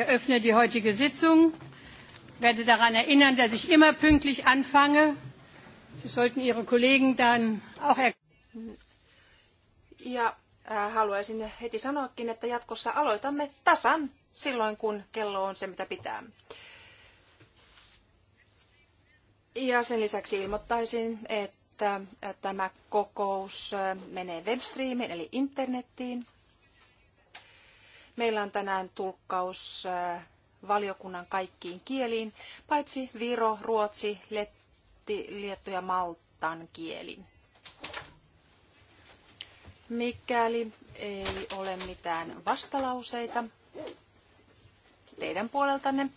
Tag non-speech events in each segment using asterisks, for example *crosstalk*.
Ich eröffne die heutige Sitzung, werde daran erinnern, dass ich immer pünktlich anfange. Sie sollten Ihre Kollegen dann auch erklären. Ja äh, haluaisin heti sanoakin, että jatkossa aloitamme tasan silloin, kun kello on se, mitä pitää. Ja sen lisäksi ilmoittaisin, että äh, tämä kokous äh, menee webstreamiin eli internettiin Meillä on tänään tulkkaus äh, valiokunnan kaikkiin kieliin, paitsi viro, ruotsi, letti, liettu ja maltan kieli. Mikäli ei ole mitään vastalauseita teidän puoleltanne,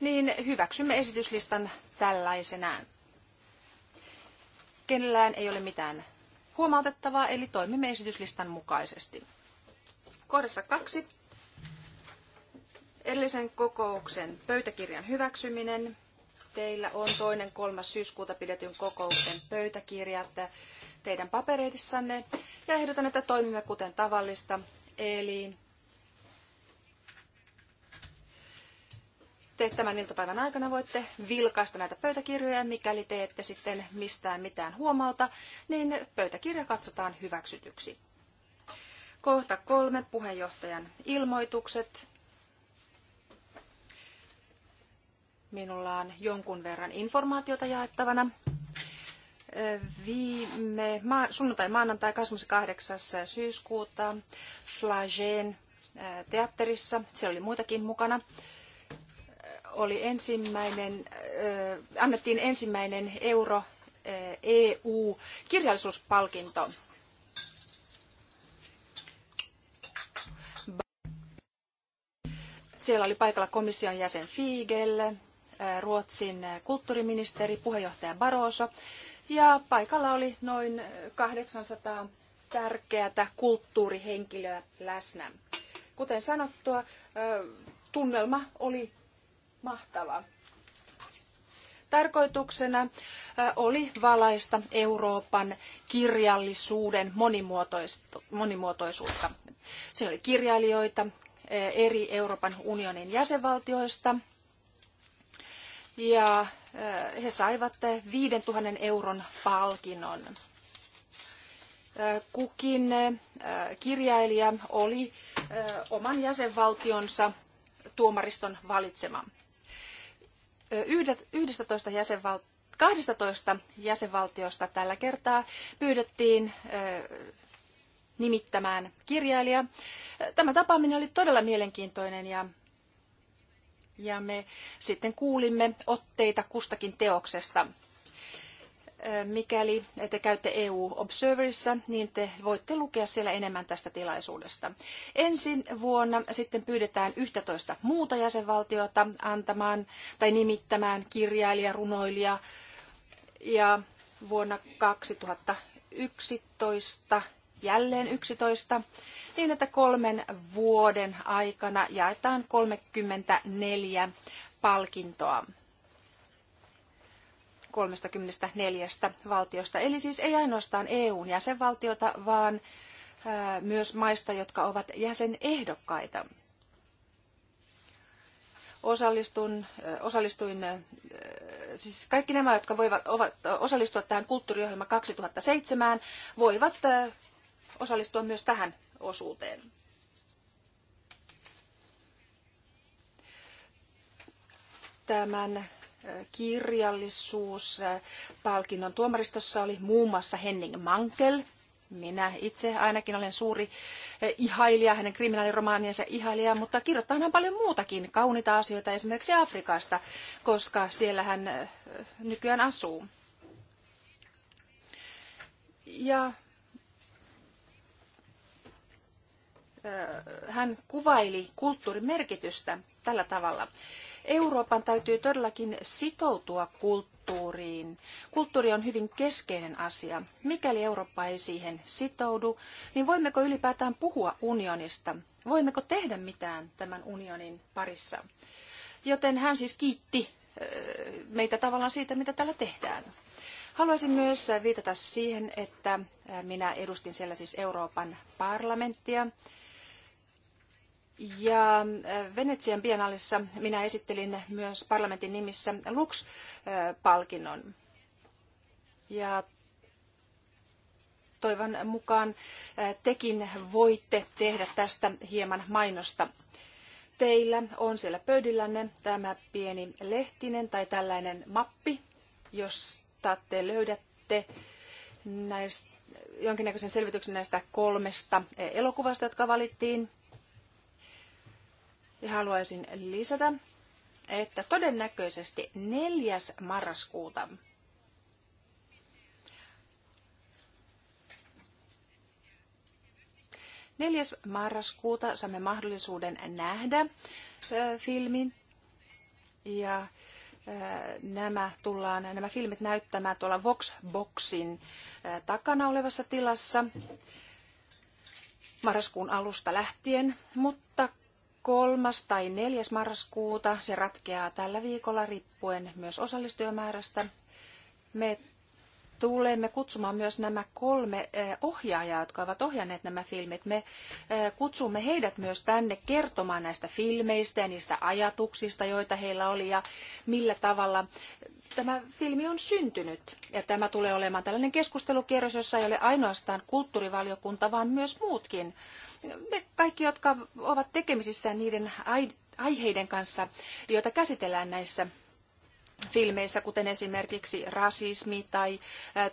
niin hyväksymme esityslistan tällaisenään. Kenellään ei ole mitään huomautettavaa, eli toimimme esityslistan mukaisesti. Kohdassa kaksi. Edellisen kokouksen pöytäkirjan hyväksyminen. Teillä on toinen kolmas syyskuuta pidetyn kokouksen pöytäkirjat teidän papereissanne. Ja ehdotan, että toimimme kuten tavallista. Eli te tämän iltapäivän aikana voitte vilkaista näitä pöytäkirjoja. Mikäli te ette sitten mistään mitään huomauta, niin pöytäkirja katsotaan hyväksytyksi. Kohta kolme, puheenjohtajan ilmoitukset. Minulla on jonkun verran informaatiota jaettavana. Viime ma- sunnuntai maanantai 28. syyskuuta Flageen teatterissa, siellä oli muitakin mukana, oli ensimmäinen, annettiin ensimmäinen euro EU-kirjallisuuspalkinto Siellä oli paikalla komission jäsen Fiegel, äh, Ruotsin kulttuuriministeri, puheenjohtaja Barroso ja paikalla oli noin 800 tärkeätä kulttuurihenkilöä läsnä. Kuten sanottua, äh, tunnelma oli mahtava. Tarkoituksena äh, oli valaista Euroopan kirjallisuuden monimuotoisuutta. Siellä oli kirjailijoita, Eh, eri Euroopan unionin jäsenvaltioista. Ja eh, he saivat 5000 euron palkinnon. Eh, kukin kirjailija oli oman jäsenvaltionsa tuomariston valitsema. 11 jäsenval- 12 jäsenvaltiosta tällä kertaa pyydettiin nimittämään kirjailija. Tämä tapaaminen oli todella mielenkiintoinen ja, ja me sitten kuulimme otteita kustakin teoksesta. Mikäli te käytte EU Observerissa, niin te voitte lukea siellä enemmän tästä tilaisuudesta. Ensin vuonna sitten pyydetään 11 muuta jäsenvaltiota antamaan tai nimittämään kirjailija, runoilija ja vuonna 2011 jälleen 11, niin että kolmen vuoden aikana jaetaan 34 palkintoa 34 valtiosta. Eli siis ei ainoastaan EUn jäsenvaltiota, vaan myös maista, jotka ovat jäsenehdokkaita. Osallistun, osallistuin, siis kaikki nämä, jotka voivat ovat, osallistua tähän kulttuuriohjelma 2007, voivat osallistua myös tähän osuuteen. Tämän äh, kirjallisuuspalkinnon tuomaristossa oli muun muassa Henning Mankel. Minä itse ainakin olen suuri äh, ihailija, hänen kriminaaliromaaniensa ihailija, mutta kirjoittaa hän paljon muutakin kauniita asioita esimerkiksi Afrikasta, koska siellä hän äh, nykyään asuu. Ja hän kuvaili kulttuurin merkitystä tällä tavalla. Euroopan täytyy todellakin sitoutua kulttuuriin. Kulttuuri on hyvin keskeinen asia. Mikäli Eurooppa ei siihen sitoudu, niin voimmeko ylipäätään puhua unionista? Voimmeko tehdä mitään tämän unionin parissa? Joten hän siis kiitti meitä tavallaan siitä, mitä täällä tehdään. Haluaisin myös viitata siihen, että minä edustin siellä siis Euroopan parlamenttia ja äh, Venetsian biennaalissa minä esittelin myös parlamentin nimissä Lux-palkinnon. Ja toivon mukaan äh, tekin voitte tehdä tästä hieman mainosta. Teillä on siellä pöydillänne tämä pieni lehtinen tai tällainen mappi, josta te löydätte näistä, jonkinnäköisen selvityksen näistä kolmesta äh, elokuvasta, jotka valittiin ja haluaisin lisätä, että todennäköisesti 4. marraskuuta Neljäs marraskuuta saamme mahdollisuuden nähdä filmin ja nämä, tullaan, nämä filmit näyttämään tuolla Vox Boxin takana olevassa tilassa marraskuun alusta lähtien, mutta kolmas tai neljäs marraskuuta. Se ratkeaa tällä viikolla riippuen myös osallistujamäärästä. Me tulemme kutsumaan myös nämä kolme eh, ohjaajaa, jotka ovat ohjanneet nämä filmit. Me eh, kutsumme heidät myös tänne kertomaan näistä filmeistä ja niistä ajatuksista, joita heillä oli ja millä tavalla tämä filmi on syntynyt. Ja tämä tulee olemaan tällainen keskustelukierros, jossa ei ole ainoastaan kulttuurivaliokunta, vaan myös muutkin. Me kaikki, jotka ovat tekemisissä niiden aiheiden kanssa, joita käsitellään näissä filmeissä, kuten esimerkiksi rasismi tai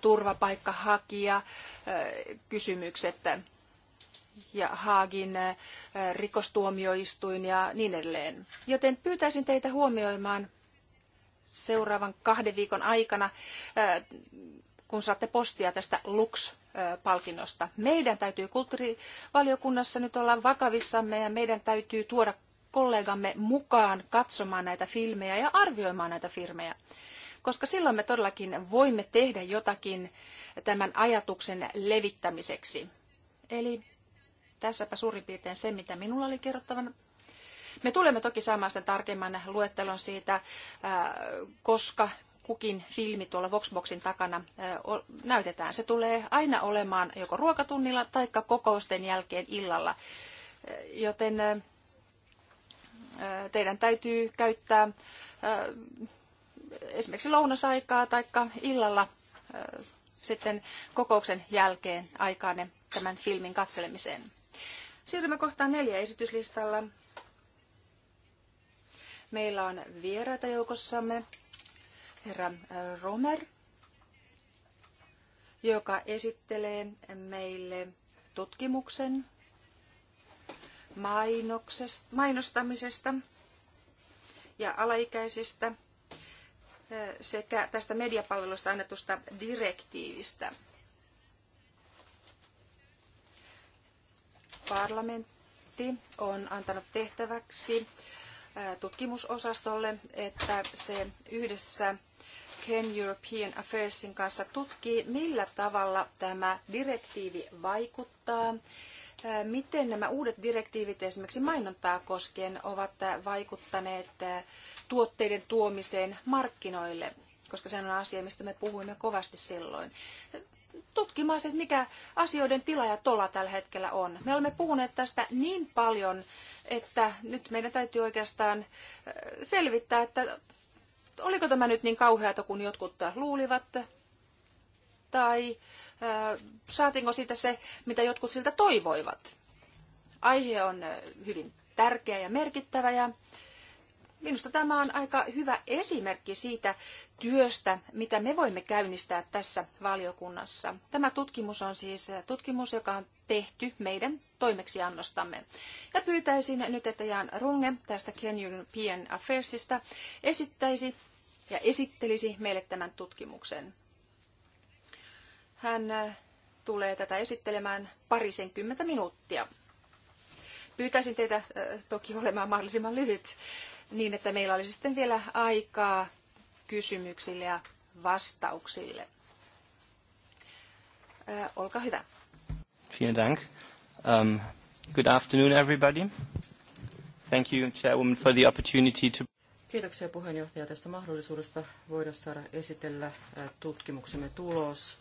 turvapaikkahakija kysymykset ja Haagin rikostuomioistuin ja niin edelleen. Joten pyytäisin teitä huomioimaan seuraavan kahden viikon aikana, äh, kun saatte postia tästä Lux-palkinnosta. Meidän täytyy kulttuurivaliokunnassa nyt olla vakavissamme ja meidän täytyy tuoda kollegamme mukaan katsomaan näitä filmejä ja arvioimaan näitä filmejä. Koska silloin me todellakin voimme tehdä jotakin tämän ajatuksen levittämiseksi. Eli tässäpä suurin piirtein se, mitä minulla oli kerrottavana. Me tulemme toki saamaan sitten tarkemman luettelon siitä, koska kukin filmi tuolla Voxboxin takana näytetään. Se tulee aina olemaan joko ruokatunnilla tai kokousten jälkeen illalla. Joten teidän täytyy käyttää esimerkiksi lounasaikaa tai illalla sitten kokouksen jälkeen aikaanne tämän filmin katselemiseen. Siirrymme kohtaan neljä esityslistalla, Meillä on vieraita joukossamme herra Romer, joka esittelee meille tutkimuksen mainostamisesta ja alaikäisistä eh, sekä tästä mediapalvelusta annetusta direktiivistä. Parlamentti on antanut tehtäväksi tutkimusosastolle, että se yhdessä Ken European Affairsin kanssa tutkii, millä tavalla tämä direktiivi vaikuttaa, miten nämä uudet direktiivit esimerkiksi mainontaa koskien ovat vaikuttaneet tuotteiden tuomiseen markkinoille, koska se on asia, mistä me puhuimme kovasti silloin tutkimaan se, mikä asioiden tila ja tola tällä hetkellä on. Me olemme puhuneet tästä niin paljon että nyt meidän täytyy oikeastaan äh, selvittää, että oliko tämä nyt niin kauheata kuin jotkut luulivat, tai äh, saatiinko siitä se, mitä jotkut siltä toivoivat. Aihe on äh, hyvin tärkeä ja merkittävä ja Minusta tämä on aika hyvä esimerkki siitä työstä, mitä me voimme käynnistää tässä valiokunnassa. Tämä tutkimus on siis tutkimus, joka on tehty meidän toimeksiannostamme. Ja pyytäisin nyt, että Jan Runge tästä Kenyan European Affairsista esittäisi ja esittelisi meille tämän tutkimuksen. Hän äh, tulee tätä esittelemään parisenkymmentä minuuttia. Pyytäisin teitä äh, toki olemaan mahdollisimman lyhyt, niin että meillä olisi sitten vielä aikaa kysymyksille ja vastauksille. Äh, olkaa hyvä. Vielen Dank. Um, good afternoon, everybody. Thank you, Chairwoman, for the opportunity to... Kiitoksia puheenjohtaja tästä mahdollisuudesta voida saada esitellä tutkimuksemme tulos.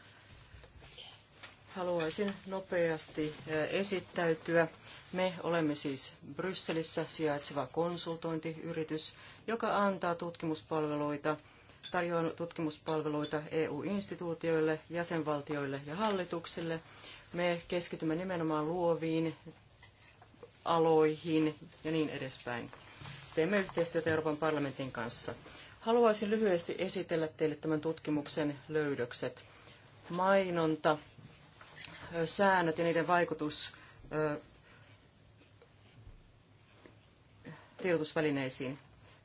Haluaisin nopeasti esittäytyä. Me olemme siis Brysselissä sijaitseva konsultointiyritys, joka antaa tutkimuspalveluita, tarjoaa tutkimuspalveluita EU-instituutioille, jäsenvaltioille ja hallituksille – me keskitymme nimenomaan luoviin aloihin ja niin edespäin. Teemme yhteistyötä Euroopan parlamentin kanssa. Haluaisin lyhyesti esitellä teille tämän tutkimuksen löydökset. Mainonta, säännöt ja niiden vaikutus tiedotusvälineisiin.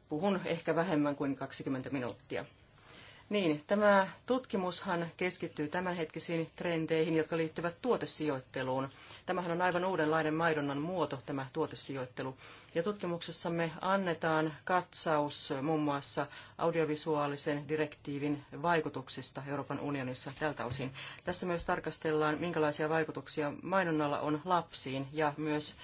Puhun ehkä vähemmän kuin 20 minuuttia. Niin, tämä tutkimushan keskittyy tämänhetkisiin trendeihin, jotka liittyvät tuotesijoitteluun. Tämähän on aivan uudenlainen maidonnan muoto, tämä tuotesijoittelu. Ja tutkimuksessamme annetaan katsaus muun muassa audiovisuaalisen direktiivin vaikutuksista Euroopan unionissa tältä osin. Tässä myös tarkastellaan, minkälaisia vaikutuksia mainonnalla on lapsiin ja myös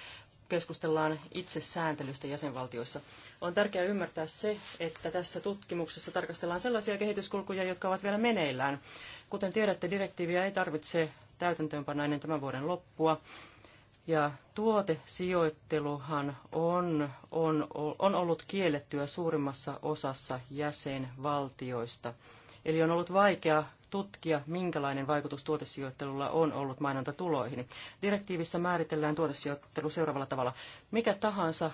keskustellaan itsesääntelystä jäsenvaltioissa. On tärkeää ymmärtää se, että tässä tutkimuksessa tarkastellaan sellaisia kehityskulkuja, jotka ovat vielä meneillään. Kuten tiedätte, direktiiviä ei tarvitse täytäntöönpanna ennen tämän vuoden loppua. Ja tuotesijoitteluhan on, on, on ollut kiellettyä suurimmassa osassa jäsenvaltioista. Eli on ollut vaikea tutkia, minkälainen vaikutus tuotesijoittelulla on ollut mainontatuloihin. Direktiivissä määritellään tuotesijoittelu seuraavalla tavalla. Mikä tahansa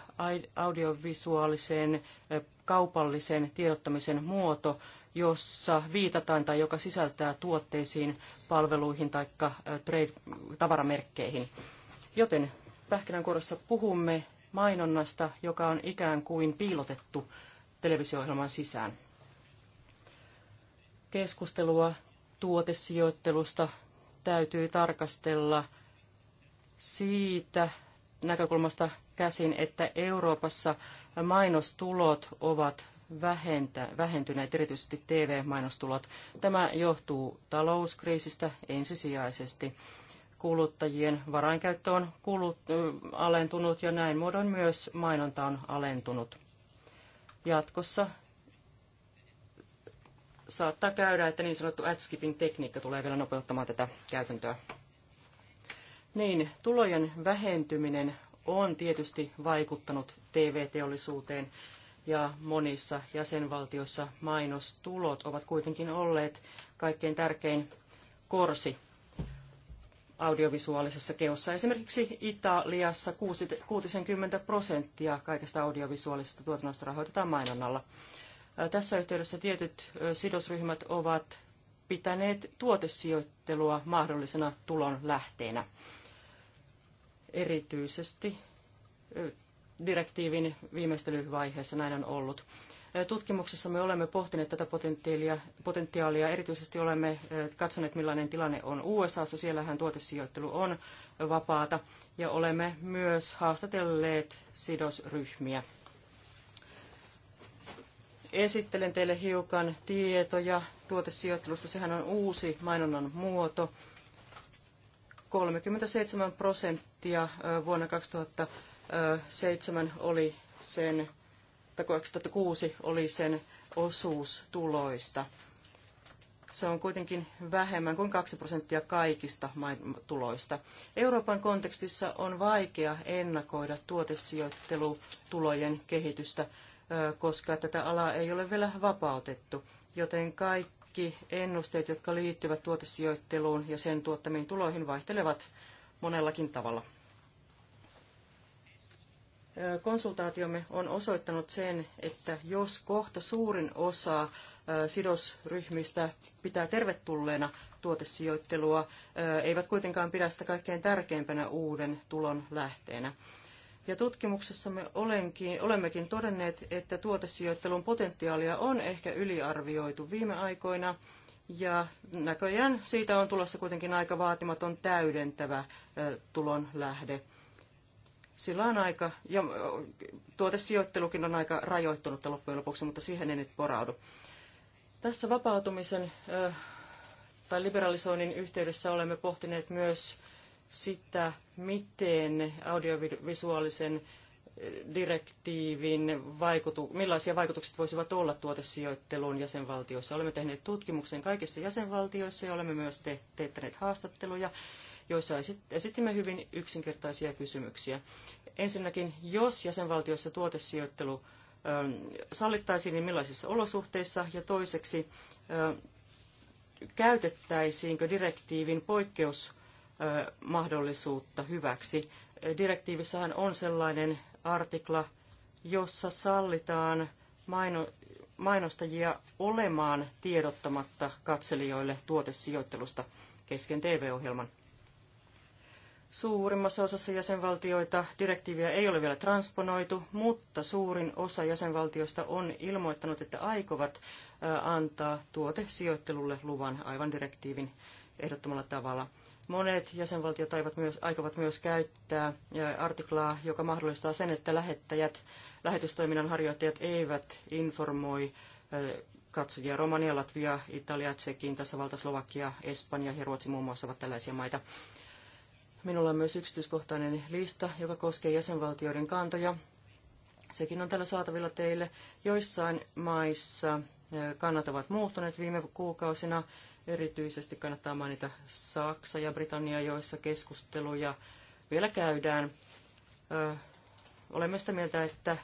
audiovisuaalisen kaupallisen tiedottamisen muoto, jossa viitataan tai joka sisältää tuotteisiin, palveluihin tai tavaramerkkeihin. Joten pähkinänkuoressa puhumme mainonnasta, joka on ikään kuin piilotettu televisio-ohjelman sisään. Keskustelua tuotesijoittelusta täytyy tarkastella siitä näkökulmasta käsin, että Euroopassa mainostulot ovat vähentä, vähentyneet, erityisesti TV-mainostulot. Tämä johtuu talouskriisistä ensisijaisesti. Kuluttajien varainkäyttö on kulut, alentunut ja näin muodon myös mainonta on alentunut. Jatkossa saattaa käydä, että niin sanottu ad-skipping tekniikka tulee vielä nopeuttamaan tätä käytäntöä. Niin, tulojen vähentyminen on tietysti vaikuttanut TV-teollisuuteen ja monissa jäsenvaltioissa mainostulot ovat kuitenkin olleet kaikkein tärkein korsi audiovisuaalisessa keossa. Esimerkiksi Italiassa 60 prosenttia kaikesta audiovisuaalisesta tuotannosta rahoitetaan mainonnalla. Tässä yhteydessä tietyt sidosryhmät ovat pitäneet tuotesijoittelua mahdollisena tulon lähteenä. Erityisesti direktiivin viimeistelyvaiheessa näin on ollut. Tutkimuksessa me olemme pohtineet tätä potentiaalia, potentiaalia. Erityisesti olemme katsoneet, millainen tilanne on USAssa. Siellähän tuotesijoittelu on vapaata. Ja olemme myös haastatelleet sidosryhmiä Esittelen teille hiukan tietoja tuotesijoittelusta. Sehän on uusi mainonnan muoto. 37 prosenttia vuonna 2007 oli sen, tai 2006 oli sen osuus tuloista. Se on kuitenkin vähemmän kuin 2 prosenttia kaikista tuloista. Euroopan kontekstissa on vaikea ennakoida tuotesijoittelutulojen kehitystä koska tätä alaa ei ole vielä vapautettu, joten kaikki ennusteet, jotka liittyvät tuotesijoitteluun ja sen tuottamiin tuloihin, vaihtelevat monellakin tavalla. Konsultaatiomme on osoittanut sen, että jos kohta suurin osa sidosryhmistä pitää tervetulleena tuotesijoittelua, eivät kuitenkaan pidä sitä kaikkein tärkeimpänä uuden tulon lähteenä. Ja tutkimuksessamme olenkin, olemmekin todenneet, että tuotesijoittelun potentiaalia on ehkä yliarvioitu viime aikoina. Ja näköjään siitä on tulossa kuitenkin aika vaatimaton täydentävä tulon lähde. Sillä on aika, ja tuotesijoittelukin on aika rajoittunutta loppujen lopuksi, mutta siihen ei nyt poraudu. Tässä vapautumisen tai liberalisoinnin yhteydessä olemme pohtineet myös sitä, miten audiovisuaalisen eh, direktiivin vaikutu, millaisia vaikutukset voisivat olla tuotesijoitteluun jäsenvaltioissa. Olemme tehneet tutkimuksen kaikissa jäsenvaltioissa ja olemme myös te- teettäneet haastatteluja, joissa esitimme hyvin yksinkertaisia kysymyksiä. Ensinnäkin, jos jäsenvaltioissa tuotesijoittelu ähm, sallittaisiin, niin millaisissa olosuhteissa? Ja toiseksi, äh, käytettäisiinkö direktiivin poikkeus mahdollisuutta hyväksi. Direktiivissähän on sellainen artikla, jossa sallitaan maino, mainostajia olemaan tiedottamatta katselijoille tuotesijoittelusta kesken TV-ohjelman. Suurimmassa osassa jäsenvaltioita direktiiviä ei ole vielä transponoitu, mutta suurin osa jäsenvaltioista on ilmoittanut, että aikovat antaa tuotesijoittelulle luvan aivan direktiivin ehdottomalla tavalla. Monet jäsenvaltiot myös, aikovat myös käyttää artiklaa, joka mahdollistaa sen, että lähettäjät, lähetystoiminnan harjoittajat eivät informoi katsojia. Romania, Latvia, Italia, Tsekin, tasavalta, Slovakia, Espanja ja Ruotsi muun muassa ovat tällaisia maita. Minulla on myös yksityiskohtainen lista, joka koskee jäsenvaltioiden kantoja. Sekin on täällä saatavilla teille. Joissain maissa kannat ovat muuttuneet viime kuukausina Erityisesti kannattaa mainita Saksa ja Britannia, joissa keskusteluja vielä käydään. olemme sitä mieltä, että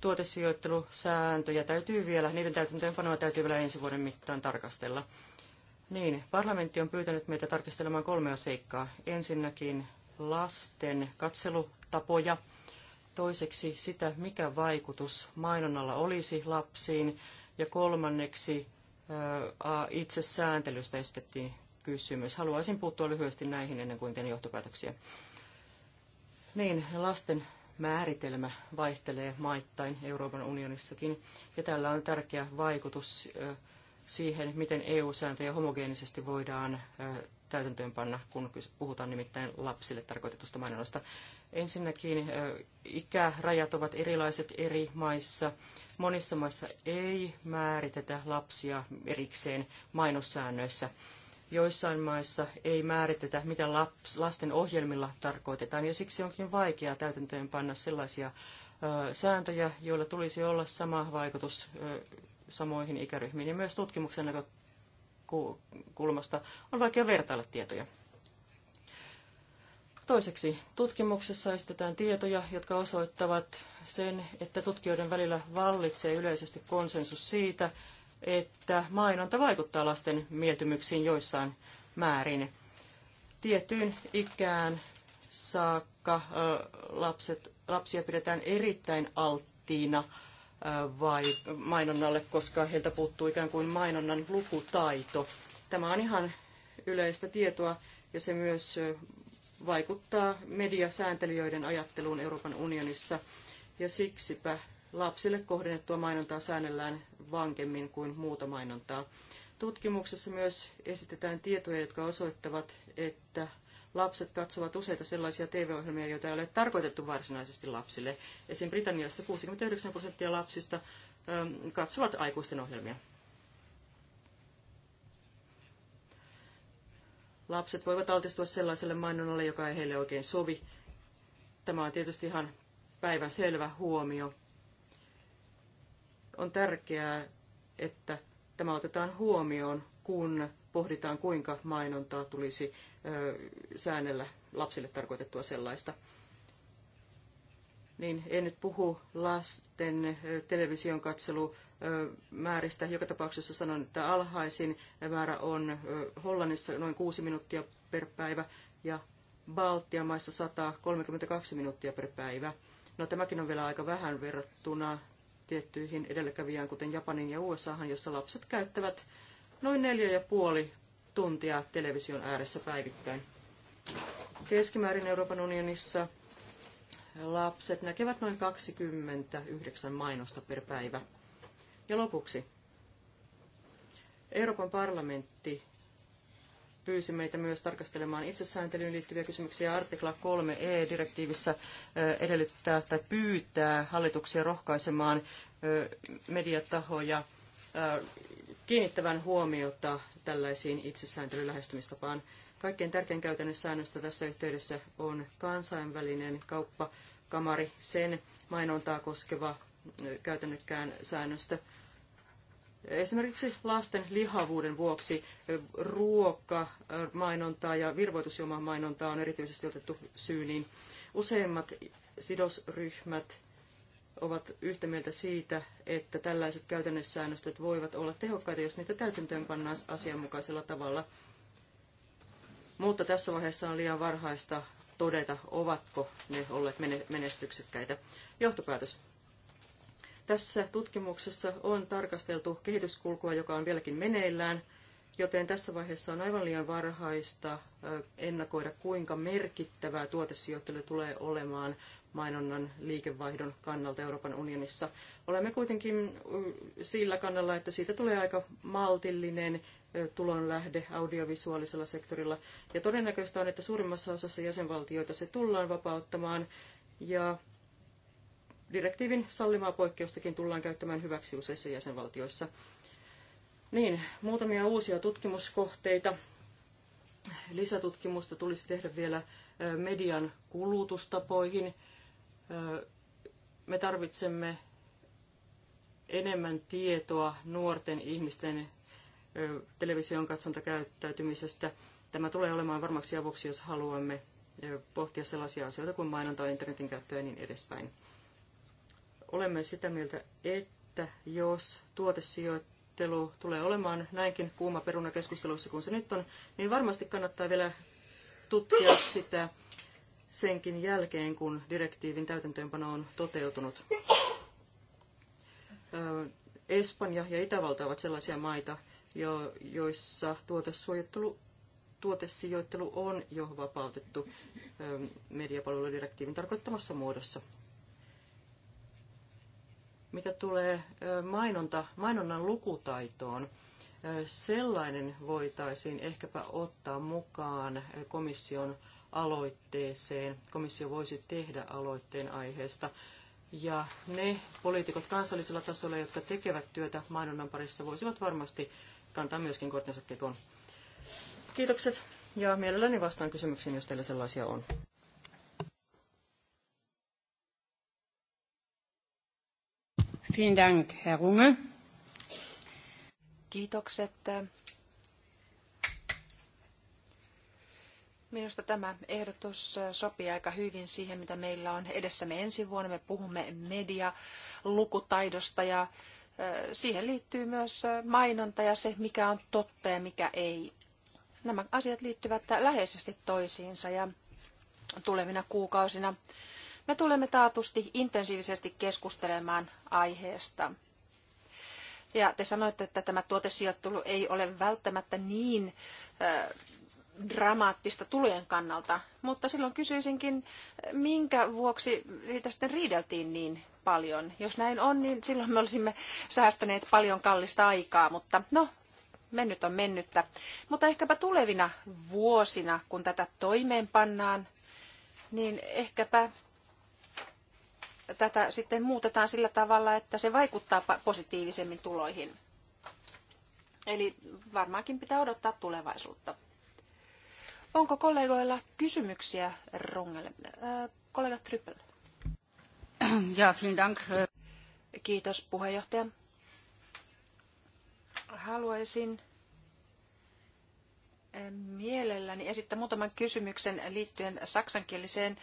tuotesijoittelusääntöjä täytyy vielä, niiden täytäntöönpanoa täytyy vielä ensi vuoden mittaan tarkastella. Niin, parlamentti on pyytänyt meitä tarkastelemaan kolmea seikkaa. Ensinnäkin lasten katselutapoja, toiseksi sitä, mikä vaikutus mainonnalla olisi lapsiin, ja kolmanneksi sääntelystä estettiin kysymys. Haluaisin puuttua lyhyesti näihin ennen kuin teen johtopäätöksiä. Niin, lasten määritelmä vaihtelee maittain Euroopan unionissakin, ja tällä on tärkeä vaikutus siihen, miten EU-sääntöjä homogeenisesti voidaan täytäntöönpanna, kun puhutaan nimittäin lapsille tarkoitetusta mainonnasta. Ensinnäkin ikärajat ovat erilaiset eri maissa. Monissa maissa ei määritetä lapsia erikseen mainossäännöissä. Joissain maissa ei määritetä, mitä laps, lasten ohjelmilla tarkoitetaan, ja siksi onkin vaikea täytäntöön panna sellaisia ö, sääntöjä, joilla tulisi olla sama vaikutus ö, samoihin ikäryhmiin. Ja myös tutkimuksen näkökulmasta on vaikea vertailla tietoja. Toiseksi tutkimuksessa esitetään tietoja, jotka osoittavat sen, että tutkijoiden välillä vallitsee yleisesti konsensus siitä, että mainonta vaikuttaa lasten mieltymyksiin joissain määrin. Tiettyyn ikään saakka lapset, lapsia pidetään erittäin alttiina vai mainonnalle, koska heiltä puuttuu ikään kuin mainonnan lukutaito. Tämä on ihan yleistä tietoa ja se myös vaikuttaa mediasääntelijöiden ajatteluun Euroopan unionissa, ja siksipä lapsille kohdennettua mainontaa säännellään vankemmin kuin muuta mainontaa. Tutkimuksessa myös esitetään tietoja, jotka osoittavat, että lapset katsovat useita sellaisia TV-ohjelmia, joita ei ole tarkoitettu varsinaisesti lapsille. Esim. Britanniassa 69 prosenttia lapsista katsovat aikuisten ohjelmia. Lapset voivat altistua sellaiselle mainonnalle, joka ei heille oikein sovi. Tämä on tietysti ihan päivän selvä huomio. On tärkeää, että tämä otetaan huomioon, kun pohditaan, kuinka mainontaa tulisi säännellä lapsille tarkoitettua sellaista. Niin en nyt puhu lasten television katselu määristä. Joka tapauksessa sanon, että alhaisin määrä on Hollannissa noin 6 minuuttia per päivä ja Baltian maissa 132 minuuttia per päivä. No tämäkin on vielä aika vähän verrattuna tiettyihin edelläkävijään, kuten Japanin ja USAhan, jossa lapset käyttävät noin neljä ja puoli tuntia television ääressä päivittäin. Keskimäärin Euroopan unionissa lapset näkevät noin 29 mainosta per päivä. Ja lopuksi. Euroopan parlamentti pyysi meitä myös tarkastelemaan itsesääntelyyn liittyviä kysymyksiä. Artikla 3e-direktiivissä e edellyttää tai pyytää hallituksia rohkaisemaan mediatahoja kiinnittävän huomiota tällaisiin itsesääntelylähestymistapaan. Kaikkein tärkein käytännön säännöstä tässä yhteydessä on kansainvälinen kauppakamari, sen mainontaa koskeva käytännökkään säännöstö. Esimerkiksi lasten lihavuuden vuoksi eh, ruokamainontaa eh, ja virvoitusjuomamainontaa on erityisesti otettu syyniin. Useimmat sidosryhmät ovat yhtä mieltä siitä, että tällaiset käytännössäännöstöt voivat olla tehokkaita, jos niitä täytäntöön pannaan asianmukaisella tavalla. Mutta tässä vaiheessa on liian varhaista todeta, ovatko ne olleet menestyksekkäitä. Johtopäätös. Tässä tutkimuksessa on tarkasteltu kehityskulkua, joka on vieläkin meneillään, joten tässä vaiheessa on aivan liian varhaista ennakoida, kuinka merkittävää tuotesijoittelu tulee olemaan mainonnan liikevaihdon kannalta Euroopan unionissa. Olemme kuitenkin sillä kannalla, että siitä tulee aika maltillinen tulonlähde audiovisuaalisella sektorilla. Ja todennäköistä on, että suurimmassa osassa jäsenvaltioita se tullaan vapauttamaan. Ja direktiivin sallimaa poikkeustakin tullaan käyttämään hyväksi useissa jäsenvaltioissa. Niin, muutamia uusia tutkimuskohteita. Lisätutkimusta tulisi tehdä vielä median kulutustapoihin. Me tarvitsemme enemmän tietoa nuorten ihmisten television katsontakäyttäytymisestä. Tämä tulee olemaan varmaksi avuksi, jos haluamme pohtia sellaisia asioita kuin mainontaa, internetin käyttöä ja niin edespäin olemme sitä mieltä, että jos tuotesijoittelu tulee olemaan näinkin kuuma peruna keskustelussa kuin se nyt on, niin varmasti kannattaa vielä tutkia sitä senkin jälkeen, kun direktiivin täytäntöönpano on toteutunut. Espanja ja Itävalta ovat sellaisia maita, jo, joissa tuotesuojattelu, tuotesijoittelu on jo vapautettu mediapalveludirektiivin tarkoittamassa muodossa. Mitä tulee mainonta, mainonnan lukutaitoon, sellainen voitaisiin ehkäpä ottaa mukaan komission aloitteeseen. Komissio voisi tehdä aloitteen aiheesta. Ja ne poliitikot kansallisella tasolla, jotka tekevät työtä mainonnan parissa, voisivat varmasti kantaa myöskin kortensa kekoon. Kiitokset ja mielelläni vastaan kysymyksiin, jos teillä sellaisia on. Vielen Dank, Herr Runge. Kiitokset. Minusta tämä ehdotus sopii aika hyvin siihen, mitä meillä on edessämme ensi vuonna. Me puhumme media lukutaidosta ja siihen liittyy myös mainonta ja se, mikä on totta ja mikä ei. Nämä asiat liittyvät läheisesti toisiinsa ja tulevina kuukausina me tulemme taatusti intensiivisesti keskustelemaan aiheesta. Ja te sanoitte, että tämä tuotesijoittelu ei ole välttämättä niin dramaattista tulojen kannalta, mutta silloin kysyisinkin, minkä vuoksi siitä sitten riideltiin niin paljon. Jos näin on, niin silloin me olisimme säästäneet paljon kallista aikaa, mutta no, mennyt on mennyttä. Mutta ehkäpä tulevina vuosina, kun tätä toimeenpannaan, niin ehkäpä tätä sitten muutetaan sillä tavalla, että se vaikuttaa positiivisemmin tuloihin. Eli varmaankin pitää odottaa tulevaisuutta. Onko kollegoilla kysymyksiä Rungelle? Äh, kollega Tryppel. Ja, vielen dank. Kiitos puheenjohtaja. Haluaisin äh, mielelläni esittää muutaman kysymyksen liittyen saksankieliseen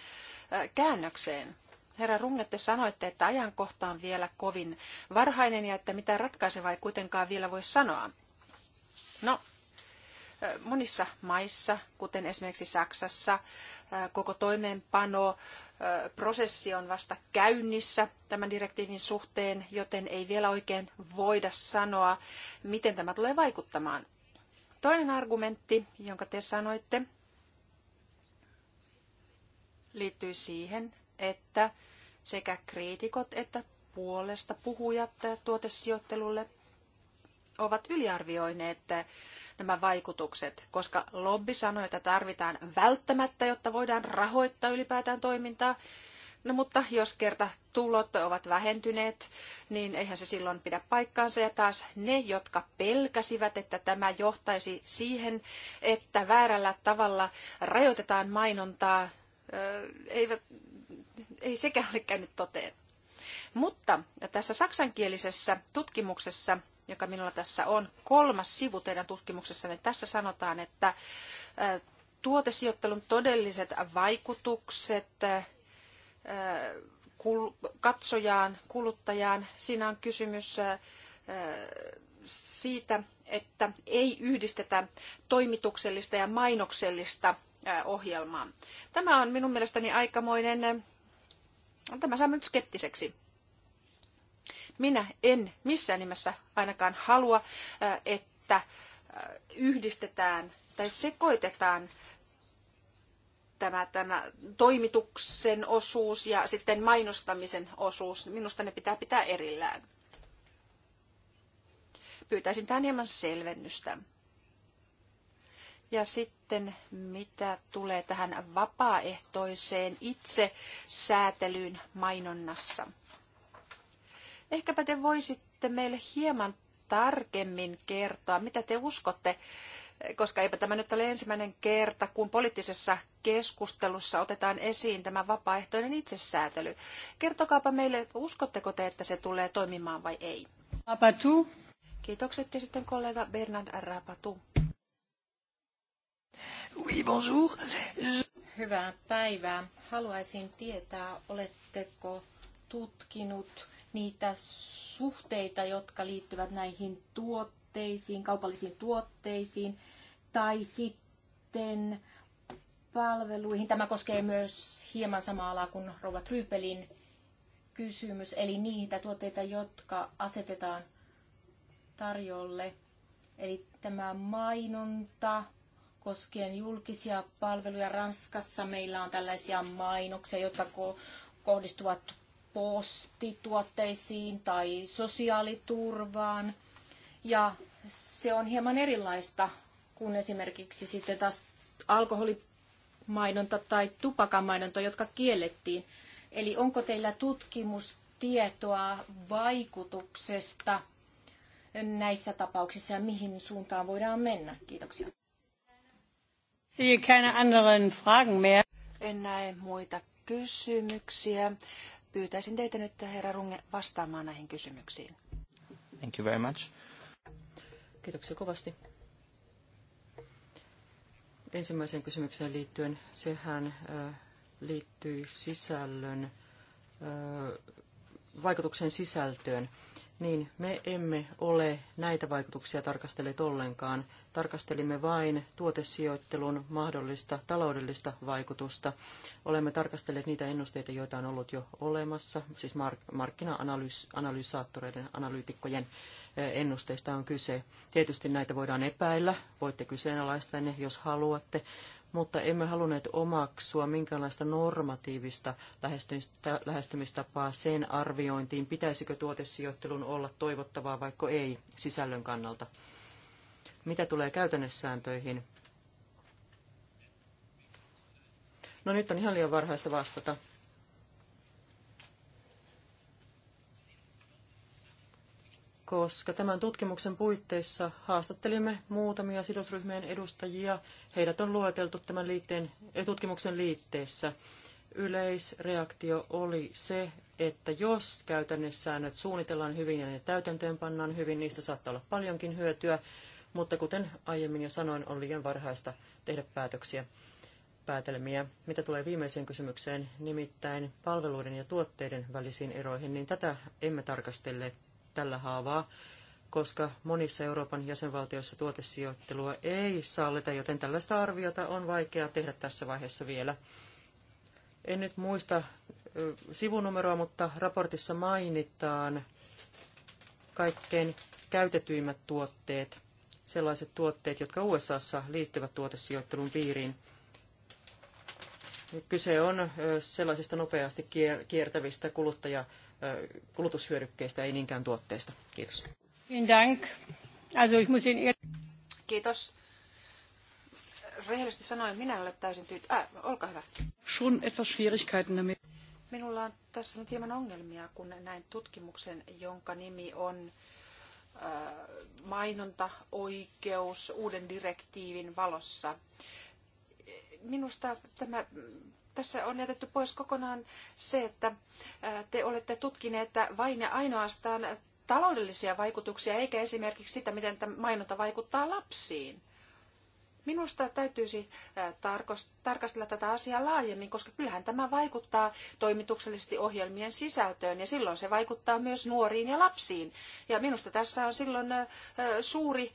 äh, käännökseen. Herra Runge, te sanoitte, että ajankohta on vielä kovin varhainen ja että mitään ratkaisevaa ei kuitenkaan vielä voi sanoa. No, monissa maissa, kuten esimerkiksi Saksassa, koko toimeenpano prosessi on vasta käynnissä tämän direktiivin suhteen, joten ei vielä oikein voida sanoa, miten tämä tulee vaikuttamaan. Toinen argumentti, jonka te sanoitte, liittyy siihen, että sekä kriitikot että puolesta puhujat tuotesijoittelulle ovat yliarvioineet nämä vaikutukset, koska lobby sanoi, että tarvitaan välttämättä, jotta voidaan rahoittaa ylipäätään toimintaa. No mutta jos kerta tulot ovat vähentyneet, niin eihän se silloin pidä paikkaansa. Ja taas ne, jotka pelkäsivät, että tämä johtaisi siihen, että väärällä tavalla rajoitetaan mainontaa, eivät, ei sekään ole käynyt toteen. Mutta tässä saksankielisessä tutkimuksessa, joka minulla tässä on, kolmas sivu teidän niin tässä sanotaan, että tuotesijoittelun todelliset vaikutukset katsojaan, kuluttajaan, siinä on kysymys siitä, että ei yhdistetä toimituksellista ja mainoksellista ohjelmaa. Tämä on minun mielestäni aikamoinen Tämä saa nyt skeptiseksi. Minä en missään nimessä ainakaan halua, että yhdistetään tai sekoitetaan tämä, tämä toimituksen osuus ja sitten mainostamisen osuus. Minusta ne pitää pitää erillään. Pyytäisin tähän hieman selvennystä. Ja sitten mitä tulee tähän vapaaehtoiseen itse mainonnassa. Ehkäpä te voisitte meille hieman tarkemmin kertoa, mitä te uskotte, koska eipä tämä nyt ole ensimmäinen kerta, kun poliittisessa keskustelussa otetaan esiin tämä vapaaehtoinen itsesäätely. Kertokaapa meille, uskotteko te, että se tulee toimimaan vai ei? Rapatu. Kiitokset ja sitten kollega Bernard Rapatu. Oui, bonjour. Hyvää päivää. Haluaisin tietää, oletteko tutkinut niitä suhteita, jotka liittyvät näihin tuotteisiin, kaupallisiin tuotteisiin tai sitten palveluihin. Tämä koskee myös hieman samaa alaa kuin Rova Trypelin kysymys, eli niitä tuotteita, jotka asetetaan tarjolle. Eli tämä mainonta, koskien julkisia palveluja. Ranskassa meillä on tällaisia mainoksia, jotka kohdistuvat postituotteisiin tai sosiaaliturvaan. Ja se on hieman erilaista kuin esimerkiksi sitten taas alkoholimainonta tai tupakamainonta, jotka kiellettiin. Eli onko teillä tutkimustietoa vaikutuksesta näissä tapauksissa ja mihin suuntaan voidaan mennä? Kiitoksia. Sehe keine anderen Fragen mehr. En näe muita kysymyksiä. Pyytäisin teitä nyt, herra Runge, vastaamaan näihin kysymyksiin. Thank you very much. Kiitoksia kovasti. Ensimmäiseen kysymykseen liittyen, sehän äh, liittyy sisällön, äh, vaikutuksen sisältöön. Niin, me emme ole näitä vaikutuksia tarkastelleet ollenkaan tarkastelimme vain tuotesijoittelun mahdollista taloudellista vaikutusta. Olemme tarkastelleet niitä ennusteita, joita on ollut jo olemassa, siis mark- markkina-analysaattoreiden, analyytikkojen ennusteista on kyse. Tietysti näitä voidaan epäillä, voitte kyseenalaistaa ne, jos haluatte, mutta emme halunneet omaksua minkäänlaista normatiivista lähestymistapaa sen arviointiin, pitäisikö tuotesijoittelun olla toivottavaa vaikka ei sisällön kannalta. Mitä tulee käytännössääntöihin? No nyt on ihan liian varhaista vastata. koska tämän tutkimuksen puitteissa haastattelimme muutamia sidosryhmien edustajia. Heidät on lueteltu tämän liitteen, eh, tutkimuksen liitteessä. Yleisreaktio oli se, että jos käytännössäännöt suunnitellaan hyvin ja ne täytäntöön pannaan hyvin, niistä saattaa olla paljonkin hyötyä mutta kuten aiemmin jo sanoin, on liian varhaista tehdä päätöksiä päätelmiä. Mitä tulee viimeiseen kysymykseen, nimittäin palveluiden ja tuotteiden välisiin eroihin, niin tätä emme tarkastele tällä haavaa, koska monissa Euroopan jäsenvaltioissa tuotesijoittelua ei sallita, joten tällaista arviota on vaikea tehdä tässä vaiheessa vielä. En nyt muista sivunumeroa, mutta raportissa mainitaan kaikkein käytetyimmät tuotteet sellaiset tuotteet, jotka USAssa liittyvät tuotesijoittelun piiriin. Kyse on sellaisista nopeasti kiertävistä kuluttaja, kulutushyödykkeistä, ei niinkään tuotteista. Kiitos. Kiitos. Rehellisesti minä olen täysin tyyt... Äh, olkaa hyvä. Schon etwas Schwierigkeiten damit. Minulla on tässä nyt hieman ongelmia, kun näin tutkimuksen, jonka nimi on äh, mainontaoikeus uuden direktiivin valossa. Minusta tämä, tässä on jätetty pois kokonaan se, että te olette tutkineet että vain ja ainoastaan taloudellisia vaikutuksia, eikä esimerkiksi sitä, miten tämä mainonta vaikuttaa lapsiin. Minusta täytyisi tarkastella tätä asiaa laajemmin, koska kyllähän tämä vaikuttaa toimituksellisesti ohjelmien sisältöön ja silloin se vaikuttaa myös nuoriin ja lapsiin. Ja minusta tässä on silloin suuri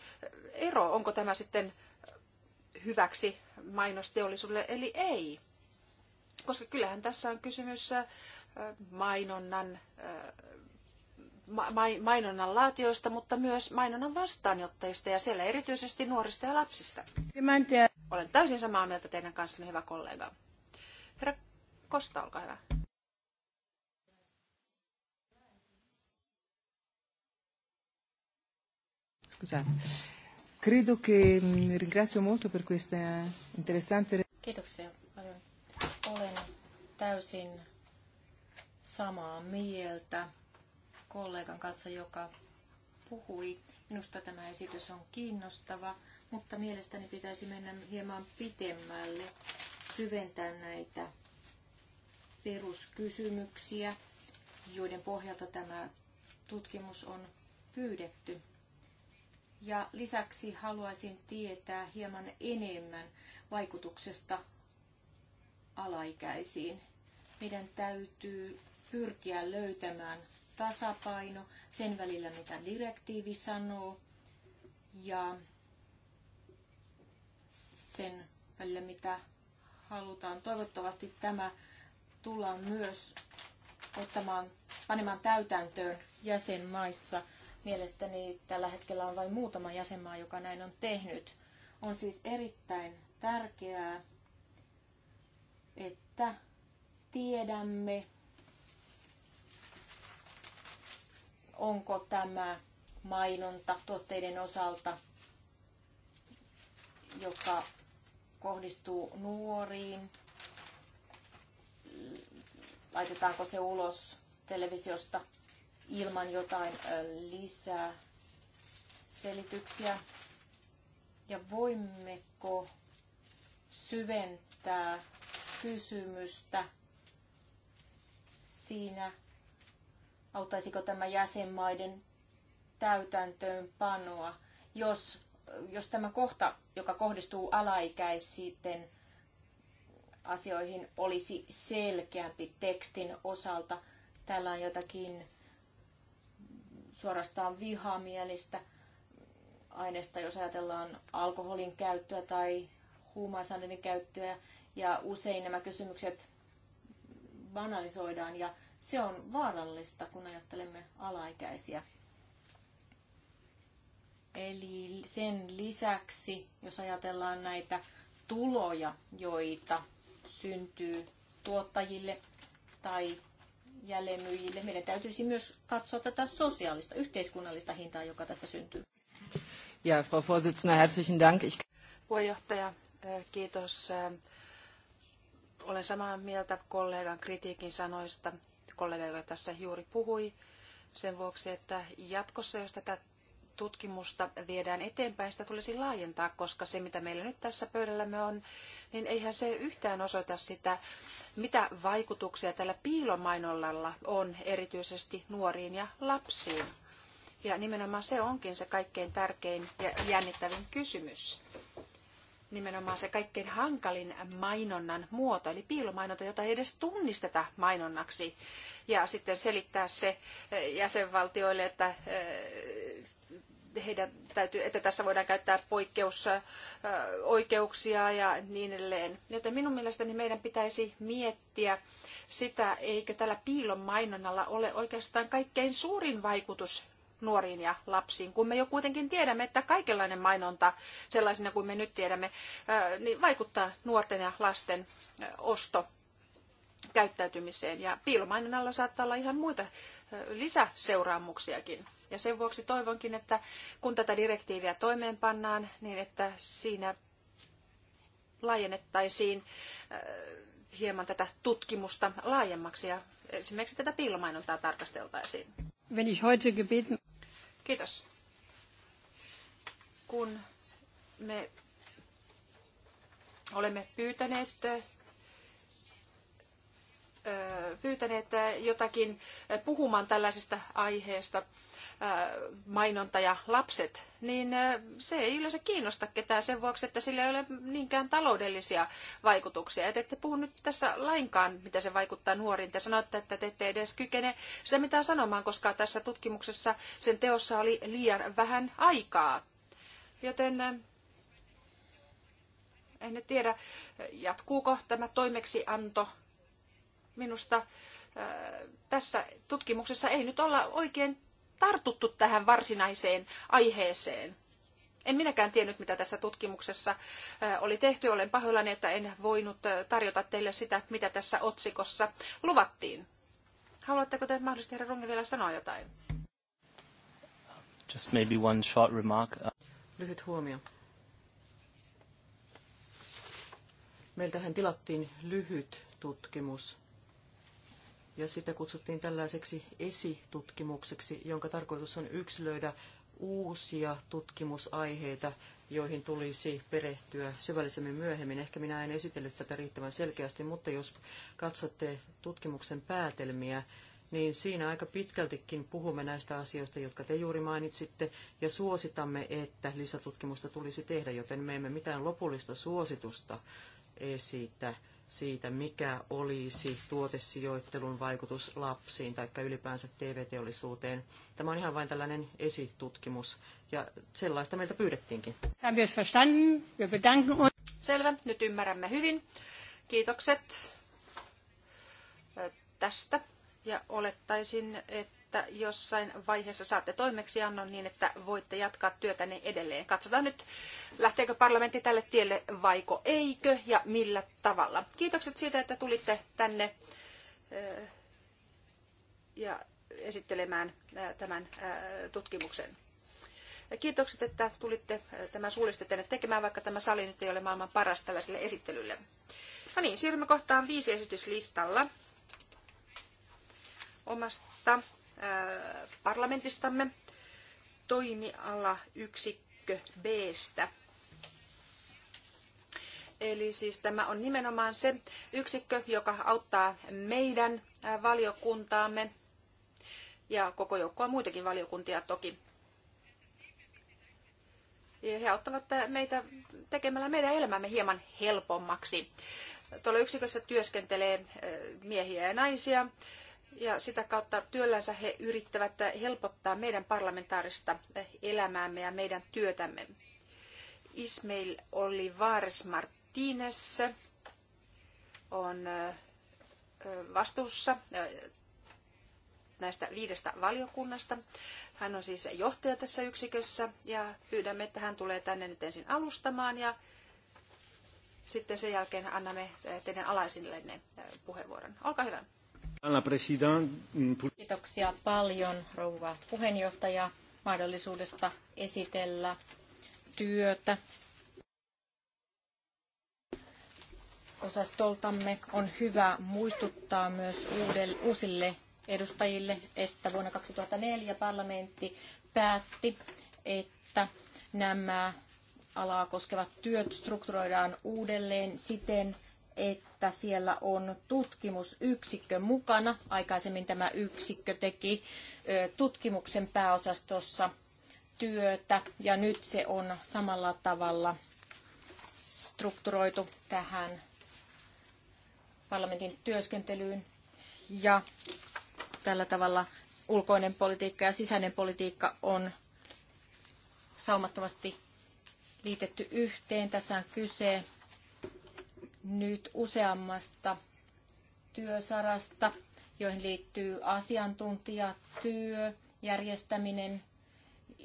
ero, onko tämä sitten hyväksi mainosteollisuudelle eli ei. Koska kyllähän tässä on kysymys mainonnan mainonnan laatioista, mutta myös mainonnan vastaanottajista ja siellä erityisesti nuorista ja lapsista. Olen täysin samaa mieltä teidän kanssanne, hyvä kollega. Herra Kosta, olkaa hyvä. Credo che mm, ringrazio molto per questa interessante... Kiitoksia paljon. Olen täysin samaa mieltä kollegan kanssa, joka puhui. Minusta tämä esitys on kiinnostava, mutta mielestäni pitäisi mennä hieman pitemmälle, syventää näitä peruskysymyksiä, joiden pohjalta tämä tutkimus on pyydetty. Ja lisäksi haluaisin tietää hieman enemmän vaikutuksesta alaikäisiin. Meidän täytyy pyrkiä löytämään tasapaino sen välillä, mitä direktiivi sanoo ja sen välillä, mitä halutaan. Toivottavasti tämä tullaan myös ottamaan, panemaan täytäntöön jäsenmaissa. Mielestäni tällä hetkellä on vain muutama jäsenmaa, joka näin on tehnyt. On siis erittäin tärkeää, että tiedämme, onko tämä mainonta tuotteiden osalta, joka kohdistuu nuoriin, laitetaanko se ulos televisiosta ilman jotain lisää selityksiä ja voimmeko syventää kysymystä siinä, auttaisiko tämä jäsenmaiden täytäntöönpanoa, jos, jos tämä kohta, joka kohdistuu alaikäisiin asioihin, olisi selkeämpi tekstin osalta. Täällä on jotakin suorastaan vihamielistä aineesta, jos ajatellaan alkoholin käyttöä tai huumausaineiden käyttöä. Ja usein nämä kysymykset banalisoidaan ja se on vaarallista, kun ajattelemme alaikäisiä. Eli sen lisäksi, jos ajatellaan näitä tuloja, joita syntyy tuottajille tai jälleenmyyjille, meidän täytyisi myös katsoa tätä sosiaalista, yhteiskunnallista hintaa, joka tästä syntyy. Ja, Frau Vorsitzende, herzlichen Dank. Ich... Puheenjohtaja, kiitos. Olen samaa mieltä kollegan kritiikin sanoista kollega, joka tässä juuri puhui, sen vuoksi, että jatkossa, jos tätä tutkimusta viedään eteenpäin, sitä tulisi laajentaa, koska se, mitä meillä nyt tässä pöydällämme on, niin eihän se yhtään osoita sitä, mitä vaikutuksia tällä piilomainonnalla on erityisesti nuoriin ja lapsiin. Ja nimenomaan se onkin se kaikkein tärkein ja jännittävin kysymys nimenomaan se kaikkein hankalin mainonnan muoto, eli piilomainonta, jota ei edes tunnisteta mainonnaksi. Ja sitten selittää se eh, jäsenvaltioille, että eh, heidän täytyy, että tässä voidaan käyttää poikkeusoikeuksia eh, ja niin edelleen. Joten minun mielestäni meidän pitäisi miettiä sitä, eikö tällä piilon mainonnalla ole oikeastaan kaikkein suurin vaikutus nuoriin ja lapsiin, kun me jo kuitenkin tiedämme, että kaikenlainen mainonta sellaisena kuin me nyt tiedämme, niin vaikuttaa nuorten ja lasten osto käyttäytymiseen. Ja piilomainonnalla saattaa olla ihan muita lisäseuraamuksiakin. Ja sen vuoksi toivonkin, että kun tätä direktiiviä toimeenpannaan, niin että siinä laajennettaisiin hieman tätä tutkimusta laajemmaksi ja esimerkiksi tätä piilomainontaa tarkasteltaisiin wenn ich heute gebeten... Kiitos. Kun me olemme pyytäneet pyytäneet jotakin puhumaan tällaisesta aiheesta Äh, mainonta ja lapset, niin äh, se ei yleensä kiinnosta ketään sen vuoksi, että sillä ei ole niinkään taloudellisia vaikutuksia. Et ette puhu nyt tässä lainkaan, mitä se vaikuttaa nuoriin. Te sanotte, että te ette edes kykene sitä mitään sanomaan, koska tässä tutkimuksessa sen teossa oli liian vähän aikaa. Joten äh, en nyt tiedä, jatkuuko tämä toimeksianto minusta tässä tutkimuksessa ei nyt olla oikein tartuttu tähän varsinaiseen aiheeseen. En minäkään tiennyt, mitä tässä tutkimuksessa oli tehty. Olen pahoillani, että en voinut tarjota teille sitä, mitä tässä otsikossa luvattiin. Haluatteko te mahdollisesti, herra Runge, vielä sanoa jotain? Just maybe one short remark. Lyhyt huomio. Meiltähän tilattiin lyhyt tutkimus ja sitä kutsuttiin tällaiseksi esitutkimukseksi, jonka tarkoitus on yksilöidä uusia tutkimusaiheita, joihin tulisi perehtyä syvällisemmin myöhemmin. Ehkä minä en esitellyt tätä riittävän selkeästi, mutta jos katsotte tutkimuksen päätelmiä, niin siinä aika pitkältikin puhumme näistä asioista, jotka te juuri mainitsitte, ja suositamme, että lisätutkimusta tulisi tehdä, joten me emme mitään lopullista suositusta esitä siitä, mikä olisi tuotesijoittelun vaikutus lapsiin tai ylipäänsä TV-teollisuuteen. Tämä on ihan vain tällainen esitutkimus ja sellaista meiltä pyydettiinkin. Selvä, nyt ymmärrämme hyvin. Kiitokset äh, tästä ja olettaisin, että että jossain vaiheessa saatte toimeksiannon niin, että voitte jatkaa työtänne edelleen. Katsotaan nyt, lähteekö parlamentti tälle tielle vaiko eikö ja millä tavalla. Kiitokset siitä, että tulitte tänne eh, ja esittelemään eh, tämän eh, tutkimuksen. Kiitokset, että tulitte tämän suullisesti tänne tekemään, vaikka tämä sali nyt ei ole maailman paras tällaiselle esittelylle. No niin, siirrymme kohtaan viisi esityslistalla omasta parlamentistamme toimiala yksikkö Bstä. Eli siis tämä on nimenomaan se yksikkö, joka auttaa meidän valiokuntaamme ja koko joukkoa muitakin valiokuntia toki. Ja he auttavat meitä tekemällä meidän elämämme hieman helpommaksi. Tuolla yksikössä työskentelee miehiä ja naisia ja sitä kautta työllänsä he yrittävät helpottaa meidän parlamentaarista elämäämme ja meidän työtämme. Ismail oli Vaares Martínez on vastuussa näistä viidestä valiokunnasta. Hän on siis johtaja tässä yksikössä ja pyydämme, että hän tulee tänne nyt ensin alustamaan ja sitten sen jälkeen annamme teidän alaisillenne puheenvuoron. Olkaa hyvä. Mm, Kiitoksia paljon rouva puheenjohtaja mahdollisuudesta esitellä työtä. Osastoltamme on hyvä muistuttaa myös uudelle, uusille edustajille, että vuonna 2004 parlamentti päätti, että nämä alaa koskevat työt strukturoidaan uudelleen siten, että siellä on tutkimusyksikkö mukana. Aikaisemmin tämä yksikkö teki tutkimuksen pääosastossa työtä ja nyt se on samalla tavalla strukturoitu tähän parlamentin työskentelyyn ja tällä tavalla ulkoinen politiikka ja sisäinen politiikka on saumattomasti liitetty yhteen. Tässä on kyse nyt useammasta työsarasta, joihin liittyy asiantuntijatyö, järjestäminen,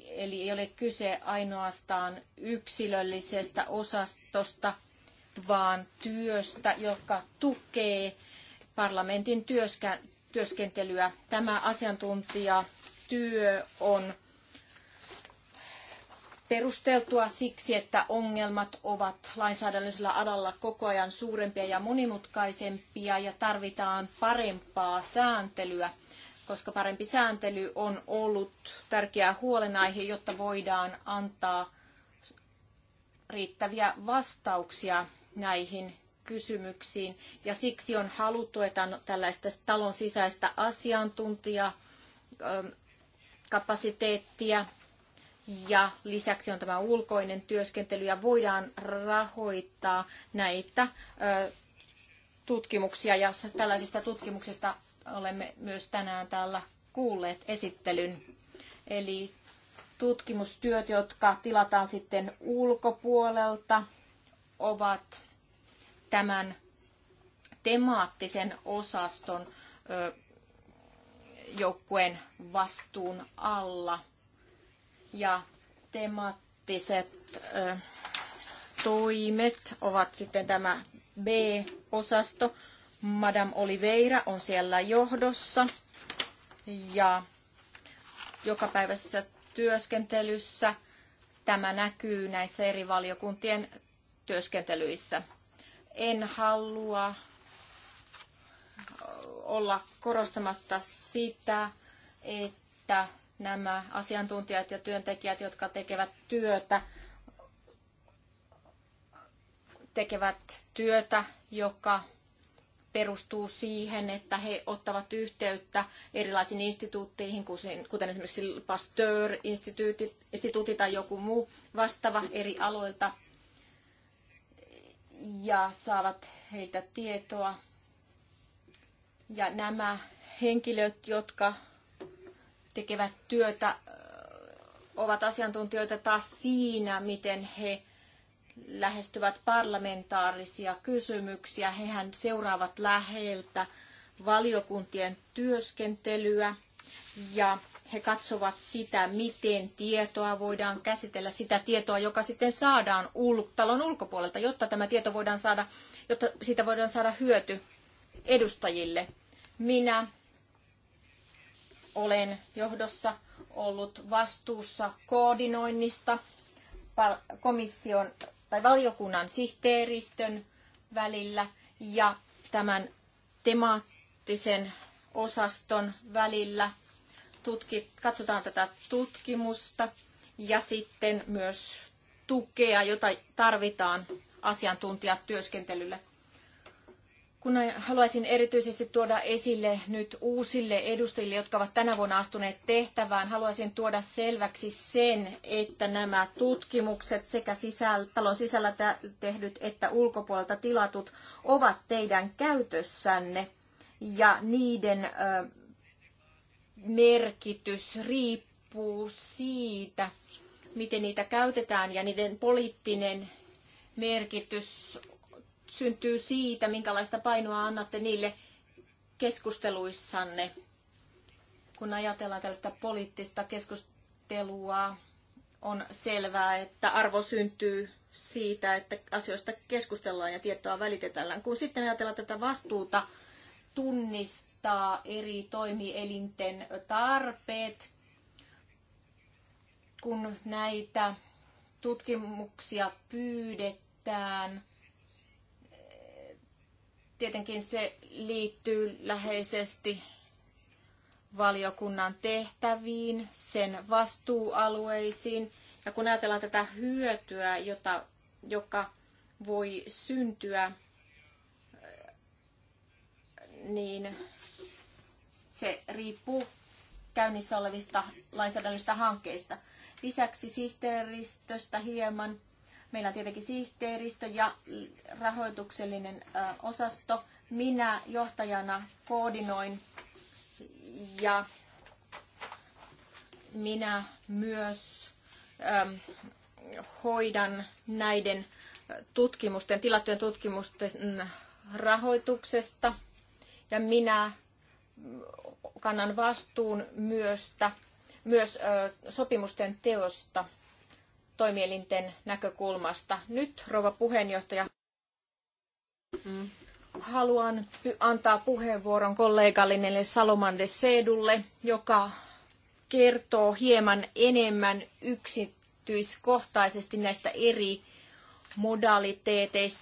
eli ei ole kyse ainoastaan yksilöllisestä osastosta, vaan työstä, joka tukee parlamentin työskentelyä. Tämä asiantuntijatyö on perusteltua siksi, että ongelmat ovat lainsäädännöllisellä alalla koko ajan suurempia ja monimutkaisempia ja tarvitaan parempaa sääntelyä, koska parempi sääntely on ollut tärkeä huolenaihe, jotta voidaan antaa riittäviä vastauksia näihin kysymyksiin. Ja siksi on haluttu, että tällaista talon sisäistä asiantuntijakapasiteettia. kapasiteettia ja lisäksi on tämä ulkoinen työskentely ja voidaan rahoittaa näitä tutkimuksia ja tällaisista tutkimuksista olemme myös tänään täällä kuulleet esittelyn. Eli tutkimustyöt, jotka tilataan sitten ulkopuolelta, ovat tämän temaattisen osaston joukkueen vastuun alla – ja temaattiset toimet ovat sitten tämä B-osasto. Madame Oliveira on siellä johdossa ja jokapäiväisessä työskentelyssä tämä näkyy näissä eri valiokuntien työskentelyissä. En halua olla korostamatta sitä, että nämä asiantuntijat ja työntekijät, jotka tekevät työtä, tekevät työtä, joka perustuu siihen, että he ottavat yhteyttä erilaisiin instituutteihin, kuten esimerkiksi Pasteur-instituutti tai joku muu vastaava eri aloilta, ja saavat heiltä tietoa. Ja nämä henkilöt, jotka tekevät työtä, ovat asiantuntijoita taas siinä, miten he lähestyvät parlamentaarisia kysymyksiä. Hehän seuraavat läheltä valiokuntien työskentelyä ja he katsovat sitä, miten tietoa voidaan käsitellä, sitä tietoa, joka sitten saadaan ul- talon ulkopuolelta, jotta tämä tieto voidaan saada, jotta siitä voidaan saada hyöty edustajille. Minä olen johdossa ollut vastuussa koordinoinnista komission tai valiokunnan sihteeristön välillä ja tämän temaattisen osaston välillä. Tutki, katsotaan tätä tutkimusta ja sitten myös tukea, jota tarvitaan asiantuntijatyöskentelylle kun haluaisin erityisesti tuoda esille nyt uusille edustajille, jotka ovat tänä vuonna astuneet tehtävään, haluaisin tuoda selväksi sen, että nämä tutkimukset sekä sisällä, talon sisällä tehdyt että ulkopuolelta tilatut ovat teidän käytössänne ja niiden merkitys riippuu siitä, miten niitä käytetään ja niiden poliittinen merkitys syntyy siitä, minkälaista painoa annatte niille keskusteluissanne. Kun ajatellaan tällaista poliittista keskustelua, on selvää, että arvo syntyy siitä, että asioista keskustellaan ja tietoa välitetään. Kun sitten ajatellaan tätä vastuuta tunnistaa eri toimielinten tarpeet, kun näitä tutkimuksia pyydetään, Tietenkin se liittyy läheisesti valiokunnan tehtäviin, sen vastuualueisiin. Ja kun ajatellaan tätä hyötyä, jota, joka voi syntyä, niin se riippuu käynnissä olevista lainsäädännöllisistä hankkeista. Lisäksi sihteeristöstä hieman Meillä on tietenkin sihteeristö ja rahoituksellinen osasto. Minä johtajana koordinoin ja minä myös ähm, hoidan näiden tutkimusten, tilattujen tutkimusten rahoituksesta ja minä kannan vastuun myöstä, myös sopimusten teosta toimielinten näkökulmasta. Nyt, rouva puheenjohtaja, haluan antaa puheenvuoron kollegallinen Salomande Seedulle, joka kertoo hieman enemmän yksityiskohtaisesti näistä eri modaliteeteista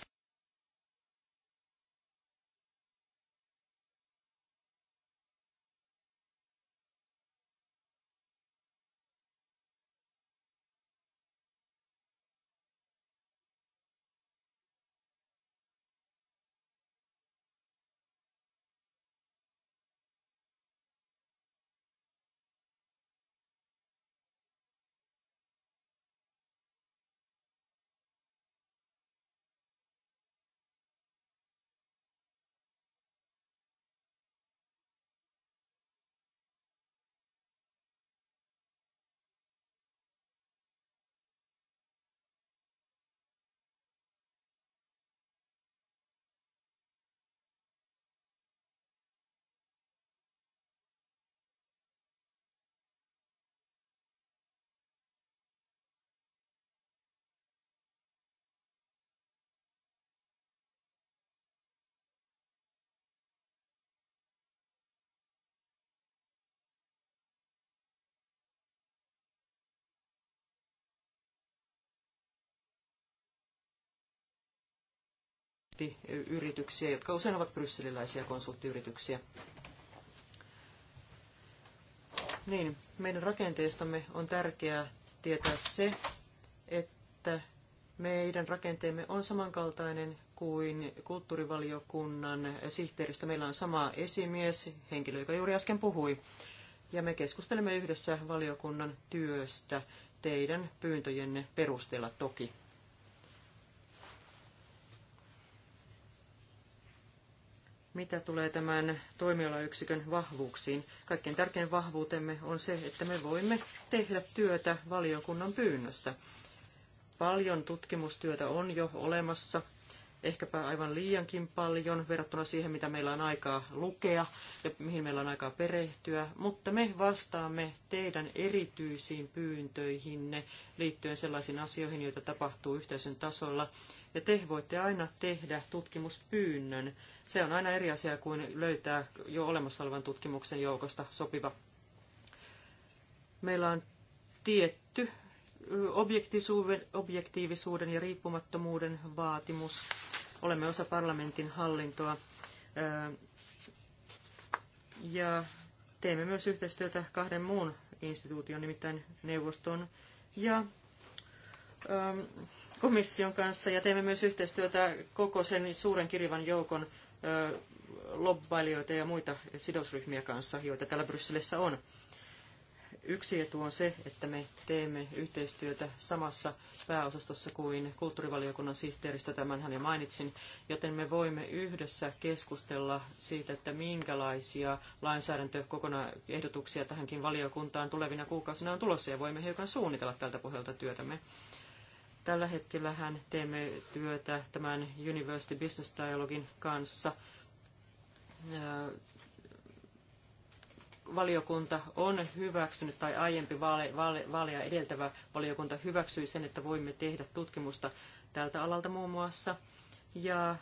konsulttiyrityksiä, jotka usein ovat brysseliläisiä konsulttiyrityksiä. Niin, meidän rakenteestamme on tärkeää tietää se, että meidän rakenteemme on samankaltainen kuin kulttuurivaliokunnan sihteeristä. Meillä on sama esimies, henkilö, joka juuri äsken puhui. Ja me keskustelemme yhdessä valiokunnan työstä teidän pyyntöjenne perusteella toki. Mitä tulee tämän toimialayksikön vahvuuksiin? Kaikkein tärkein vahvuutemme on se, että me voimme tehdä työtä valiokunnan pyynnöstä. Paljon tutkimustyötä on jo olemassa ehkäpä aivan liiankin paljon verrattuna siihen, mitä meillä on aikaa lukea ja mihin meillä on aikaa perehtyä, mutta me vastaamme teidän erityisiin pyyntöihinne liittyen sellaisiin asioihin, joita tapahtuu yhteisön tasolla. Ja te voitte aina tehdä tutkimuspyynnön. Se on aina eri asia kuin löytää jo olemassa olevan tutkimuksen joukosta sopiva. Meillä on tietty objektiivisuuden ja riippumattomuuden vaatimus. Olemme osa parlamentin hallintoa ja teemme myös yhteistyötä kahden muun instituution, nimittäin neuvoston ja komission kanssa ja teemme myös yhteistyötä koko sen suuren kirjavan joukon lobbailijoita ja muita sidosryhmiä kanssa, joita täällä Brysselissä on. Yksi etu on se, että me teemme yhteistyötä samassa pääosastossa kuin kulttuurivaliokunnan sihteeristä, tämänhän jo mainitsin, joten me voimme yhdessä keskustella siitä, että minkälaisia lainsäädäntökokonaehdotuksia tähänkin valiokuntaan tulevina kuukausina on tulossa ja voimme hiukan suunnitella tältä pohjalta työtämme. Tällä hetkellähän teemme työtä tämän University Business Dialogin kanssa valiokunta on hyväksynyt, tai aiempi vaaleja edeltävä valiokunta hyväksyi sen, että voimme tehdä tutkimusta tältä alalta muun muassa. Ja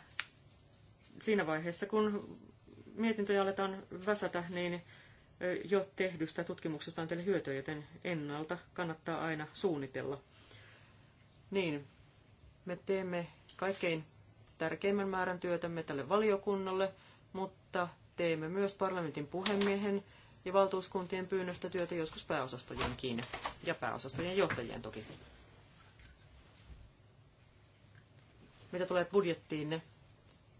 siinä vaiheessa, kun mietintöjä aletaan väsätä, niin jo tehdystä tutkimuksesta on teille hyötyä, joten ennalta kannattaa aina suunnitella. Niin, me teemme kaikkein tärkeimmän määrän työtämme tälle valiokunnalle, mutta teemme myös parlamentin puhemiehen ja valtuuskuntien pyynnöstä työtä joskus pääosastojenkin ja pääosastojen johtajien toki. Mitä tulee budjettiinne?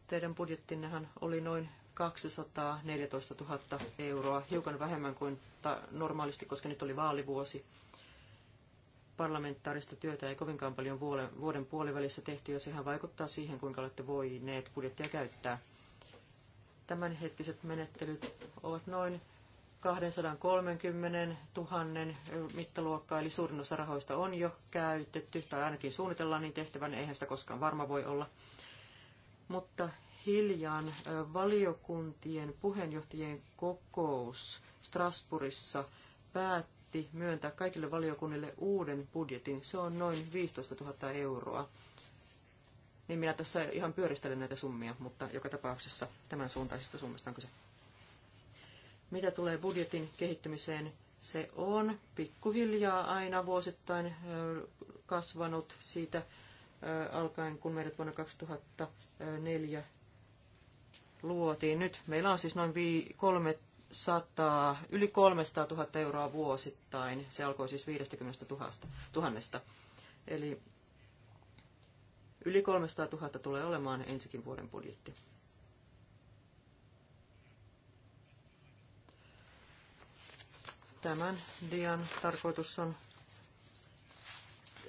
Teidän budjettinnehan oli noin 214 000 euroa, hiukan vähemmän kuin normaalisti, koska nyt oli vaalivuosi. Parlamentaarista työtä ei kovinkaan paljon vuoden puolivälissä tehty, ja sehän vaikuttaa siihen, kuinka olette voineet budjettia käyttää. Tämänhetkiset menettelyt ovat noin 230 000 mittaluokkaa, eli suurin osa rahoista on jo käytetty, tai ainakin suunnitellaan niin tehtävän, eihän sitä koskaan varma voi olla. Mutta hiljan valiokuntien puheenjohtajien kokous Strasbourgissa päätti myöntää kaikille valiokunnille uuden budjetin. Se on noin 15 000 euroa. Niin minä tässä ihan pyöristelen näitä summia, mutta joka tapauksessa tämän suuntaisista summista on kyse. Mitä tulee budjetin kehittymiseen, se on pikkuhiljaa aina vuosittain kasvanut siitä alkaen, kun meidät vuonna 2004 luotiin. Nyt meillä on siis noin 300, yli 300 000 euroa vuosittain. Se alkoi siis 50 000. Eli yli 300 000 tulee olemaan ensikin vuoden budjetti. Tämän dian tarkoitus on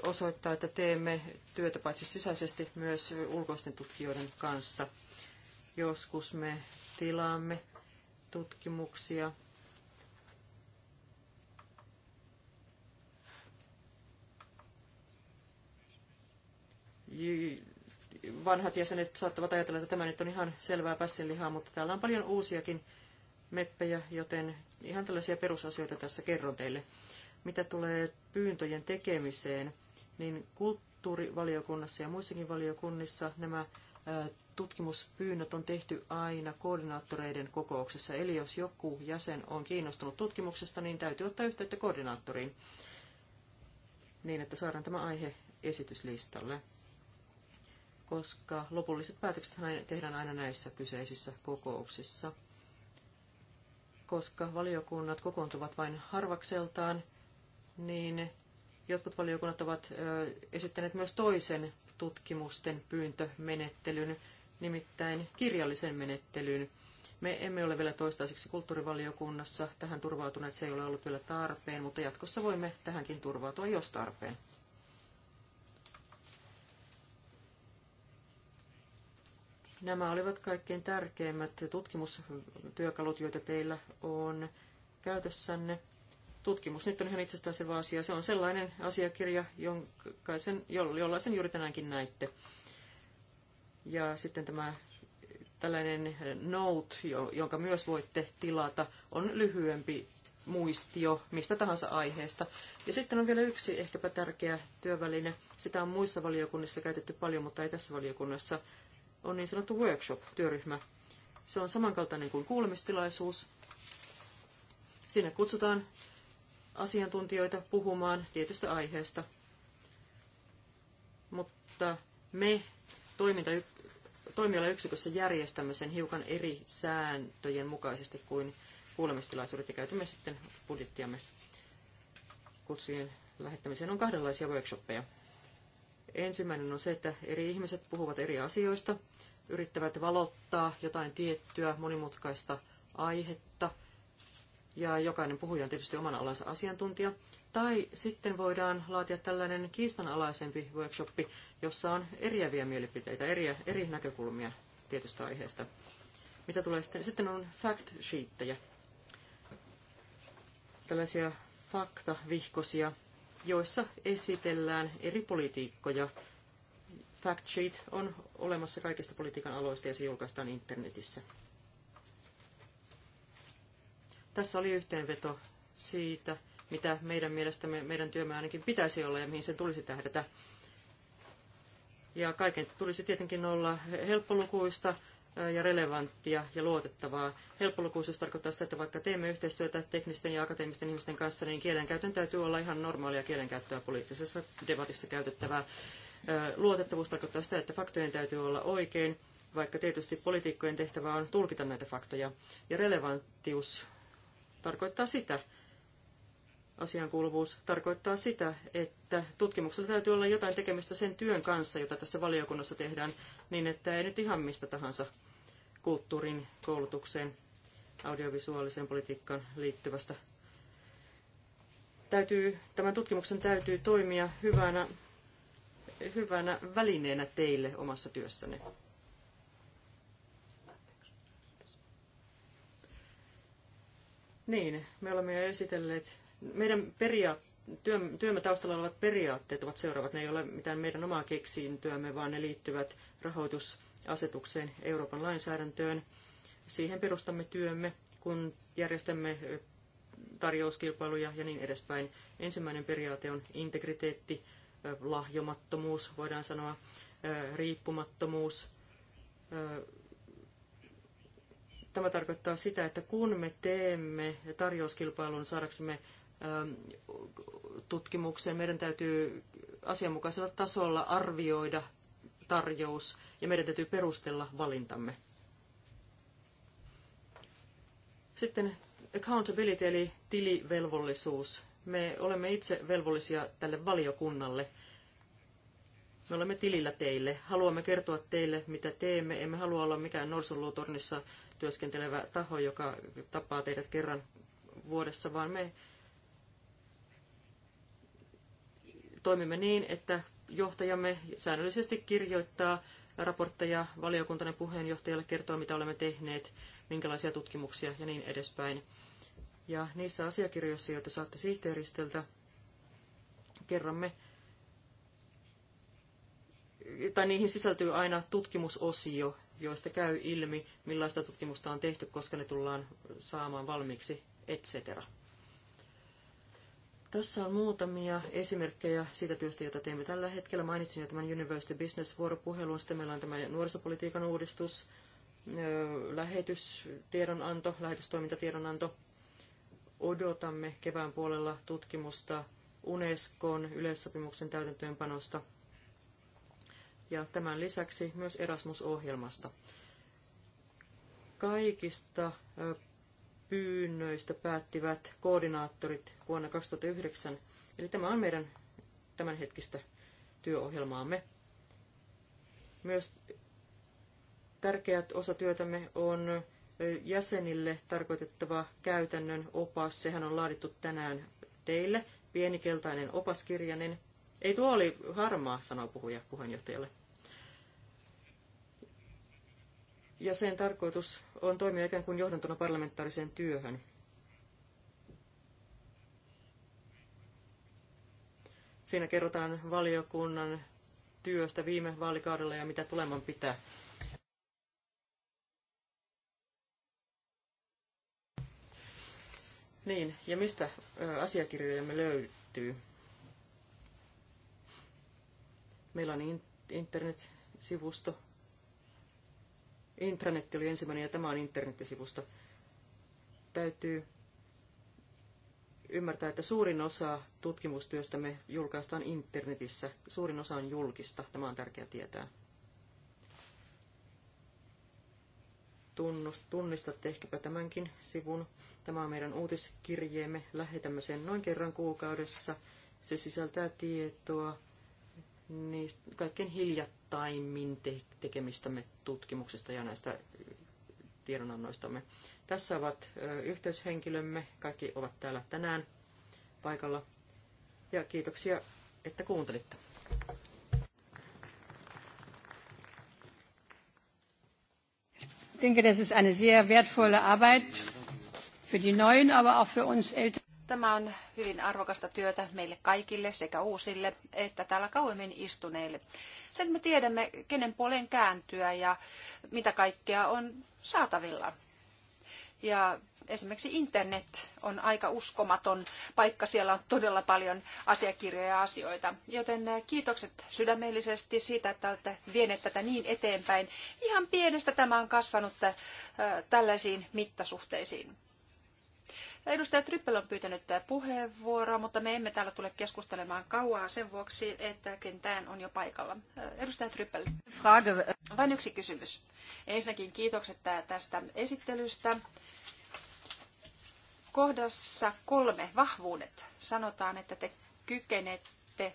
osoittaa, että teemme työtä paitsi sisäisesti myös ulkoisten tutkijoiden kanssa. Joskus me tilaamme tutkimuksia. Vanhat jäsenet saattavat ajatella, että tämä nyt on ihan selvää pässinlihaa, mutta täällä on paljon uusiakin meppejä, joten ihan tällaisia perusasioita tässä kerron teille. Mitä tulee pyyntöjen tekemiseen, niin kulttuurivaliokunnassa ja muissakin valiokunnissa nämä tutkimuspyynnöt on tehty aina koordinaattoreiden kokouksessa. Eli jos joku jäsen on kiinnostunut tutkimuksesta, niin täytyy ottaa yhteyttä koordinaattoriin niin, että saadaan tämä aihe esityslistalle, koska lopulliset päätökset tehdään aina näissä kyseisissä kokouksissa koska valiokunnat kokoontuvat vain harvakseltaan, niin jotkut valiokunnat ovat esittäneet myös toisen tutkimusten pyyntömenettelyn, nimittäin kirjallisen menettelyn. Me emme ole vielä toistaiseksi kulttuurivaliokunnassa tähän turvautuneet, se ei ole ollut vielä tarpeen, mutta jatkossa voimme tähänkin turvautua, jos tarpeen. Nämä olivat kaikkein tärkeimmät tutkimustyökalut, joita teillä on käytössänne. Tutkimus nyt on ihan itsestäänselvä asia. Se on sellainen asiakirja, jonkaisen, jollaisen juuri tänäänkin näitte. Ja sitten tämä tällainen note, jonka myös voitte tilata, on lyhyempi muistio mistä tahansa aiheesta. Ja sitten on vielä yksi ehkäpä tärkeä työväline. Sitä on muissa valiokunnissa käytetty paljon, mutta ei tässä valiokunnassa – on niin sanottu workshop-työryhmä. Se on samankaltainen kuin kuulemistilaisuus. Sinne kutsutaan asiantuntijoita puhumaan tietystä aiheesta. Mutta me toiminta, toimialayksikössä järjestämme sen hiukan eri sääntöjen mukaisesti kuin kuulemistilaisuudet ja käytämme sitten budjettiamme kutsujen lähettämiseen. On kahdenlaisia workshoppeja. Ensimmäinen on se, että eri ihmiset puhuvat eri asioista, yrittävät valottaa jotain tiettyä monimutkaista aihetta, ja jokainen puhuja on tietysti oman alansa asiantuntija. Tai sitten voidaan laatia tällainen kiistanalaisempi workshop, jossa on eriäviä mielipiteitä, eri, eri näkökulmia tietystä aiheesta. Mitä tulee sitten? Sitten on fact sheettejä. Tällaisia faktavihkosia joissa esitellään eri politiikkoja. Fact sheet on olemassa kaikista politiikan aloista ja se julkaistaan internetissä. Tässä oli yhteenveto siitä, mitä meidän mielestämme meidän työmme ainakin pitäisi olla ja mihin sen tulisi tähdätä. Ja kaiken tulisi tietenkin olla helppolukuista, ja relevanttia ja luotettavaa. Helppolukuisuus tarkoittaa sitä, että vaikka teemme yhteistyötä teknisten ja akateemisten ihmisten kanssa, niin kielenkäytön täytyy olla ihan normaalia kielenkäyttöä poliittisessa debatissa käytettävää. Luotettavuus tarkoittaa sitä, että faktojen täytyy olla oikein, vaikka tietysti poliitikkojen tehtävä on tulkita näitä faktoja. Ja relevanttius tarkoittaa sitä, asiankuuluvuus tarkoittaa sitä, että tutkimuksella täytyy olla jotain tekemistä sen työn kanssa, jota tässä valiokunnassa tehdään niin että ei nyt ihan mistä tahansa kulttuurin, koulutukseen, audiovisuaaliseen politiikkaan liittyvästä. Täytyy, tämän tutkimuksen täytyy toimia hyvänä, hyvänä välineenä teille omassa työssänne. Niin, me olemme jo esitelleet. Meidän periaatteet työmme taustalla olevat periaatteet ovat seuraavat. Ne ei ole mitään meidän omaa keksintöämme, vaan ne liittyvät rahoitusasetukseen, Euroopan lainsäädäntöön. Siihen perustamme työmme, kun järjestämme tarjouskilpailuja ja niin edespäin. Ensimmäinen periaate on integriteetti, lahjomattomuus, voidaan sanoa, riippumattomuus. Tämä tarkoittaa sitä, että kun me teemme tarjouskilpailun saadaksemme Ähm, tutkimukseen. Meidän täytyy asianmukaisella tasolla arvioida tarjous ja meidän täytyy perustella valintamme. Sitten accountability eli tilivelvollisuus. Me olemme itse velvollisia tälle valiokunnalle. Me olemme tilillä teille. Haluamme kertoa teille, mitä teemme. Emme halua olla mikään norsunluutornissa työskentelevä taho, joka tapaa teidät kerran vuodessa, vaan me toimimme niin, että johtajamme säännöllisesti kirjoittaa raportteja valiokuntainen puheenjohtajalle kertoo, mitä olemme tehneet, minkälaisia tutkimuksia ja niin edespäin. Ja niissä asiakirjoissa, joita saatte sihteeristöltä, kerromme, tai niihin sisältyy aina tutkimusosio, joista käy ilmi, millaista tutkimusta on tehty, koska ne tullaan saamaan valmiiksi, etc. Tässä on muutamia esimerkkejä siitä työstä, jota teemme tällä hetkellä. Mainitsin jo tämän University Business-vuoropuhelun, sitten meillä on tämä nuorisopolitiikan uudistus, lähetystiedonanto, lähetystoimintatiedonanto. Odotamme kevään puolella tutkimusta Unescon yleissopimuksen täytäntöönpanosta ja tämän lisäksi myös Erasmus-ohjelmasta. Kaikista pyynnöistä päättivät koordinaattorit vuonna 2009. Eli tämä on meidän tämänhetkistä työohjelmaamme. Myös tärkeät osa työtämme on jäsenille tarkoitettava käytännön opas. Sehän on laadittu tänään teille. Pienikeltainen opaskirjainen. Ei tuo oli harmaa, sanoo puhuja puheenjohtajalle. ja sen tarkoitus on toimia ikään kuin johdantona parlamentaariseen työhön. Siinä kerrotaan valiokunnan työstä viime vaalikaudella ja mitä tuleman pitää. Niin, ja mistä asiakirjojamme löytyy? Meillä on internet-sivusto. Intranetti oli ensimmäinen ja tämä on internettisivusto. Täytyy ymmärtää, että suurin osa tutkimustyöstämme julkaistaan internetissä. Suurin osa on julkista. Tämä on tärkeää tietää. tunnistatte ehkäpä tämänkin sivun. Tämä on meidän uutiskirjeemme. Lähetämme sen noin kerran kuukaudessa. Se sisältää tietoa niistä kaikkein hiljattain vertaimmin te- tekemistämme tutkimuksista ja näistä tiedonannoistamme. Tässä ovat yhteyshenkilömme, kaikki ovat täällä tänään paikalla. Ja kiitoksia, että kuuntelitte. denke, das ist eine sehr wertvolle Arbeit für die Neuen, aber auch für uns Älteren. Tämä on hyvin arvokasta työtä meille kaikille, sekä uusille että täällä kauemmin istuneille. Sen me tiedämme, kenen puoleen kääntyä ja mitä kaikkea on saatavilla. Ja esimerkiksi internet on aika uskomaton paikka, siellä on todella paljon asiakirjoja ja asioita. Joten eh, kiitokset sydämellisesti siitä, että olette vieneet tätä niin eteenpäin. Ihan pienestä tämä on kasvanut eh, tällaisiin mittasuhteisiin. Edustaja Tryppel on pyytänyt puheenvuoroa, mutta me emme täällä tule keskustelemaan kauaa sen vuoksi, että kentään on jo paikalla. Edustaja Tryppel. Frage. Vain yksi kysymys. Ensinnäkin kiitokset tästä esittelystä. Kohdassa kolme, vahvuudet. Sanotaan, että te kykenette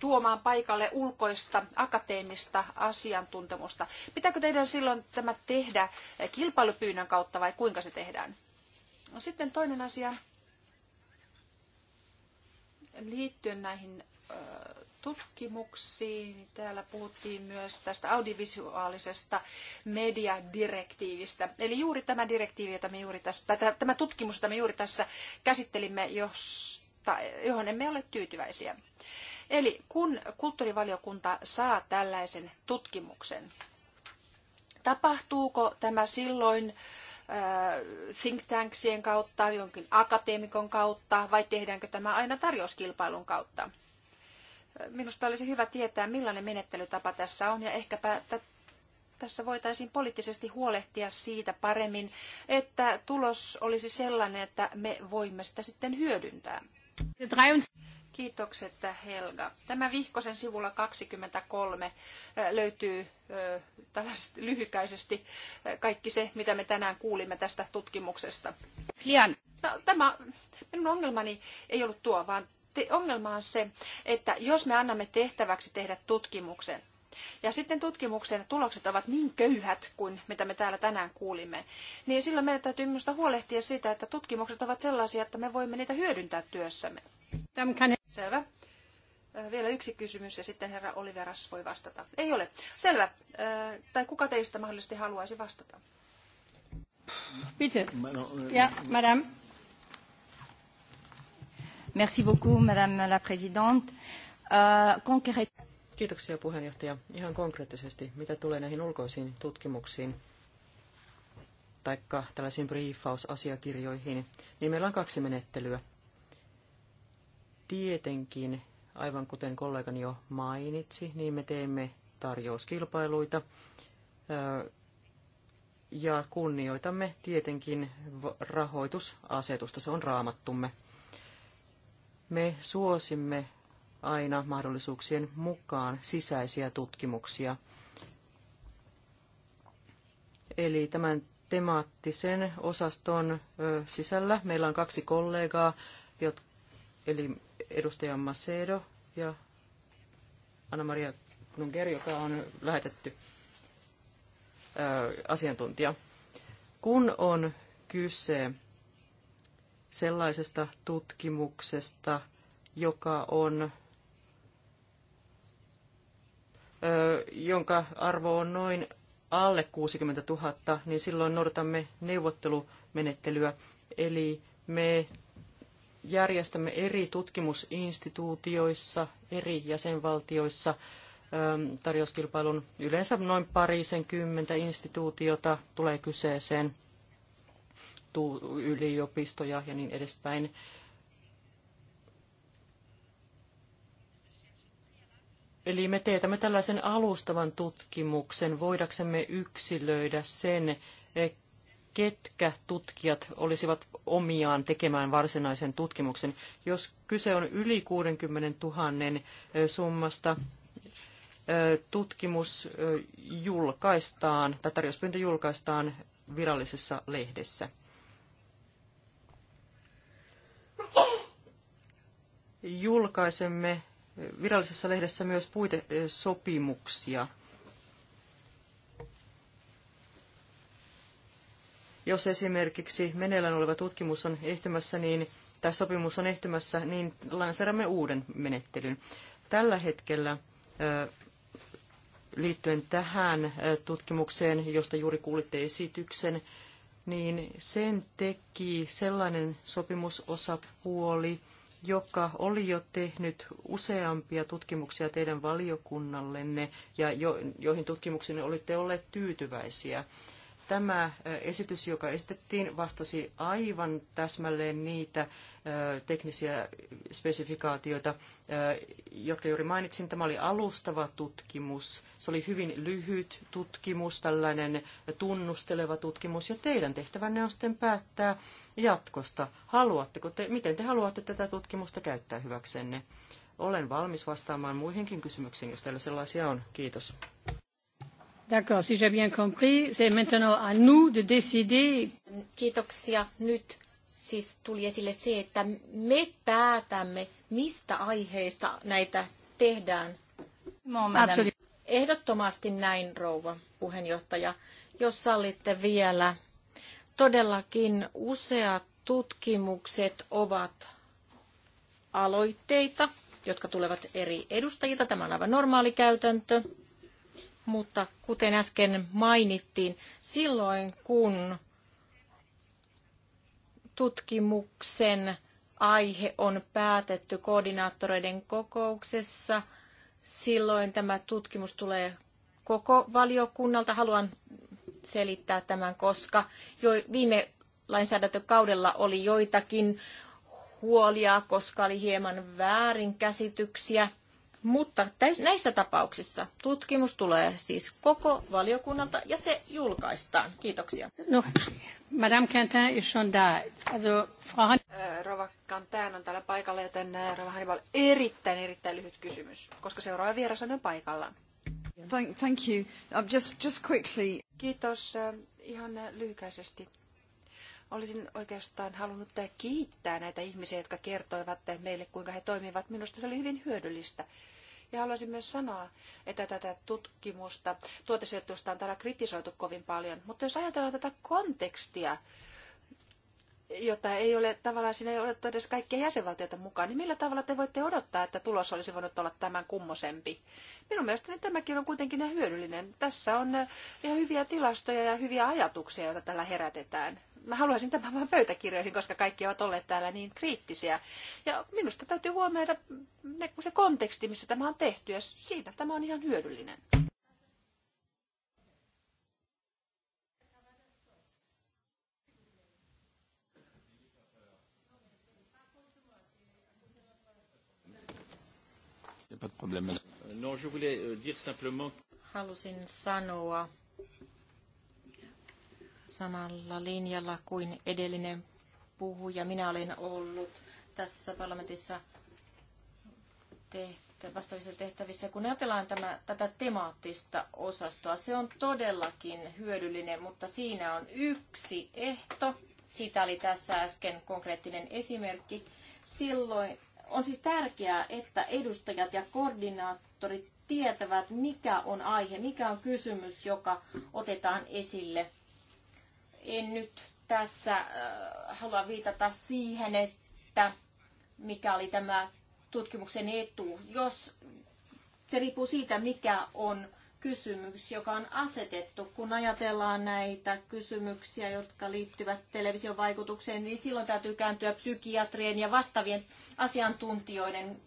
tuomaan paikalle ulkoista akateemista asiantuntemusta. Pitääkö teidän silloin tämä tehdä kilpailupyynnön kautta vai kuinka se tehdään? No sitten toinen asia liittyen näihin tutkimuksiin. Täällä puhuttiin myös tästä audiovisuaalisesta mediadirektiivistä. Eli juuri tämä direktiivi, jota me juuri tässä, tai tämä tutkimus, jota me juuri tässä käsittelimme, johon emme ole tyytyväisiä. Eli kun kulttuurivaliokunta saa tällaisen tutkimuksen, tapahtuuko tämä silloin äh, think tanksien kautta, jonkin akateemikon kautta vai tehdäänkö tämä aina tarjouskilpailun kautta? Minusta olisi hyvä tietää, millainen menettelytapa tässä on ja ehkäpä tässä voitaisiin poliittisesti huolehtia siitä paremmin, että tulos olisi sellainen, että me voimme sitä sitten hyödyntää. Kiitokset Helga. Tämä vihkosen sivulla 23 löytyy lyhykäisesti kaikki se, mitä me tänään kuulimme tästä tutkimuksesta. Lian. No, tämä, minun ongelmani ei ollut tuo, vaan ongelma on se, että jos me annamme tehtäväksi tehdä tutkimuksen, ja sitten tutkimuksen tulokset ovat niin köyhät kuin mitä me täällä tänään kuulimme, niin silloin meidän täytyy myös huolehtia siitä, että tutkimukset ovat sellaisia, että me voimme niitä hyödyntää työssämme. Selvä. Vielä yksi kysymys ja sitten herra Oliveras voi vastata. Ei ole. Selvä. Tai kuka teistä mahdollisesti haluaisi vastata? Bitte. No, ja, no. madame. Merci beaucoup, madame la présidente. Euh, concrète... Kiitoksia puheenjohtaja. Ihan konkreettisesti, mitä tulee näihin ulkoisiin tutkimuksiin tai tällaisiin briefausasiakirjoihin, niin meillä on kaksi menettelyä. Tietenkin, aivan kuten kollegani jo mainitsi, niin me teemme tarjouskilpailuita ja kunnioitamme tietenkin rahoitusasetusta, se on raamattumme. Me suosimme aina mahdollisuuksien mukaan sisäisiä tutkimuksia. Eli tämän temaattisen osaston sisällä meillä on kaksi kollegaa, eli edustaja Macedo ja Anna-Maria Nunger, joka on lähetetty asiantuntija. Kun on kyse sellaisesta tutkimuksesta, joka on jonka arvo on noin alle 60 000, niin silloin noudatamme neuvottelumenettelyä. Eli me järjestämme eri tutkimusinstituutioissa, eri jäsenvaltioissa tarjouskilpailun. Yleensä noin parisen kymmentä instituutiota tulee kyseeseen, yliopistoja ja niin edespäin. Eli me teetämme tällaisen alustavan tutkimuksen, voidaksemme yksilöidä sen, e, ketkä tutkijat olisivat omiaan tekemään varsinaisen tutkimuksen. Jos kyse on yli 60 000 e, summasta, e, tutkimus julkaistaan tai tarjouspyyntö julkaistaan virallisessa lehdessä. Julkaisemme virallisessa lehdessä myös puitesopimuksia. Jos esimerkiksi meneillään oleva tutkimus on ehtymässä, niin tämä sopimus on ehtymässä, niin lanseeramme uuden menettelyn. Tällä hetkellä liittyen tähän tutkimukseen, josta juuri kuulitte esityksen, niin sen teki sellainen sopimusosapuoli, joka oli jo tehnyt useampia tutkimuksia teidän valiokunnallenne ja jo, joihin tutkimuksiin olitte olleet tyytyväisiä. Tämä esitys, joka esitettiin, vastasi aivan täsmälleen niitä teknisiä spesifikaatioita, jotka juuri mainitsin. Tämä oli alustava tutkimus. Se oli hyvin lyhyt tutkimus, tällainen tunnusteleva tutkimus, ja teidän tehtävänne on sitten päättää jatkosta. Haluatteko te, miten te haluatte tätä tutkimusta käyttää hyväksenne? Olen valmis vastaamaan muihinkin kysymyksiin, jos teillä sellaisia on. Kiitos. D'accord, si j'ai bien compris, c'est maintenant à nous de décider. Kiitoksia. Nyt siis tuli esille se, että me päätämme, mistä aiheista näitä tehdään. Ehdottomasti näin, rouva puheenjohtaja. Jos sallitte vielä, todellakin useat tutkimukset ovat aloitteita, jotka tulevat eri edustajilta. Tämä on aivan normaali käytäntö mutta kuten äsken mainittiin, silloin kun tutkimuksen aihe on päätetty koordinaattoreiden kokouksessa, silloin tämä tutkimus tulee koko valiokunnalta. Haluan selittää tämän, koska jo viime lainsäädäntökaudella oli joitakin huolia, koska oli hieman väärinkäsityksiä mutta näissä tapauksissa tutkimus tulee siis koko valiokunnalta ja se julkaistaan. Kiitoksia. No, Madame Quentin is on also, Frau Han... Äh, Rova on täällä paikalla, joten äh, Rova Hannibal, erittäin erittäin lyhyt kysymys, koska seuraava vieras on paikalla. Thank, thank you. Um, just, just quickly. Kiitos. Äh, ihan lyhykäisesti. Olisin oikeastaan halunnut kiittää näitä ihmisiä, jotka kertoivat meille, kuinka he toimivat. Minusta se oli hyvin hyödyllistä. Ja haluaisin myös sanoa, että tätä tutkimusta, tuotesijoitusta on täällä kritisoitu kovin paljon. Mutta jos ajatellaan tätä kontekstia, jota ei ole tavallaan, siinä ei ole edes kaikkia jäsenvaltioita mukaan, niin millä tavalla te voitte odottaa, että tulos olisi voinut olla tämän kummosempi? Minun mielestäni tämäkin on kuitenkin ihan hyödyllinen. Tässä on eh, ihan hyviä tilastoja ja hyviä ajatuksia, joita tällä herätetään mä haluaisin tämän vaan pöytäkirjoihin, koska kaikki ovat olleet täällä niin kriittisiä. Ja minusta täytyy huomioida se konteksti, missä tämä on tehty, ja siinä tämä on ihan hyödyllinen. No, euh, Halusin sanoa samalla linjalla kuin edellinen puhuja. Minä olen ollut tässä parlamentissa tehtä, vastaavissa tehtävissä. Kun ajatellaan tämä, tätä temaattista osastoa, se on todellakin hyödyllinen, mutta siinä on yksi ehto. Siitä oli tässä äsken konkreettinen esimerkki. Silloin on siis tärkeää, että edustajat ja koordinaattorit tietävät, mikä on aihe, mikä on kysymys, joka otetaan esille en nyt tässä äh, halua viitata siihen, että mikä oli tämä tutkimuksen etu. Jos se riippuu siitä, mikä on kysymys, joka on asetettu. Kun ajatellaan näitä kysymyksiä, jotka liittyvät television vaikutukseen, niin silloin täytyy kääntyä psykiatrien ja vastaavien asiantuntijoiden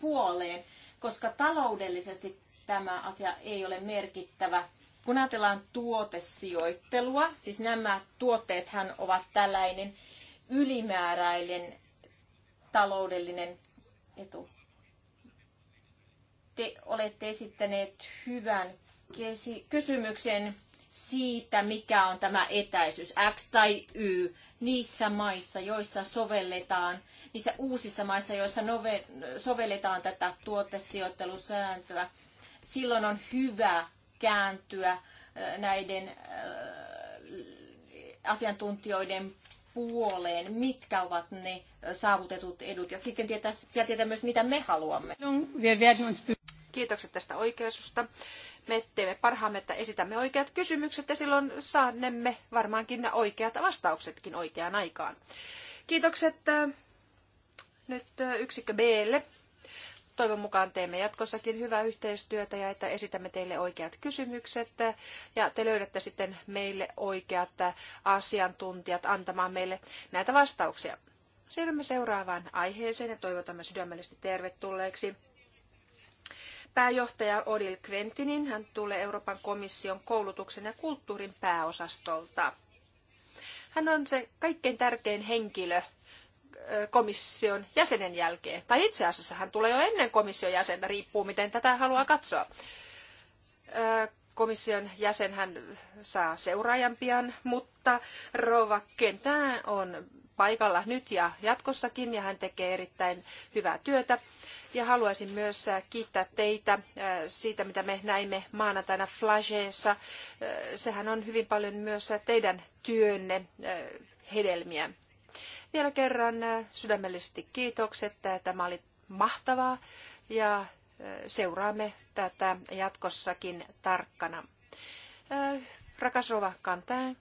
puoleen, koska taloudellisesti tämä asia ei ole merkittävä. Kun ajatellaan tuotesijoittelua, siis nämä tuotteethan ovat tällainen ylimääräinen taloudellinen etu. Te olette esittäneet hyvän kysymyksen siitä, mikä on tämä etäisyys X tai Y niissä maissa, joissa sovelletaan, niissä uusissa maissa, joissa nove, sovelletaan tätä tuotesijoittelusääntöä. Silloin on hyvä kääntyä äh, näiden äh, asiantuntijoiden puoleen, mitkä ovat ne äh, saavutetut edut. Ja sitten tietää, tietää myös, mitä me haluamme. Kiitokset tästä oikeususta. Me teemme parhaamme, että esitämme oikeat kysymykset ja silloin saanemme varmaankin ne oikeat vastauksetkin oikeaan aikaan. Kiitokset nyt yksikkö Blle Toivon mukaan teemme jatkossakin hyvää yhteistyötä ja että esitämme teille oikeat kysymykset ja te löydätte sitten meille oikeat asiantuntijat antamaan meille näitä vastauksia. Siirrymme seuraavaan aiheeseen ja toivotamme sydämellisesti tervetulleeksi pääjohtaja Odil Kventinin Hän tulee Euroopan komission koulutuksen ja kulttuurin pääosastolta. Hän on se kaikkein tärkein henkilö komission jäsenen jälkeen. Tai itse asiassa hän tulee jo ennen komission jäsentä, riippuu miten tätä haluaa katsoa. Komission jäsen hän saa seuraajan pian, mutta Rova Kentään on paikalla nyt ja jatkossakin ja hän tekee erittäin hyvää työtä. Ja haluaisin myös äh, kiittää teitä äh, siitä, mitä me näimme maanantaina Flageessa. Äh, sehän on hyvin paljon myös teidän työnne hedelmiä. Vielä kerran sydämellisesti kiitokset. Tämä oli mahtavaa ja seuraamme tätä jatkossakin tarkkana. Rakas Rova Kantään,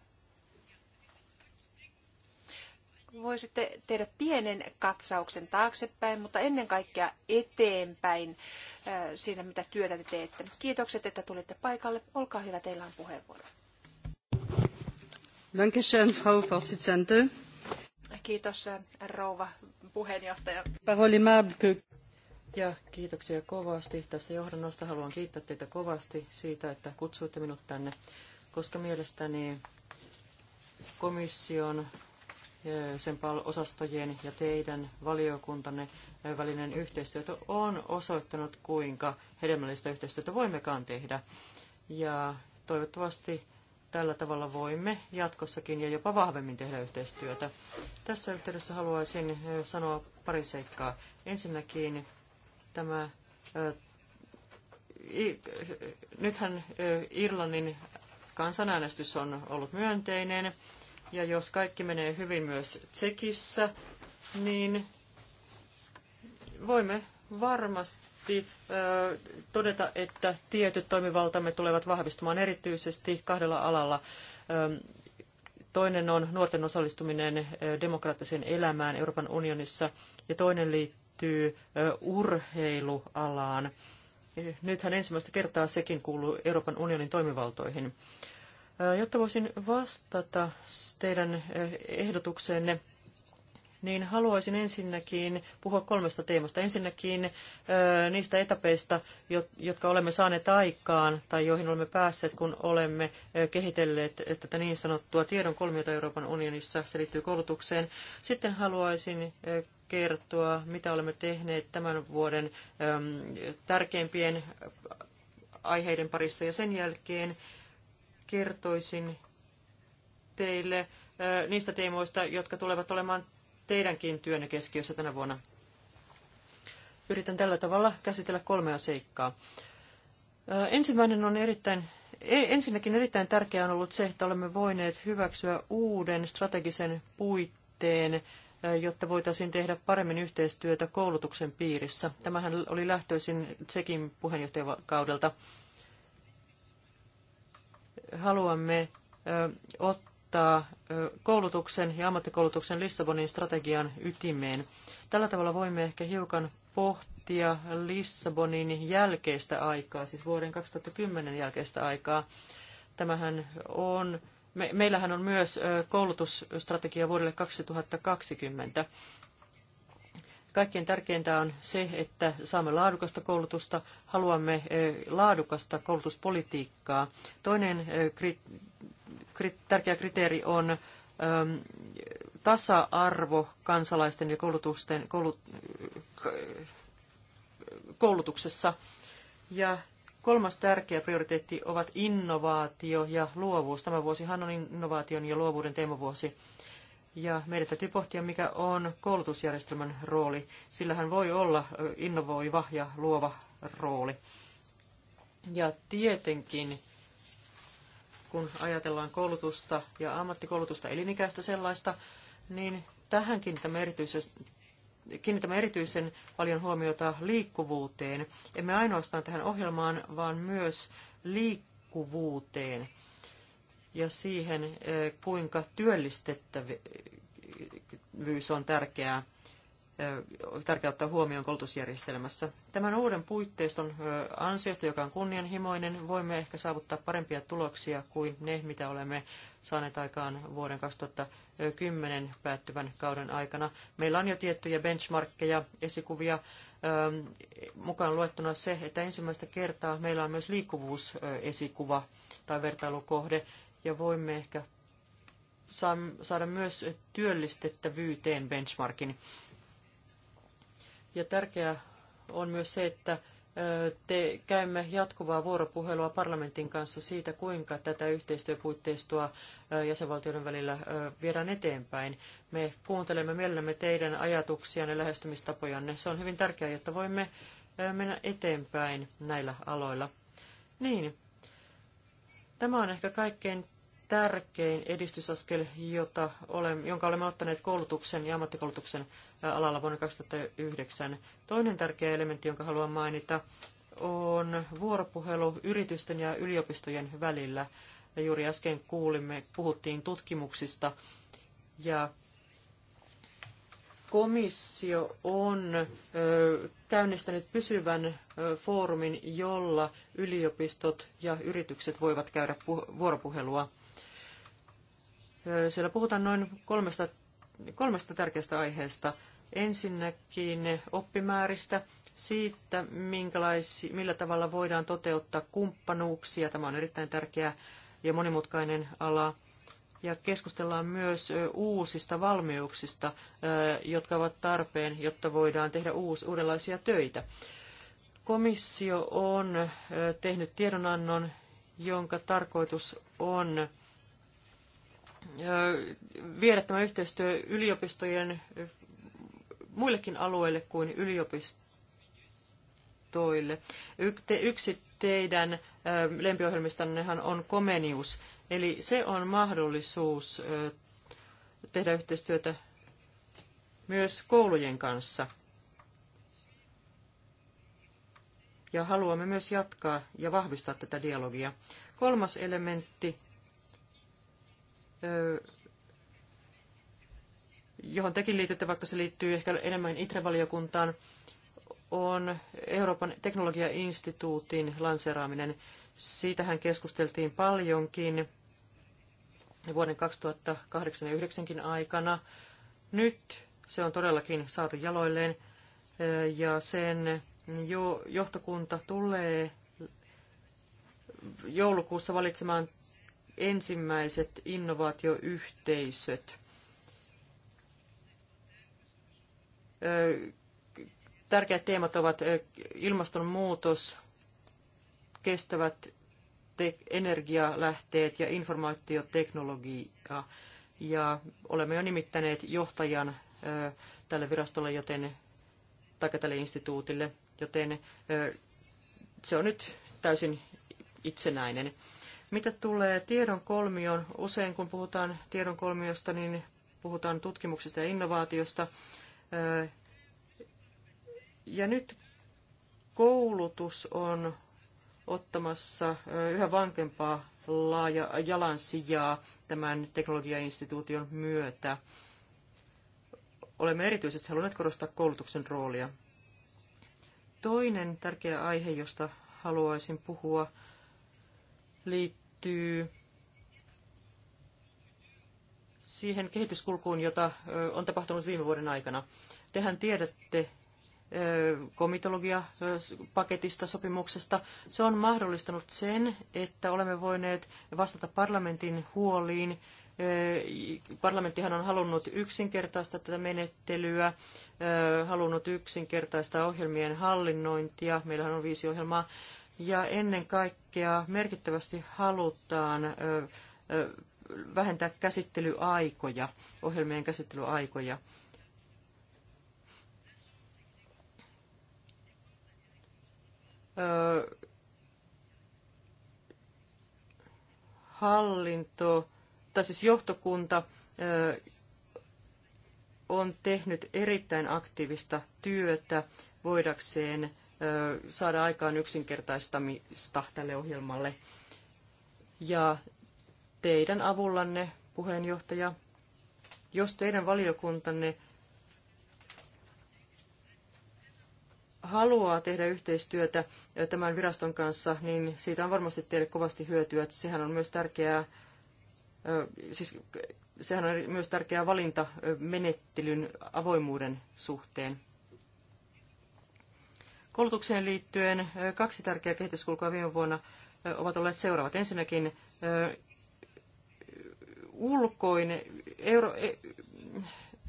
voisitte tehdä pienen katsauksen taaksepäin, mutta ennen kaikkea eteenpäin siinä, mitä työtä te teette. Kiitokset, että tulitte paikalle. Olkaa hyvä, teillä on puheenvuoro. Dankeschön, Frau Vorsitzende. Kiitos rouva puheenjohtaja. Ja kiitoksia kovasti tästä johdannosta. Haluan kiittää teitä kovasti siitä, että kutsuitte minut tänne, koska mielestäni komission, eh, sen osastojen ja teidän valiokuntanne eh, välinen yhteistyö on osoittanut, kuinka hedelmällistä yhteistyötä voimmekaan tehdä. Ja toivottavasti Tällä tavalla voimme jatkossakin ja jopa vahvemmin tehdä yhteistyötä. Tässä yhteydessä haluaisin sanoa pari seikkaa. Ensinnäkin tämä nythän Irlannin kansanäänestys on ollut myönteinen, ja jos kaikki menee hyvin myös Tsekissä, niin voimme varmasti voimakkaasti todeta, että tietyt toimivaltamme tulevat vahvistumaan erityisesti kahdella alalla. Toinen on nuorten osallistuminen demokraattiseen elämään Euroopan unionissa ja toinen liittyy urheilualaan. Nythän ensimmäistä kertaa sekin kuuluu Euroopan unionin toimivaltoihin. Jotta voisin vastata teidän ehdotukseenne, niin haluaisin ensinnäkin puhua kolmesta teemasta. Ensinnäkin niistä etapeista, jotka olemme saaneet aikaan tai joihin olemme päässeet, kun olemme kehitelleet tätä niin sanottua tiedon kolmiota Euroopan unionissa, se liittyy koulutukseen. Sitten haluaisin kertoa, mitä olemme tehneet tämän vuoden tärkeimpien aiheiden parissa ja sen jälkeen kertoisin teille niistä teemoista, jotka tulevat olemaan teidänkin työnne keskiössä tänä vuonna. Yritän tällä tavalla käsitellä kolmea seikkaa. Ensimmäinen on erittäin, e, ensinnäkin erittäin tärkeää on ollut se, että olemme voineet hyväksyä uuden strategisen puitteen, jotta voitaisiin tehdä paremmin yhteistyötä koulutuksen piirissä. Tämähän oli lähtöisin Tsekin puheenjohtajakaudelta. Haluamme ottaa koulutuksen ja ammattikoulutuksen Lissabonin strategian ytimeen. Tällä tavalla voimme ehkä hiukan pohtia Lissabonin jälkeistä aikaa, siis vuoden 2010 jälkeistä aikaa. Tämähän on, me, meillähän on myös koulutusstrategia vuodelle 2020. Kaikkein tärkeintä on se, että saamme laadukasta koulutusta, haluamme laadukasta koulutuspolitiikkaa. Toinen tärkeä kriteeri on ähm, tasa-arvo kansalaisten ja koulutusten, koulut, koulutuksessa. Ja kolmas tärkeä prioriteetti ovat innovaatio ja luovuus. Tämä vuosihan on innovaation ja luovuuden teemavuosi. Ja meidän täytyy pohtia, mikä on koulutusjärjestelmän rooli. Sillähän voi olla innovoiva ja luova rooli. Ja tietenkin kun ajatellaan koulutusta ja ammattikoulutusta elinikäistä sellaista, niin tähän kiinnitämme erityisen, kiinnitämme erityisen paljon huomiota liikkuvuuteen. Emme ainoastaan tähän ohjelmaan, vaan myös liikkuvuuteen ja siihen, eh, kuinka työllistettävyys on tärkeää tärkeää ottaa huomioon koulutusjärjestelmässä. Tämän uuden puitteiston ansiosta, joka on kunnianhimoinen, voimme ehkä saavuttaa parempia tuloksia kuin ne, mitä olemme saaneet aikaan vuoden 2010 päättyvän kauden aikana. Meillä on jo tiettyjä benchmarkkeja, esikuvia, mukaan luettuna se, että ensimmäistä kertaa meillä on myös liikkuvuusesikuva tai vertailukohde, ja voimme ehkä saada myös työllistettävyyteen benchmarkin ja tärkeää on myös se, että te käymme jatkuvaa vuoropuhelua parlamentin kanssa siitä, kuinka tätä yhteistyöpuitteistoa jäsenvaltioiden välillä viedään eteenpäin. Me kuuntelemme mielellämme teidän ajatuksianne, lähestymistapojanne. Se on hyvin tärkeää, jotta voimme mennä eteenpäin näillä aloilla. Niin, tämä on ehkä kaikkein tärkein edistysaskel, jota olen, jonka olemme ottaneet koulutuksen ja ammattikoulutuksen alalla vuonna 2009. Toinen tärkeä elementti, jonka haluan mainita, on vuoropuhelu yritysten ja yliopistojen välillä. Ja juuri äsken kuulimme, puhuttiin tutkimuksista ja komissio on käynnistänyt pysyvän foorumin, jolla yliopistot ja yritykset voivat käydä vuoropuhelua. Siellä puhutaan noin kolmesta, kolmesta tärkeästä aiheesta – Ensinnäkin oppimääristä, siitä millä tavalla voidaan toteuttaa kumppanuuksia. Tämä on erittäin tärkeä ja monimutkainen ala. Ja keskustellaan myös uusista valmiuksista, jotka ovat tarpeen, jotta voidaan tehdä uus, uudenlaisia töitä. Komissio on tehnyt tiedonannon, jonka tarkoitus on viedä tämä yhteistyö yliopistojen, muillekin alueille kuin yliopistoille. Yksi teidän lempiohjelmistannehan on Komenius, eli se on mahdollisuus tehdä yhteistyötä myös koulujen kanssa. Ja haluamme myös jatkaa ja vahvistaa tätä dialogia. Kolmas elementti johon tekin liitytte, vaikka se liittyy ehkä enemmän ITRE-valiokuntaan, on Euroopan teknologiainstituutin lanseeraaminen. Siitähän keskusteltiin paljonkin vuoden 2008 ja 2009 aikana. Nyt se on todellakin saatu jaloilleen eh, ja sen jo, johtokunta tulee joulukuussa valitsemaan ensimmäiset innovaatioyhteisöt. Tärkeät teemat ovat ilmastonmuutos, kestävät energialähteet ja informaatioteknologia. Ja olemme jo nimittäneet johtajan tälle virastolle, joten, tai tälle instituutille, joten se on nyt täysin itsenäinen. Mitä tulee tiedon kolmioon, usein kun puhutaan tiedon kolmiosta, niin puhutaan tutkimuksesta ja innovaatiosta, ja nyt koulutus on ottamassa yhä vankempaa laaja jalansijaa tämän teknologiainstituution myötä. Olemme erityisesti halunneet korostaa koulutuksen roolia. Toinen tärkeä aihe, josta haluaisin puhua, liittyy siihen kehityskulkuun, jota on tapahtunut viime vuoden aikana. Tehän tiedätte komitologiapaketista, sopimuksesta. Se on mahdollistanut sen, että olemme voineet vastata parlamentin huoliin. Parlamenttihan on halunnut yksinkertaista tätä menettelyä, halunnut yksinkertaistaa ohjelmien hallinnointia. Meillähän on viisi ohjelmaa. Ja ennen kaikkea merkittävästi halutaan vähentää käsittelyaikoja, ohjelmien käsittelyaikoja. hallinto, tai siis johtokunta on tehnyt erittäin aktiivista työtä voidakseen saada aikaan yksinkertaistamista tälle ohjelmalle. Ja teidän avullanne, puheenjohtaja, jos teidän valiokuntanne haluaa tehdä yhteistyötä tämän viraston kanssa, niin siitä on varmasti teille kovasti hyötyä. Sehän on myös tärkeää, siis sehän on myös tärkeää valinta menettelyn avoimuuden suhteen. Koulutukseen liittyen kaksi tärkeää kehityskulkua viime vuonna ovat olleet seuraavat. Ensinnäkin ulkoinen, Euro, e-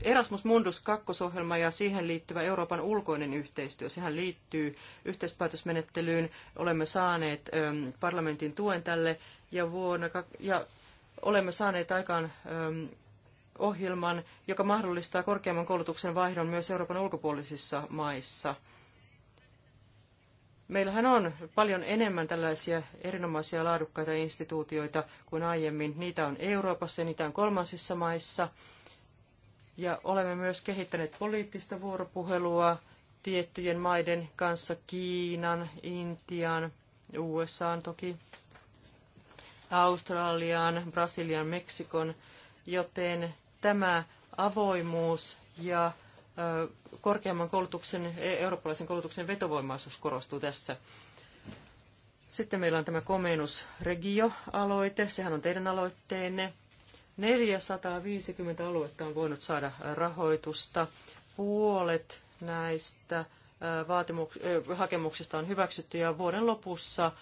Erasmus Mundus kakkosohjelma ja siihen liittyvä Euroopan ulkoinen yhteistyö, sehän liittyy yhteispäätösmenettelyyn. Olemme saaneet ähm, parlamentin tuen tälle ja, vuonna, ja olemme saaneet aikaan ähm, ohjelman, joka mahdollistaa korkeamman koulutuksen vaihdon myös Euroopan ulkopuolisissa maissa – Meillähän on paljon enemmän tällaisia erinomaisia laadukkaita instituutioita kuin aiemmin. Niitä on Euroopassa ja niitä on kolmansissa maissa. Ja olemme myös kehittäneet poliittista vuoropuhelua tiettyjen maiden kanssa, Kiinan, Intian, USAan toki, Australian, Brasilian, Meksikon, joten tämä avoimuus ja korkeamman koulutuksen, e- eurooppalaisen koulutuksen vetovoimaisuus korostuu tässä. Sitten meillä on tämä Komenus Regio-aloite, sehän on teidän aloitteenne. 450 aluetta on voinut saada rahoitusta. Puolet näistä vaatimuks- hakemuksista on hyväksytty ja vuoden lopussa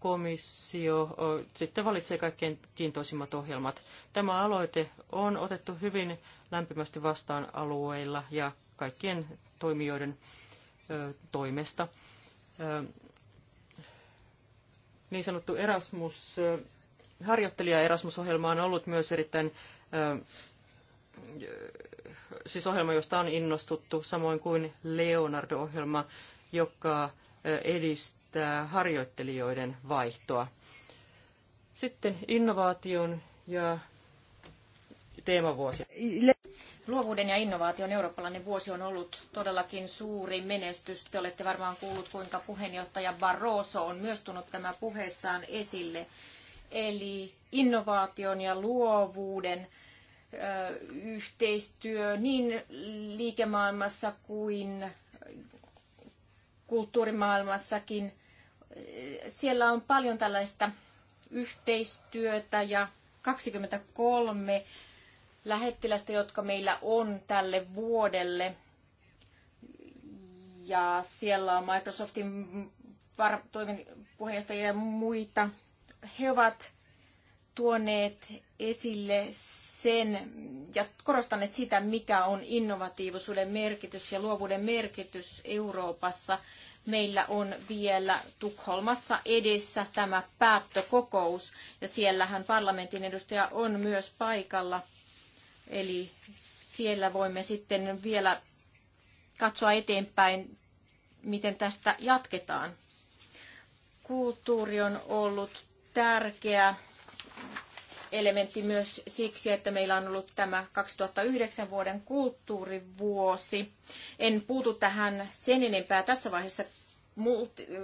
komissio sitten valitsee kaikkein kiintoisimmat ohjelmat. Tämä aloite on otettu hyvin lämpimästi vastaan alueilla ja kaikkien toimijoiden toimesta. Niin sanottu Erasmus, harjoittelija Erasmus-ohjelma on ollut myös erittäin siis ohjelma, josta on innostuttu, samoin kuin Leonardo-ohjelma, joka edistää harjoittelijoiden vaihtoa. Sitten innovaation ja teemavuosi. Luovuuden ja innovaation eurooppalainen vuosi on ollut todellakin suuri menestys. Te olette varmaan kuullut, kuinka puheenjohtaja Barroso on myös tuonut tämä puheessaan esille. Eli innovaation ja luovuuden yhteistyö niin liikemaailmassa kuin kulttuurimaailmassakin. Siellä on paljon tällaista yhteistyötä ja 23 lähettilästä, jotka meillä on tälle vuodelle. Ja siellä on Microsoftin puheenjohtajia ja muita. He ovat tuoneet esille sen ja korostaneet sitä, mikä on innovatiivisuuden merkitys ja luovuuden merkitys Euroopassa. Meillä on vielä Tukholmassa edessä tämä päättökokous ja siellähän parlamentin edustaja on myös paikalla – Eli siellä voimme sitten vielä katsoa eteenpäin, miten tästä jatketaan. Kulttuuri on ollut tärkeä elementti myös siksi, että meillä on ollut tämä 2009 vuoden kulttuurivuosi. En puutu tähän sen enempää tässä vaiheessa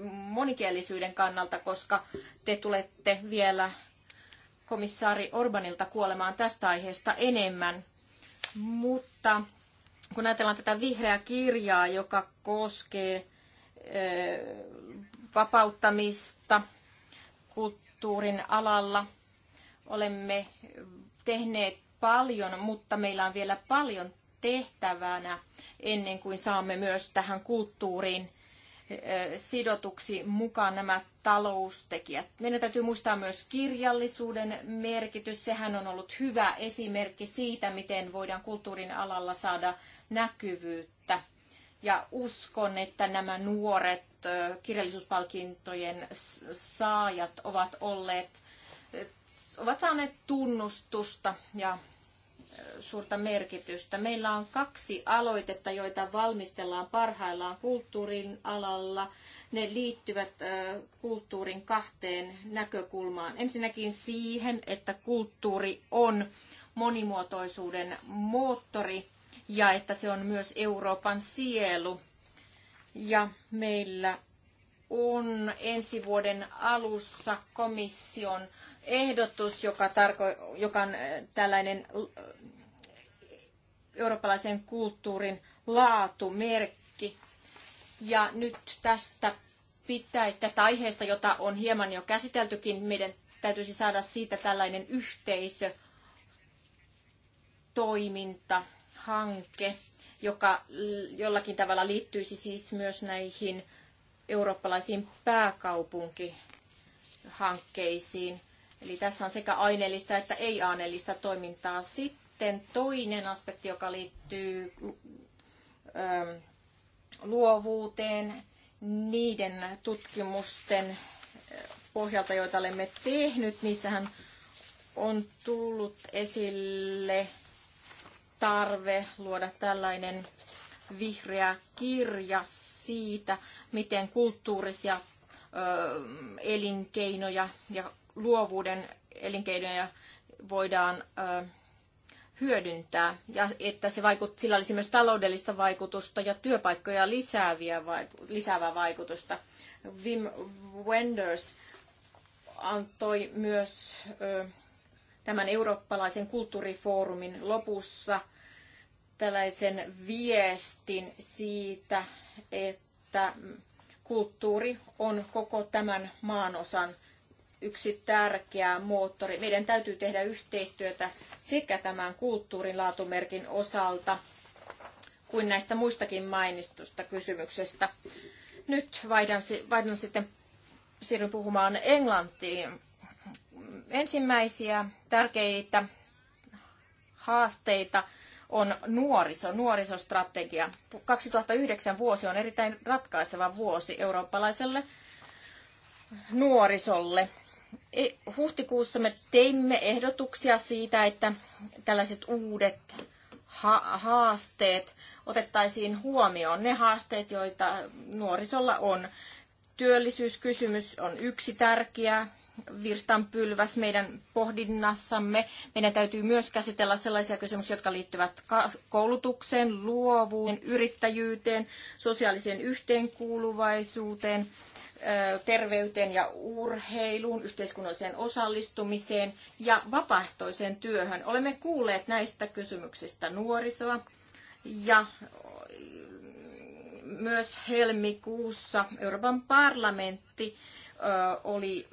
monikielisyyden kannalta, koska te tulette vielä komissaari Orbanilta kuolemaan tästä aiheesta enemmän. Mutta kun ajatellaan tätä vihreää kirjaa, joka koskee vapauttamista kulttuurin alalla, olemme tehneet paljon, mutta meillä on vielä paljon tehtävänä ennen kuin saamme myös tähän kulttuuriin Eh, sidotuksi mukaan nämä taloustekijät. Meidän täytyy muistaa myös kirjallisuuden merkitys. Sehän on ollut hyvä esimerkki siitä, miten voidaan kulttuurin alalla saada näkyvyyttä. Ja uskon, että nämä nuoret eh, kirjallisuuspalkintojen saajat ovat olleet eh, ovat saaneet tunnustusta ja suurta merkitystä. Meillä on kaksi aloitetta, joita valmistellaan parhaillaan kulttuurin alalla. Ne liittyvät kulttuurin kahteen näkökulmaan. Ensinnäkin siihen, että kulttuuri on monimuotoisuuden moottori ja että se on myös Euroopan sielu. Ja meillä on ensi vuoden alussa komission ehdotus, joka, tarko- joka on äh, tällainen äh, eurooppalaisen kulttuurin laatumerkki. Ja nyt tästä pitäisi, tästä aiheesta, jota on hieman jo käsiteltykin, meidän täytyisi saada siitä tällainen yhteisö, toiminta, hanke, joka jollakin tavalla liittyisi siis myös näihin eurooppalaisiin pääkaupunkihankkeisiin. Eli tässä on sekä aineellista että ei-aineellista toimintaa. Sitten toinen aspekti, joka liittyy ähm, luovuuteen, niiden tutkimusten äh, pohjalta, joita olemme tehnyt, niissähän on tullut esille tarve luoda tällainen vihreä kirja siitä, miten kulttuurisia elinkeinoja ja luovuuden elinkeinoja voidaan hyödyntää ja että se vaikut, sillä olisi myös taloudellista vaikutusta ja työpaikkoja lisääviä, lisäävää vaikutusta. Wim Wenders antoi myös tämän eurooppalaisen kulttuurifoorumin lopussa tällaisen viestin siitä, että kulttuuri on koko tämän maanosan yksi tärkeä moottori. Meidän täytyy tehdä yhteistyötä sekä tämän kulttuurin laatumerkin osalta kuin näistä muistakin mainistusta kysymyksestä. Nyt vaihdan, vaihdan sitten, siirryn puhumaan englantiin. Ensimmäisiä tärkeitä haasteita on nuoriso, nuorisostrategia. 2009 vuosi on erittäin ratkaiseva vuosi eurooppalaiselle nuorisolle. E, huhtikuussa me teimme ehdotuksia siitä, että tällaiset uudet haasteet otettaisiin huomioon. Ne haasteet, joita nuorisolla on. Työllisyyskysymys on yksi tärkeä virstanpylväs meidän pohdinnassamme. Meidän täytyy myös käsitellä sellaisia kysymyksiä, jotka liittyvät koulutukseen, luovuuteen, yrittäjyyteen, sosiaaliseen yhteenkuuluvaisuuteen terveyteen ja urheiluun, yhteiskunnalliseen osallistumiseen ja vapaaehtoiseen työhön. Olemme kuulleet näistä kysymyksistä nuorisoa ja myös helmikuussa Euroopan parlamentti oli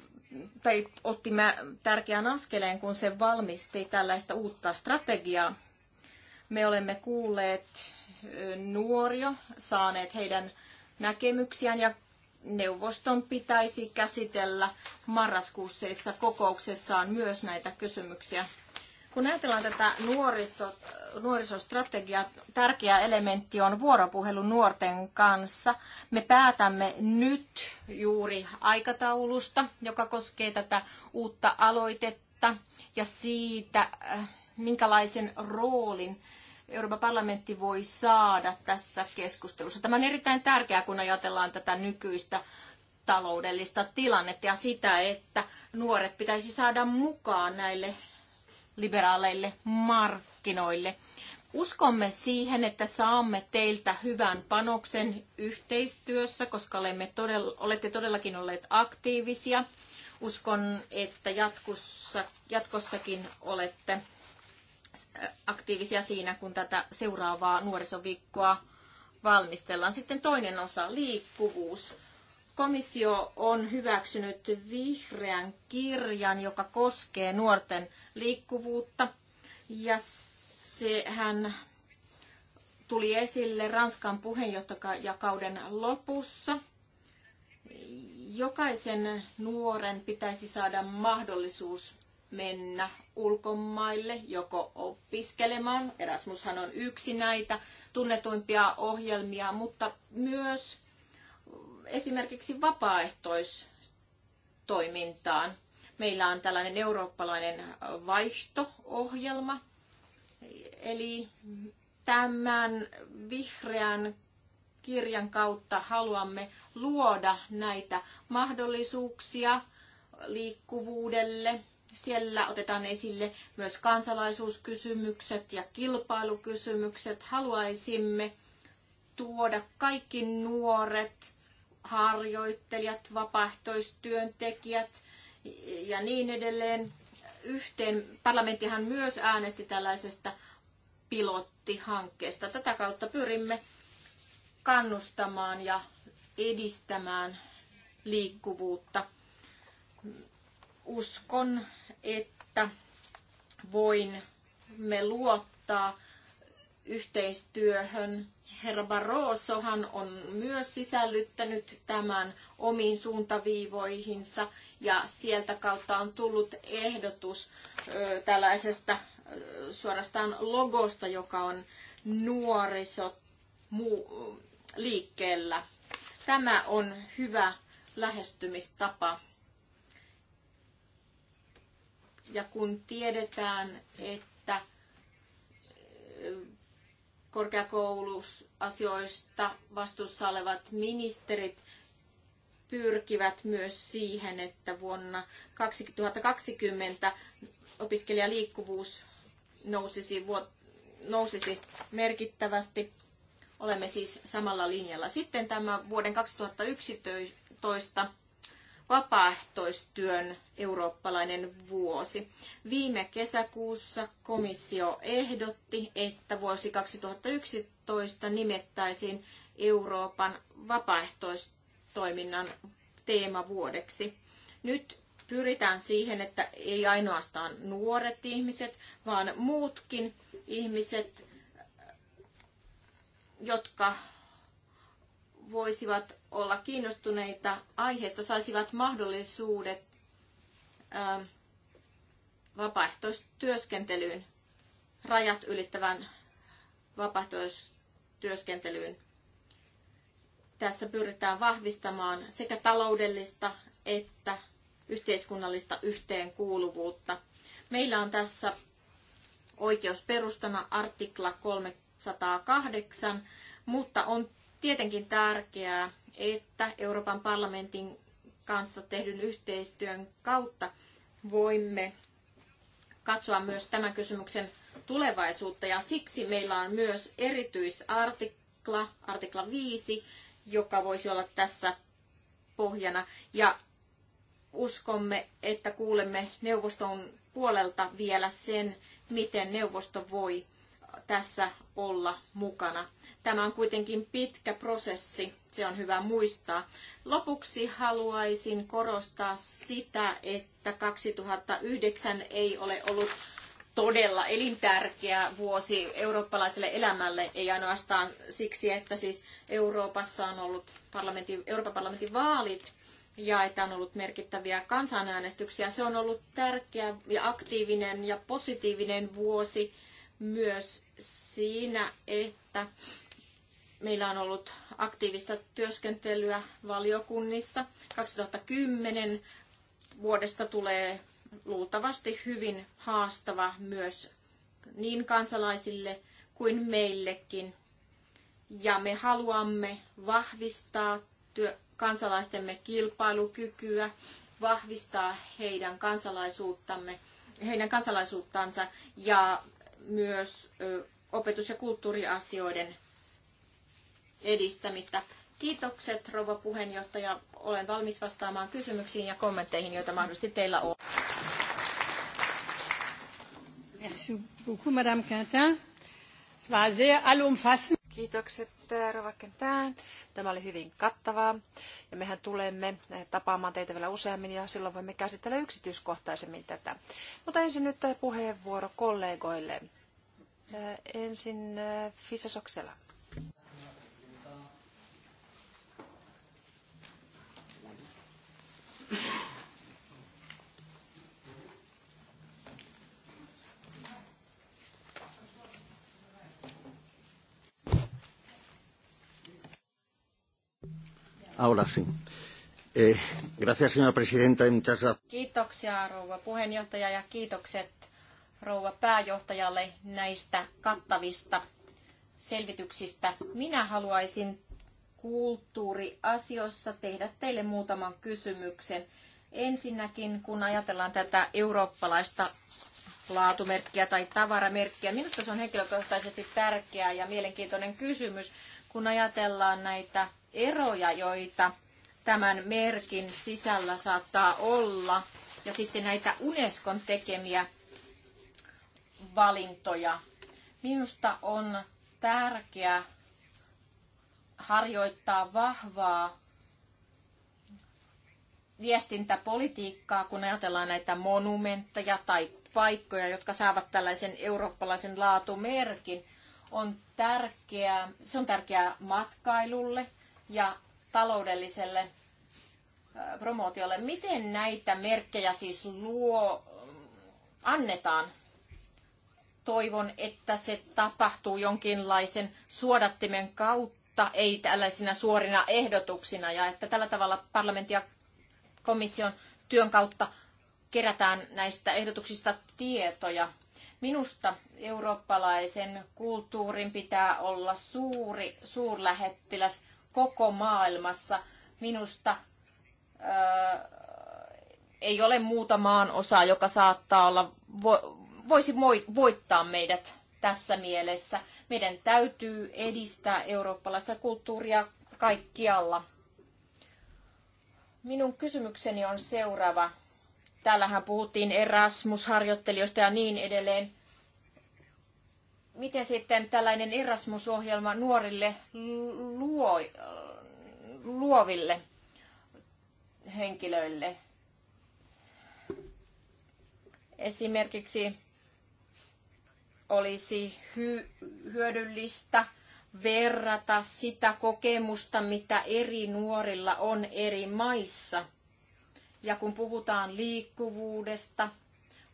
tai otti tärkeän askeleen, kun se valmisti tällaista uutta strategiaa. Me olemme kuulleet nuoria, saaneet heidän näkemyksiään ja neuvoston pitäisi käsitellä marraskuussa kokouksessaan myös näitä kysymyksiä. Kun ajatellaan tätä nuoristo, nuorisostrategiaa, tärkeä elementti on vuoropuhelu nuorten kanssa. Me päätämme nyt juuri aikataulusta, joka koskee tätä uutta aloitetta ja siitä, äh, minkälaisen roolin Euroopan parlamentti voi saada tässä keskustelussa. Tämä on erittäin tärkeää, kun ajatellaan tätä nykyistä taloudellista tilannetta ja sitä, että nuoret pitäisi saada mukaan näille liberaaleille markkinoille. Uskomme siihen, että saamme teiltä hyvän panoksen yhteistyössä, koska olemme todella, olette todellakin olleet aktiivisia. Uskon, että jatkossa, jatkossakin olette aktiivisia siinä, kun tätä seuraavaa nuorisoviikkoa valmistellaan. Sitten toinen osa, liikkuvuus. Komissio on hyväksynyt vihreän kirjan, joka koskee nuorten liikkuvuutta. Ja sehän tuli esille Ranskan puheenjohtajakauden lopussa. Jokaisen nuoren pitäisi saada mahdollisuus mennä ulkomaille, joko opiskelemaan. Erasmushan on yksi näitä tunnetuimpia ohjelmia, mutta myös esimerkiksi vapaaehtoistoimintaan. Meillä on tällainen eurooppalainen vaihto-ohjelma. Eli tämän vihreän kirjan kautta haluamme luoda näitä mahdollisuuksia liikkuvuudelle, siellä otetaan esille myös kansalaisuuskysymykset ja kilpailukysymykset. Haluaisimme tuoda kaikki nuoret, harjoittelijat, vapaaehtoistyöntekijät ja niin edelleen yhteen. Parlamenttihan myös äänesti tällaisesta pilottihankkeesta. Tätä kautta pyrimme kannustamaan ja edistämään liikkuvuutta uskon, että voin me luottaa yhteistyöhön. Herra Barrosohan on myös sisällyttänyt tämän omiin suuntaviivoihinsa ja sieltä kautta on tullut ehdotus ö, tällaisesta ö, suorastaan logosta, joka on nuorisot liikkeellä. Tämä on hyvä lähestymistapa ja kun tiedetään, että äh, korkeakoulusasioista vastuussa olevat ministerit pyrkivät myös siihen, että vuonna 2020 opiskelijaliikkuvuus nousisi, nousisi merkittävästi. Olemme siis samalla linjalla. Sitten tämä vuoden 2011 vapaaehtoistyön eurooppalainen vuosi. Viime kesäkuussa komissio ehdotti, että vuosi 2011 nimettäisiin Euroopan vapaaehtoistoiminnan teemavuodeksi. Nyt pyritään siihen, että ei ainoastaan nuoret ihmiset, vaan muutkin ihmiset, jotka voisivat olla kiinnostuneita aiheesta, saisivat mahdollisuudet ähm, vapaaehtoistyöskentelyyn, rajat ylittävän vapaaehtoistyöskentelyyn. Tässä pyritään vahvistamaan sekä taloudellista että yhteiskunnallista yhteenkuuluvuutta. Meillä on tässä oikeusperustana artikla 308, mutta on tietenkin tärkeää, että Euroopan parlamentin kanssa tehdyn yhteistyön kautta voimme katsoa myös tämän kysymyksen tulevaisuutta. Ja siksi meillä on myös erityisartikla, artikla 5, joka voisi olla tässä pohjana. Ja uskomme, että kuulemme neuvoston puolelta vielä sen, miten neuvosto voi tässä olla mukana. Tämä on kuitenkin pitkä prosessi, se on hyvä muistaa. Lopuksi haluaisin korostaa sitä, että 2009 ei ole ollut todella elintärkeä vuosi eurooppalaiselle elämälle, ei ainoastaan siksi, että siis Euroopassa on ollut parlamentin, Euroopan parlamentin vaalit ja että on ollut merkittäviä kansanäänestyksiä. Se on ollut tärkeä ja aktiivinen ja positiivinen vuosi myös siinä, että meillä on ollut aktiivista työskentelyä valiokunnissa. 2010 vuodesta tulee luultavasti hyvin haastava myös niin kansalaisille kuin meillekin. Ja me haluamme vahvistaa työ, kansalaistemme kilpailukykyä, vahvistaa heidän kansalaisuuttamme, heidän kansalaisuuttansa ja myös opetus- ja kulttuuriasioiden edistämistä. Kiitokset, rouva puheenjohtaja. Olen valmis vastaamaan kysymyksiin ja kommentteihin, joita mahdollisesti teillä on. Merci beaucoup, Madame Quintin. Kiitokset, Rova Quintin. Tämä oli hyvin kattavaa. Ja mehän tulemme eh, tapaamaan teitä vielä useammin ja silloin voimme käsitellä yksityiskohtaisemmin tätä. Mutta ensin nyt eh, puheenvuoro kollegoille. Äh, ensin äh, Fisa Soksela. Ahora sí. Eh, gracias, señora presidenta, y muchas gracias. Kiitoksia, rouva puheenjohtaja, ja kiitokset rouva pääjohtajalle näistä kattavista selvityksistä. Minä haluaisin kulttuuriasioissa tehdä teille muutaman kysymyksen. Ensinnäkin, kun ajatellaan tätä eurooppalaista laatumerkkiä tai tavaramerkkiä, minusta se on henkilökohtaisesti tärkeä ja mielenkiintoinen kysymys, kun ajatellaan näitä eroja, joita tämän merkin sisällä saattaa olla, ja sitten näitä Unescon tekemiä valintoja. Minusta on tärkeää harjoittaa vahvaa viestintäpolitiikkaa, kun ajatellaan näitä monumentteja tai paikkoja, jotka saavat tällaisen eurooppalaisen laatumerkin, on tärkeää, se on tärkeää matkailulle ja taloudelliselle promootiolle. Miten näitä merkkejä siis luo, annetaan toivon, että se tapahtuu jonkinlaisen suodattimen kautta, ei tällaisina suorina ehdotuksina, ja että tällä tavalla parlamentin ja komission työn kautta kerätään näistä ehdotuksista tietoja. Minusta eurooppalaisen kulttuurin pitää olla suuri suurlähettiläs koko maailmassa. Minusta ei ole muuta osaa, joka saattaa olla vo- voisi voittaa meidät tässä mielessä. Meidän täytyy edistää eurooppalaista kulttuuria kaikkialla. Minun kysymykseni on seuraava. Täällähän puhuttiin Erasmus-harjoittelijoista ja niin edelleen. Miten sitten tällainen Erasmus-ohjelma nuorille luo, luoville henkilöille? Esimerkiksi olisi hy- hyödyllistä verrata sitä kokemusta, mitä eri nuorilla on eri maissa. Ja kun puhutaan liikkuvuudesta,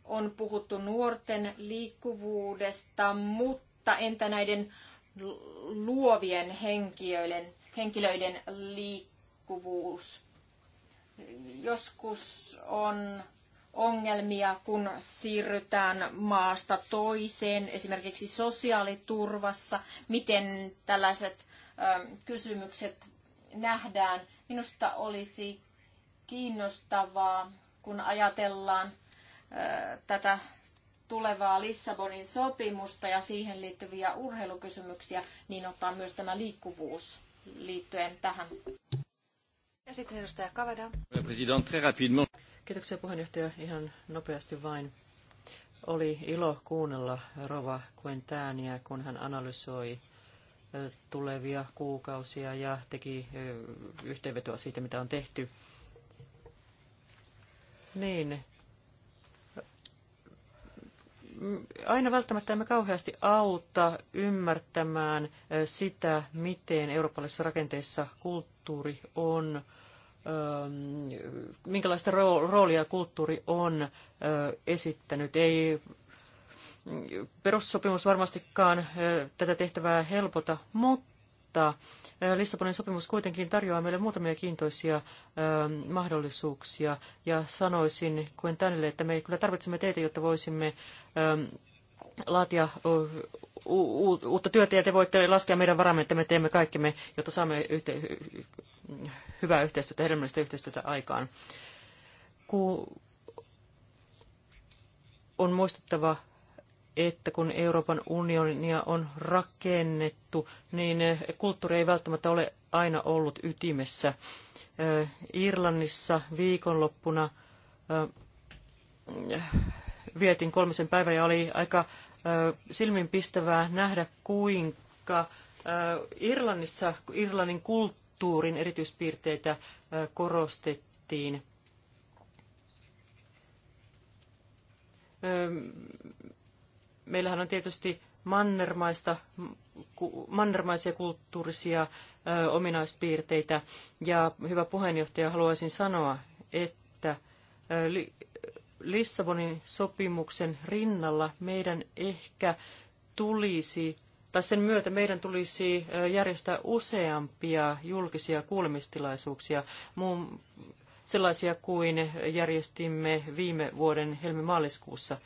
on puhuttu nuorten liikkuvuudesta, mutta entä näiden luovien henkilöiden, henkilöiden liikkuvuus? Joskus on ongelmia, kun siirrytään maasta toiseen, esimerkiksi sosiaaliturvassa, miten tällaiset kysymykset nähdään. Minusta olisi kiinnostavaa, kun ajatellaan tätä tulevaa Lissabonin sopimusta ja siihen liittyviä urheilukysymyksiä, niin ottaa myös tämä liikkuvuus liittyen tähän. Ja sitten edustaja Kavada. Kiitoksia puheenjohtaja. Ihan nopeasti vain. Oli ilo kuunnella Rova Quentääniä, kun hän analysoi tulevia kuukausia ja teki yhteenvetoa siitä, mitä on tehty. Niin. Aina välttämättä emme kauheasti auta ymmärtämään sitä, miten eurooppalaisissa rakenteissa kulttuuri on minkälaista roolia kulttuuri on esittänyt. Ei perussopimus varmastikaan tätä tehtävää helpota, mutta Lissabonin sopimus kuitenkin tarjoaa meille muutamia kiintoisia mahdollisuuksia. Ja sanoisin kuin tänne, että me kyllä tarvitsemme teitä, jotta voisimme laatia uutta työtä ja te voitte laskea meidän varamme, että me teemme kaikkemme, jotta saamme yhte- hyvää yhteistyötä, hedelmällistä yhteistyötä aikaan. Ku on muistettava, että kun Euroopan unionia on rakennettu, niin eh, kulttuuri ei välttämättä ole aina ollut ytimessä. Eh, Irlannissa viikonloppuna eh, vietin kolmisen päivän ja oli aika silminpistävää nähdä, kuinka Irlannissa Irlannin kulttuuri kulttuurin erityispiirteitä korostettiin. Meillähän on tietysti mannermaista, mannermaisia kulttuurisia ominaispiirteitä. Ja hyvä puheenjohtaja, haluaisin sanoa, että Lissabonin sopimuksen rinnalla meidän ehkä tulisi tai sen myötä meidän tulisi järjestää useampia julkisia kuulemistilaisuuksia, muun sellaisia kuin järjestimme viime vuoden helmimaaliskuussa.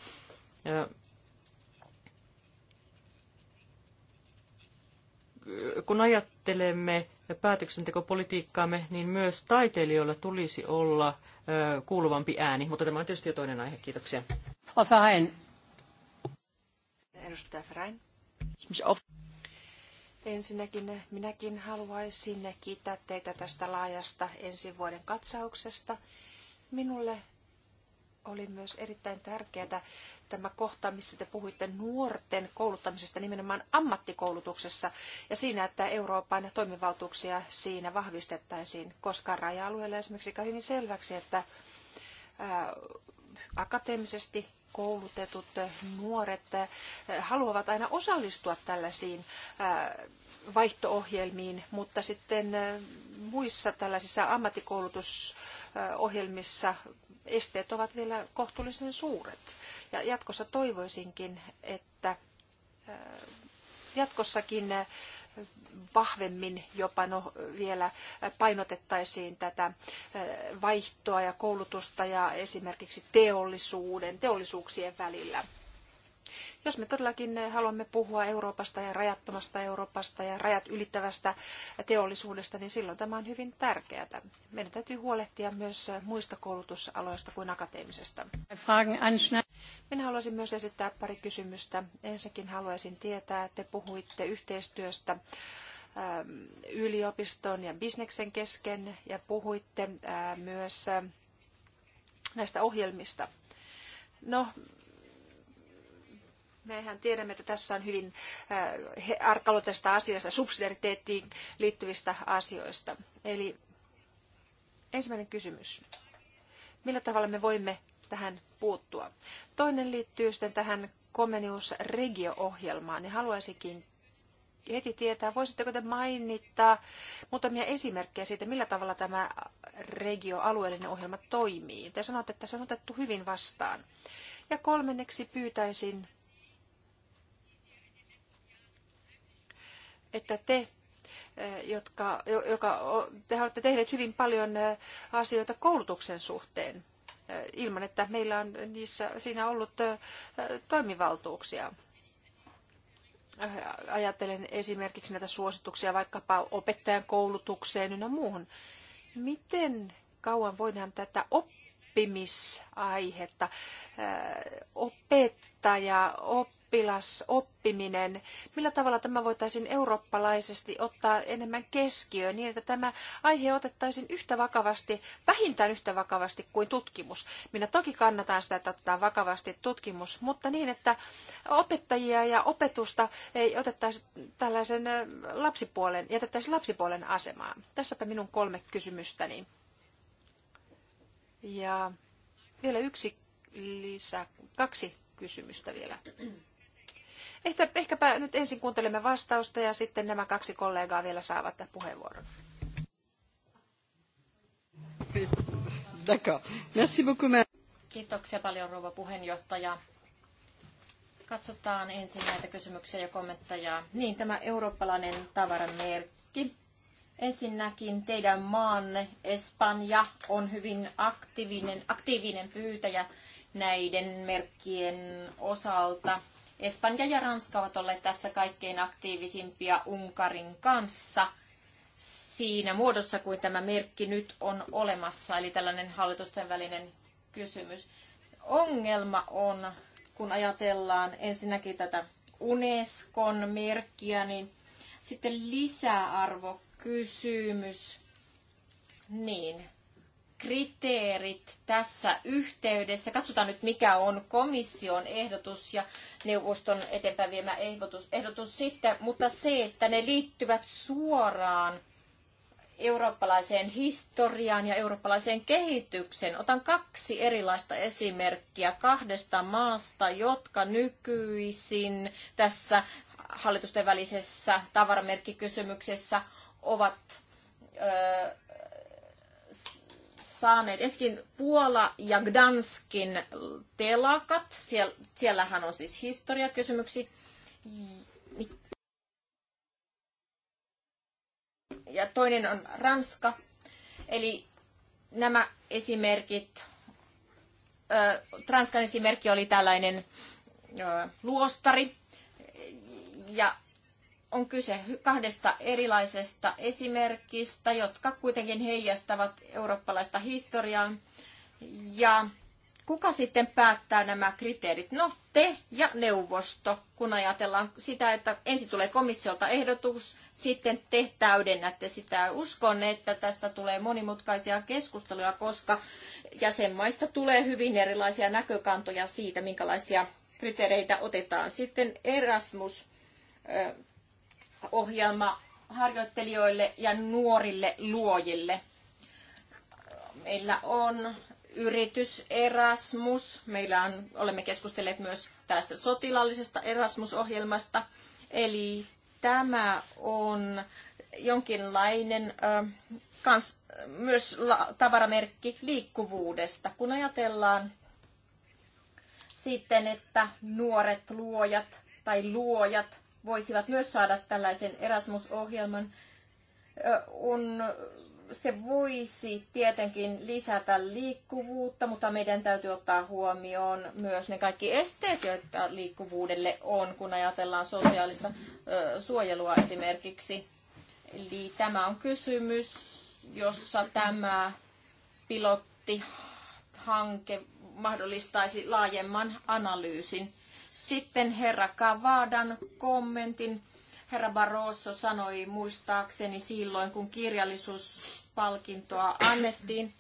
Kun ajattelemme päätöksentekopolitiikkaamme, niin myös taiteilijoilla tulisi olla kuuluvampi ääni, mutta tämä on tietysti jo toinen aihe. Kiitoksia. Frau Verein. Edustaja Verein. Ensinnäkin eh, minäkin haluaisin kiittää teitä tästä laajasta ensi vuoden katsauksesta. Minulle oli myös erittäin tärkeää tämä kohta, missä te puhuitte nuorten kouluttamisesta nimenomaan ammattikoulutuksessa ja siinä, että Euroopan toimivaltuuksia siinä vahvistettaisiin, koska raja-alueella esimerkiksi käy hyvin selväksi, että akateemisesti koulutetut nuoret eh, haluavat aina osallistua tällaisiin eh, vaihtoohjelmiin, mutta sitten eh, muissa tällaisissa ammattikoulutusohjelmissa esteet ovat vielä kohtuullisen suuret. Ja jatkossa toivoisinkin, että jatkossakin vahvemmin jopa no, vielä painotettaisiin tätä vaihtoa ja koulutusta ja esimerkiksi teollisuuden, teollisuuksien välillä – jos me todellakin haluamme puhua Euroopasta ja rajattomasta Euroopasta ja rajat ylittävästä teollisuudesta, niin silloin tämä on hyvin tärkeää. Meidän täytyy huolehtia myös muista koulutusaloista kuin akateemisesta. Minä haluaisin myös esittää pari kysymystä. Ensinnäkin haluaisin tietää, että te puhuitte yhteistyöstä ähm, yliopiston ja bisneksen kesken ja puhuitte äh, myös äh, näistä ohjelmista. No, Mehän tiedämme, että tässä on hyvin äh, arkaluonteista asiasta, subsidiariteettiin liittyvistä asioista. Eli ensimmäinen kysymys. Millä tavalla me voimme tähän puuttua? Toinen liittyy sitten tähän Comenius Regio-ohjelmaan. Ja haluaisinkin heti tietää, voisitteko te mainita muutamia esimerkkejä siitä, millä tavalla tämä regioalueellinen ohjelma toimii. Te sanotte, että se on otettu hyvin vastaan. Ja kolmanneksi pyytäisin että te eh, jotka, joka, te olette tehneet hyvin paljon eh, asioita koulutuksen suhteen eh, ilman, että meillä on niissä, siinä ollut toimivaltuuksia. Ajattelen esimerkiksi näitä suosituksia vaikkapa opettajan koulutukseen ynnä muuhun. Miten kauan voidaan tätä oppimisaihetta opettaja, op, oppilasoppiminen, millä tavalla tämä voitaisiin eurooppalaisesti ottaa enemmän keskiöön niin, että tämä aihe otettaisiin yhtä vakavasti, vähintään yhtä vakavasti kuin tutkimus. Minä toki kannatan sitä, että otetaan vakavasti tutkimus, mutta niin, että opettajia ja opetusta ei otettaisi tällaisen lapsipuolen, jätettäisiin lapsipuolen asemaan. Tässäpä minun kolme kysymystäni. Ja vielä yksi lisä, kaksi kysymystä vielä. Ehkä, ehkäpä nyt ensin kuuntelemme vastausta ja sitten nämä kaksi kollegaa vielä saavat puheenvuoron. Kiitoksia paljon rouva puheenjohtaja. Katsotaan ensin näitä kysymyksiä ja kommentteja. Niin, tämä eurooppalainen tavaramerkki. Ensinnäkin teidän maanne Espanja on hyvin aktiivinen, aktiivinen pyytäjä näiden merkkien osalta. Espanja ja Ranska ovat olleet tässä kaikkein aktiivisimpia Unkarin kanssa siinä muodossa, kuin tämä merkki nyt on olemassa, eli tällainen hallitusten välinen kysymys. Ongelma on, kun ajatellaan ensinnäkin tätä Unescon merkkiä, niin sitten lisäarvokysymys. Niin, kriteerit tässä yhteydessä. Katsotaan nyt, mikä on komission ehdotus ja neuvoston eteenpäin viemä ehdotus, ehdotus sitten, mutta se, että ne liittyvät suoraan eurooppalaiseen historiaan ja eurooppalaiseen kehitykseen. Otan kaksi erilaista esimerkkiä kahdesta maasta, jotka nykyisin tässä hallitusten välisessä tavaramerkkikysymyksessä ovat öö, saaneet ensinnäkin Puola ja Gdanskin telakat. Siel, siellähän on siis historiakysymyksi. Ja toinen on Ranska. Eli nämä esimerkit, ö, Ranskan esimerkki oli tällainen luostari, ja on kyse kahdesta erilaisesta esimerkistä, jotka kuitenkin heijastavat eurooppalaista historiaa. Ja kuka sitten päättää nämä kriteerit? No, te ja neuvosto, kun ajatellaan sitä, että ensin tulee komissiolta ehdotus, sitten te täydennätte sitä. Uskon, että tästä tulee monimutkaisia keskusteluja, koska jäsenmaista tulee hyvin erilaisia näkökantoja siitä, minkälaisia kriteereitä otetaan. Sitten Erasmus ohjelma harjoittelijoille ja nuorille luojille. Meillä on yritys Erasmus. Meillä on, olemme keskustelleet myös tästä sotilaallisesta Erasmus-ohjelmasta. Eli tämä on jonkinlainen kans, myös la, tavaramerkki liikkuvuudesta. Kun ajatellaan sitten, että nuoret luojat tai luojat voisivat myös saada tällaisen Erasmus-ohjelman, on, se voisi tietenkin lisätä liikkuvuutta, mutta meidän täytyy ottaa huomioon myös ne kaikki esteet, joita liikkuvuudelle on, kun ajatellaan sosiaalista suojelua esimerkiksi. Eli tämä on kysymys, jossa tämä pilottihanke mahdollistaisi laajemman analyysin sitten herra Kavadan kommentin. Herra Barroso sanoi muistaakseni silloin, kun kirjallisuuspalkintoa annettiin,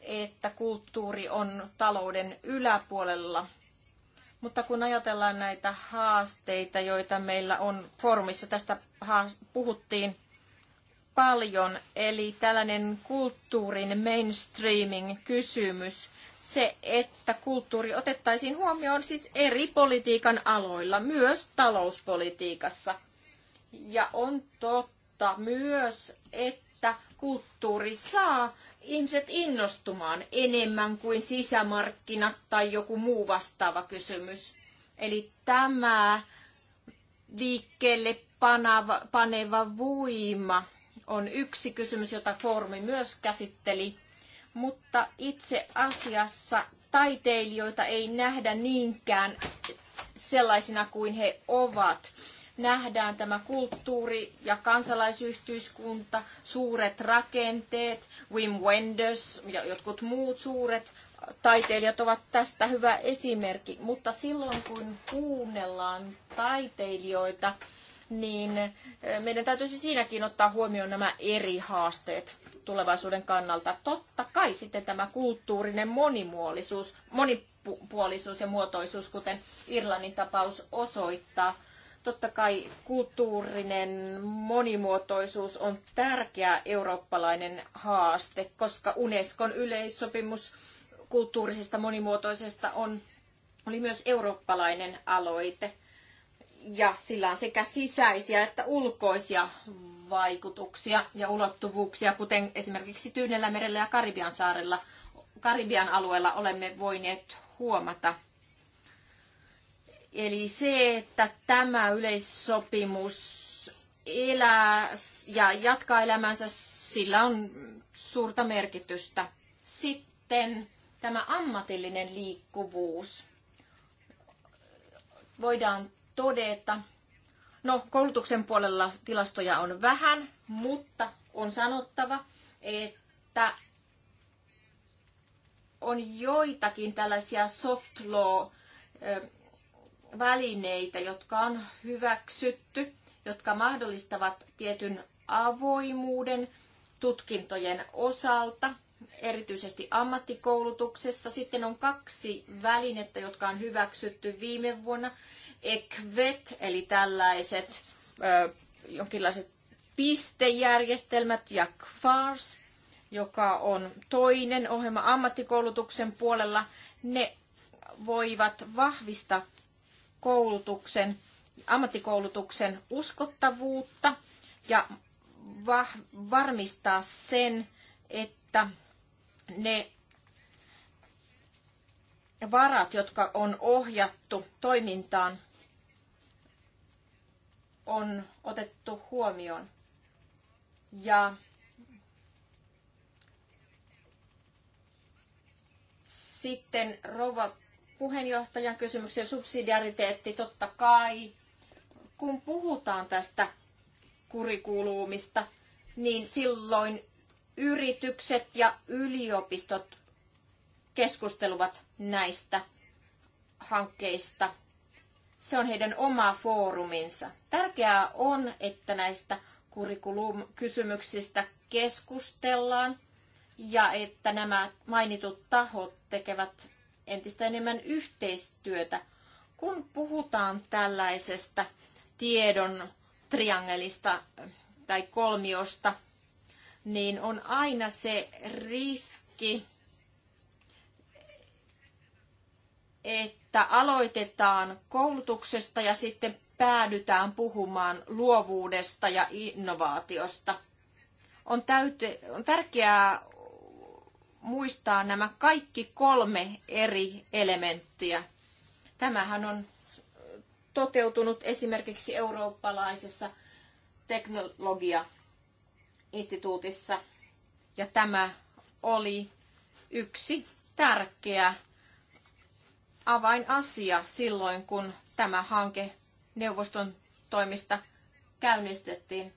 että kulttuuri on talouden yläpuolella. Mutta kun ajatellaan näitä haasteita, joita meillä on foorumissa, tästä puhuttiin, paljon, eli tällainen kulttuurin mainstreaming-kysymys, se, että kulttuuri otettaisiin huomioon siis eri politiikan aloilla, myös talouspolitiikassa. Ja on totta myös, että kulttuuri saa ihmiset innostumaan enemmän kuin sisämarkkinat tai joku muu vastaava kysymys. Eli tämä liikkeelle paneva voima on yksi kysymys, jota foorumi myös käsitteli, mutta itse asiassa taiteilijoita ei nähdä niinkään sellaisina kuin he ovat. Nähdään tämä kulttuuri- ja kansalaisyhteiskunta, suuret rakenteet, Wim Wenders ja jotkut muut suuret taiteilijat ovat tästä hyvä esimerkki. Mutta silloin kun kuunnellaan taiteilijoita, niin meidän täytyisi siinäkin ottaa huomioon nämä eri haasteet tulevaisuuden kannalta. Totta kai sitten tämä kulttuurinen monimuolisuus, monipuolisuus ja muotoisuus, kuten Irlannin tapaus osoittaa. Totta kai kulttuurinen monimuotoisuus on tärkeä eurooppalainen haaste, koska Unescon yleissopimus kulttuurisesta monimuotoisesta on, oli myös eurooppalainen aloite – ja sillä on sekä sisäisiä että ulkoisia vaikutuksia ja ulottuvuuksia, kuten esimerkiksi Tyynellä merellä ja Karibian saarella, Karibian alueella olemme voineet huomata. Eli se, että tämä yleissopimus elää ja jatkaa elämänsä, sillä on suurta merkitystä. Sitten tämä ammatillinen liikkuvuus. Voidaan todeta, no koulutuksen puolella tilastoja on vähän, mutta on sanottava, että on joitakin tällaisia soft law välineitä, jotka on hyväksytty, jotka mahdollistavat tietyn avoimuuden tutkintojen osalta, erityisesti ammattikoulutuksessa. Sitten on kaksi välinettä, jotka on hyväksytty viime vuonna. ECVET, eli tällaiset ö, jonkinlaiset pistejärjestelmät ja CFARS, joka on toinen ohjelma ammattikoulutuksen puolella, ne voivat vahvistaa koulutuksen, ammattikoulutuksen uskottavuutta ja vah, varmistaa sen, että ne varat, jotka on ohjattu toimintaan, on otettu huomioon. Ja sitten rouva puheenjohtajan kysymyksen subsidiariteetti totta kai. Kun puhutaan tästä kurikuluumista niin silloin yritykset ja yliopistot keskusteluvat näistä hankkeista se on heidän oma fooruminsa. Tärkeää on, että näistä kurikulum-kysymyksistä keskustellaan ja että nämä mainitut tahot tekevät entistä enemmän yhteistyötä, kun puhutaan tällaisesta tiedon triangelista tai kolmiosta, niin on aina se riski, että aloitetaan koulutuksesta ja sitten päädytään puhumaan luovuudesta ja innovaatiosta. On, täyte, on tärkeää muistaa nämä kaikki kolme eri elementtiä. Tämähän on toteutunut esimerkiksi eurooppalaisessa teknologiainstituutissa. Ja tämä oli yksi tärkeä avainasia silloin, kun tämä hanke neuvoston toimista käynnistettiin.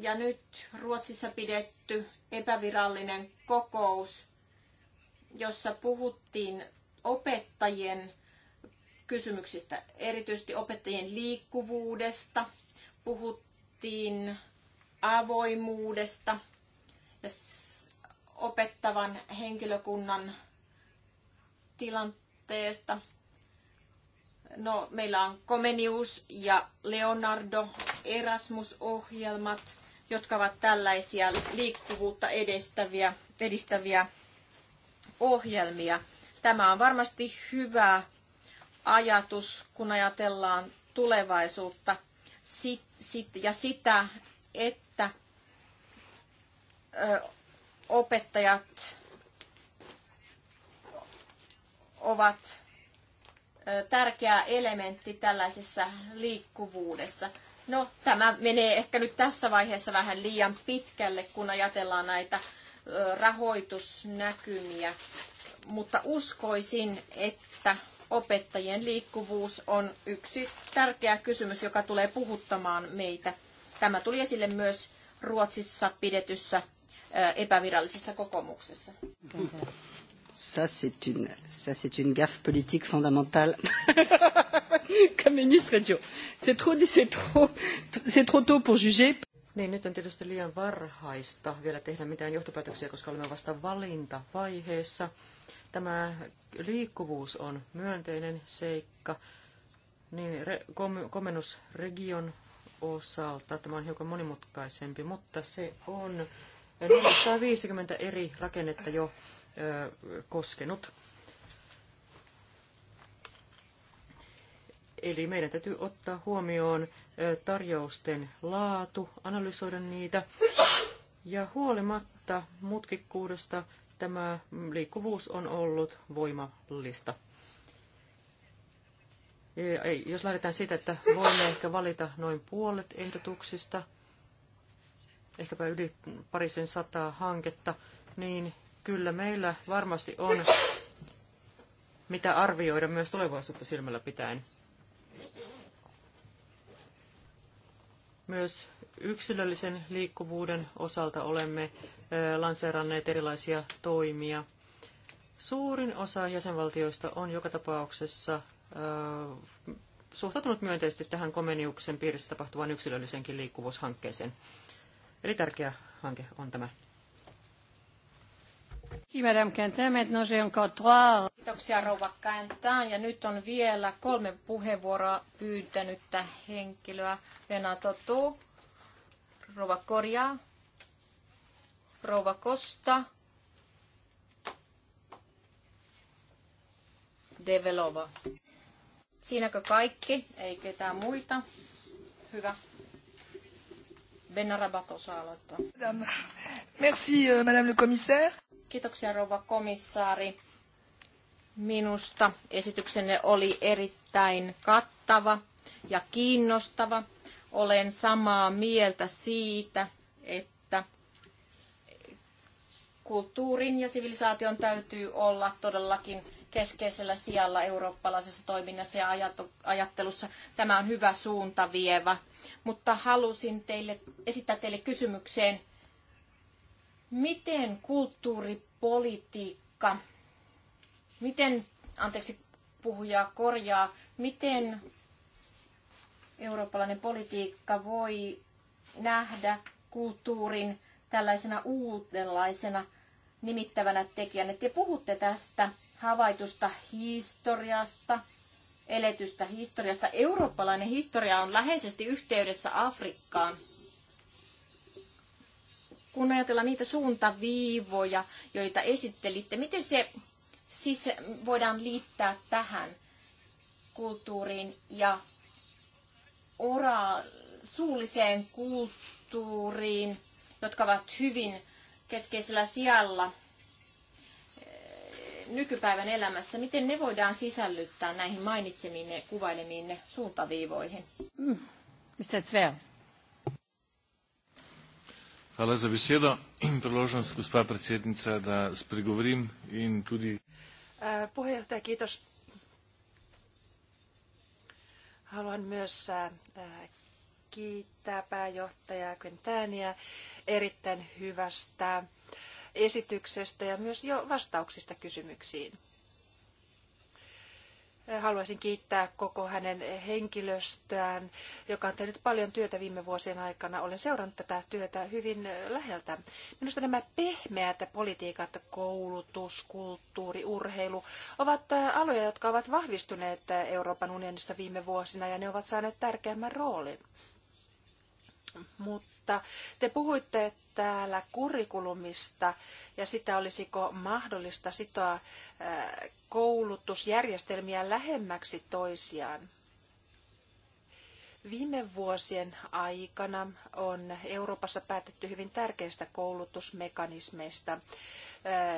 Ja nyt Ruotsissa pidetty epävirallinen kokous, jossa puhuttiin opettajien kysymyksistä, erityisesti opettajien liikkuvuudesta, puhuttiin avoimuudesta ja opettavan henkilökunnan tilanteesta. No, meillä on Comenius ja Leonardo Erasmus-ohjelmat, jotka ovat tällaisia liikkuvuutta edistäviä, edistäviä ohjelmia. Tämä on varmasti hyvä ajatus, kun ajatellaan tulevaisuutta sit, sit, ja sitä, että ö, opettajat ovat tärkeä elementti tällaisessa liikkuvuudessa. No, tämä menee ehkä nyt tässä vaiheessa vähän liian pitkälle, kun ajatellaan näitä rahoitusnäkymiä, mutta uskoisin, että opettajien liikkuvuus on yksi tärkeä kysymys, joka tulee puhuttamaan meitä. Tämä tuli esille myös Ruotsissa pidetyssä epävirallisessa kokouksessa. Ça, c'est une, ça, c'est une gaffe politique fondamentale. *laughs* Comme Enus Radio. C'est trop, c'est trop, c'est trop tôt pour juger. Niin, nyt on tietysti liian varhaista vielä tehdä mitään johtopäätöksiä, koska olemme vasta valintavaiheessa. Tämä liikkuvuus on myönteinen seikka. Niin, re, kom, komennusregion osalta tämä on hiukan monimutkaisempi, mutta se on 450 eri rakennetta jo koskenut. Eli meidän täytyy ottaa huomioon tarjousten laatu, analysoida niitä. Ja huolimatta mutkikkuudesta tämä liikkuvuus on ollut voimallista. E, jos lähdetään siitä, että voimme ehkä valita noin puolet ehdotuksista, ehkäpä yli parisen sataa hanketta, niin kyllä meillä varmasti on mitä arvioida myös tulevaisuutta silmällä pitäen. Myös yksilöllisen liikkuvuuden osalta olemme lanseeranneet erilaisia toimia. Suurin osa jäsenvaltioista on joka tapauksessa suhtautunut myönteisesti tähän Komeniuksen piirissä tapahtuvaan yksilölliseenkin liikkuvuushankkeeseen. Eli tärkeä hanke on tämä. Kiitoksia rouva Kääntään. Ja nyt on vielä kolme puheenvuoroa pyytänyttä henkilöä. Venato Tu, rouva Korja, rouva Kosta, Develova. Siinäkö kaikki? Ei ketään muita. Hyvä. Benarabat osaa aloittaa. Merci, euh, madame le commissaire. Kiitoksia rouva komissaari. Minusta esityksenne oli erittäin kattava ja kiinnostava. Olen samaa mieltä siitä, että kulttuurin ja sivilisaation täytyy olla todellakin keskeisellä sijalla eurooppalaisessa toiminnassa ja ajattelussa. Tämä on hyvä suunta mutta halusin teille, esittää teille kysymykseen, Miten kulttuuripolitiikka, miten, anteeksi puhujaa korjaa, miten eurooppalainen politiikka voi nähdä kulttuurin tällaisena uudenlaisena nimittävänä tekijänä. Te puhutte tästä havaitusta historiasta, eletystä historiasta. Eurooppalainen historia on läheisesti yhteydessä Afrikkaan kun ajatellaan niitä suuntaviivoja, joita esittelitte, miten se siis voidaan liittää tähän kulttuuriin ja ora- suulliseen kulttuuriin, jotka ovat hyvin keskeisellä sijalla eh, nykypäivän elämässä, miten ne voidaan sisällyttää näihin mainitsemiinne kuvailemiinne suuntaviivoihin? Mm. Mr. Zver. Hvala za besedo in *clears throat* priložnost, gospa predsednica, da spregovorim in tudi. Eh, puheenjohtaja, kiitos. Haluan myös eh, kiittää pääjohtajaa Quintania erittäin hyvästä esityksestä ja myös jo vastauksista kysymyksiin. Haluaisin kiittää koko hänen henkilöstöään, joka on tehnyt paljon työtä viime vuosien aikana. Olen seurannut tätä työtä hyvin läheltä. Minusta nämä pehmeät politiikat, koulutus, kulttuuri, urheilu, ovat aloja, jotka ovat vahvistuneet Euroopan unionissa viime vuosina ja ne ovat saaneet tärkeämmän roolin. Mutta mutta te puhuitte täällä kurikulumista ja sitä olisiko mahdollista sitoa äh, koulutusjärjestelmiä lähemmäksi toisiaan. Viime vuosien aikana on Euroopassa päätetty hyvin tärkeistä koulutusmekanismeista, äh,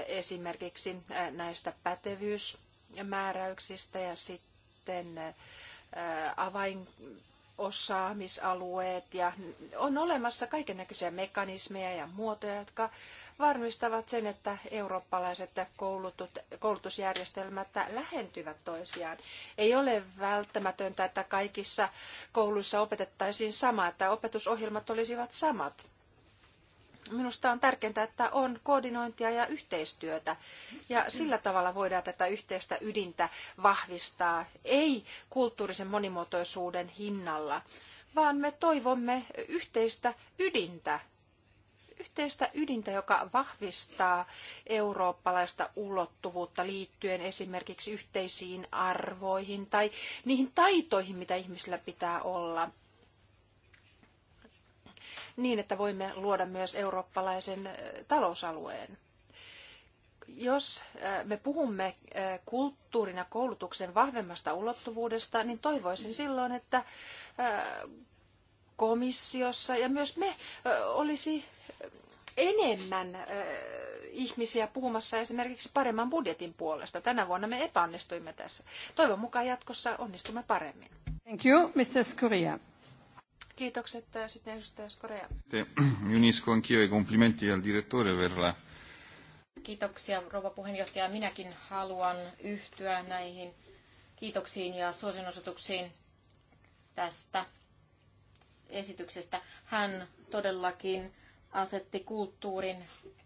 esimerkiksi äh, näistä pätevyysmääräyksistä ja sitten avain osaamisalueet ja on olemassa kaiken näköisiä mekanismeja ja muotoja, jotka varmistavat sen, että eurooppalaiset koulutut, koulutusjärjestelmät lähentyvät toisiaan. Ei ole välttämätöntä, että kaikissa kouluissa opetettaisiin samaa, että opetusohjelmat olisivat samat. Minusta on tärkeintä, että on koordinointia ja yhteistyötä. Ja sillä tavalla voidaan tätä yhteistä ydintä vahvistaa, ei kulttuurisen monimuotoisuuden hinnalla, vaan me toivomme yhteistä ydintä. Yhteistä ydintä, joka vahvistaa eurooppalaista ulottuvuutta liittyen esimerkiksi yhteisiin arvoihin tai niihin taitoihin, mitä ihmisillä pitää olla – niin, että voimme luoda myös eurooppalaisen talousalueen. Jos me puhumme kulttuurin ja koulutuksen vahvemmasta ulottuvuudesta, niin toivoisin silloin, että komissiossa ja myös me olisi enemmän ihmisiä puhumassa esimerkiksi paremman budjetin puolesta. Tänä vuonna me epäonnistuimme tässä. Toivon mukaan jatkossa onnistumme paremmin. Thank you, Kiitokset äh, sitten edustaja Skorea. *clears throat* Unisco anch'io i complimenti al direttore Kiitoksia rouva puheenjohtaja. Minäkin haluan yhtyä näihin kiitoksiin ja suosinosoituksiin tästä esityksestä. Hän todellakin asetti kulttuurin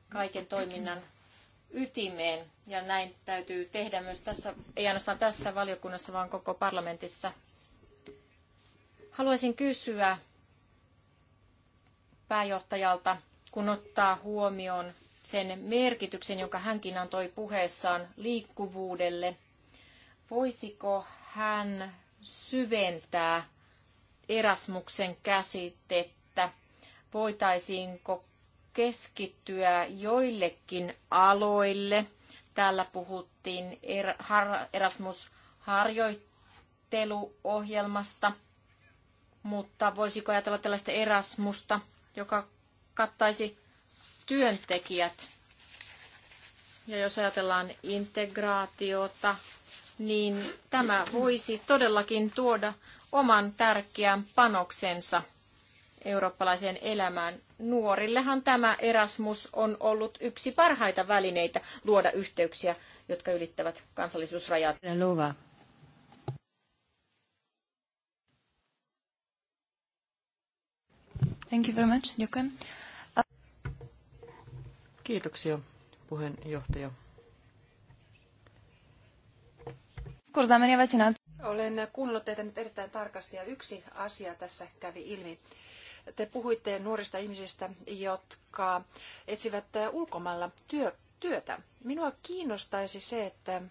kaiken toiminnan ytimeen ja näin täytyy tehdä myös tässä, ei ainoastaan tässä valiokunnassa, vaan koko parlamentissa Haluaisin kysyä pääjohtajalta, kun ottaa huomioon sen merkityksen, jonka hänkin antoi puheessaan liikkuvuudelle. Voisiko hän syventää Erasmuksen käsitettä? Voitaisiinko keskittyä joillekin aloille? Täällä puhuttiin er- Erasmus-harjoitteluohjelmasta – mutta voisiko ajatella tällaista Erasmusta, joka kattaisi työntekijät? Ja jos ajatellaan integraatiota, niin tämä voisi todellakin tuoda oman tärkeän panoksensa eurooppalaiseen elämään. Nuorillehan tämä Erasmus on ollut yksi parhaita välineitä luoda yhteyksiä, jotka ylittävät kansallisuusrajat. Luva. Thank you very much. Kiitoksia, puheenjohtaja. Olen kuunnellut teitä nyt erittäin tarkasti ja yksi asia tässä kävi ilmi. Te puhuitte nuorista ihmisistä, jotka etsivät ulkomailla työ, työtä. Minua kiinnostaisi se, että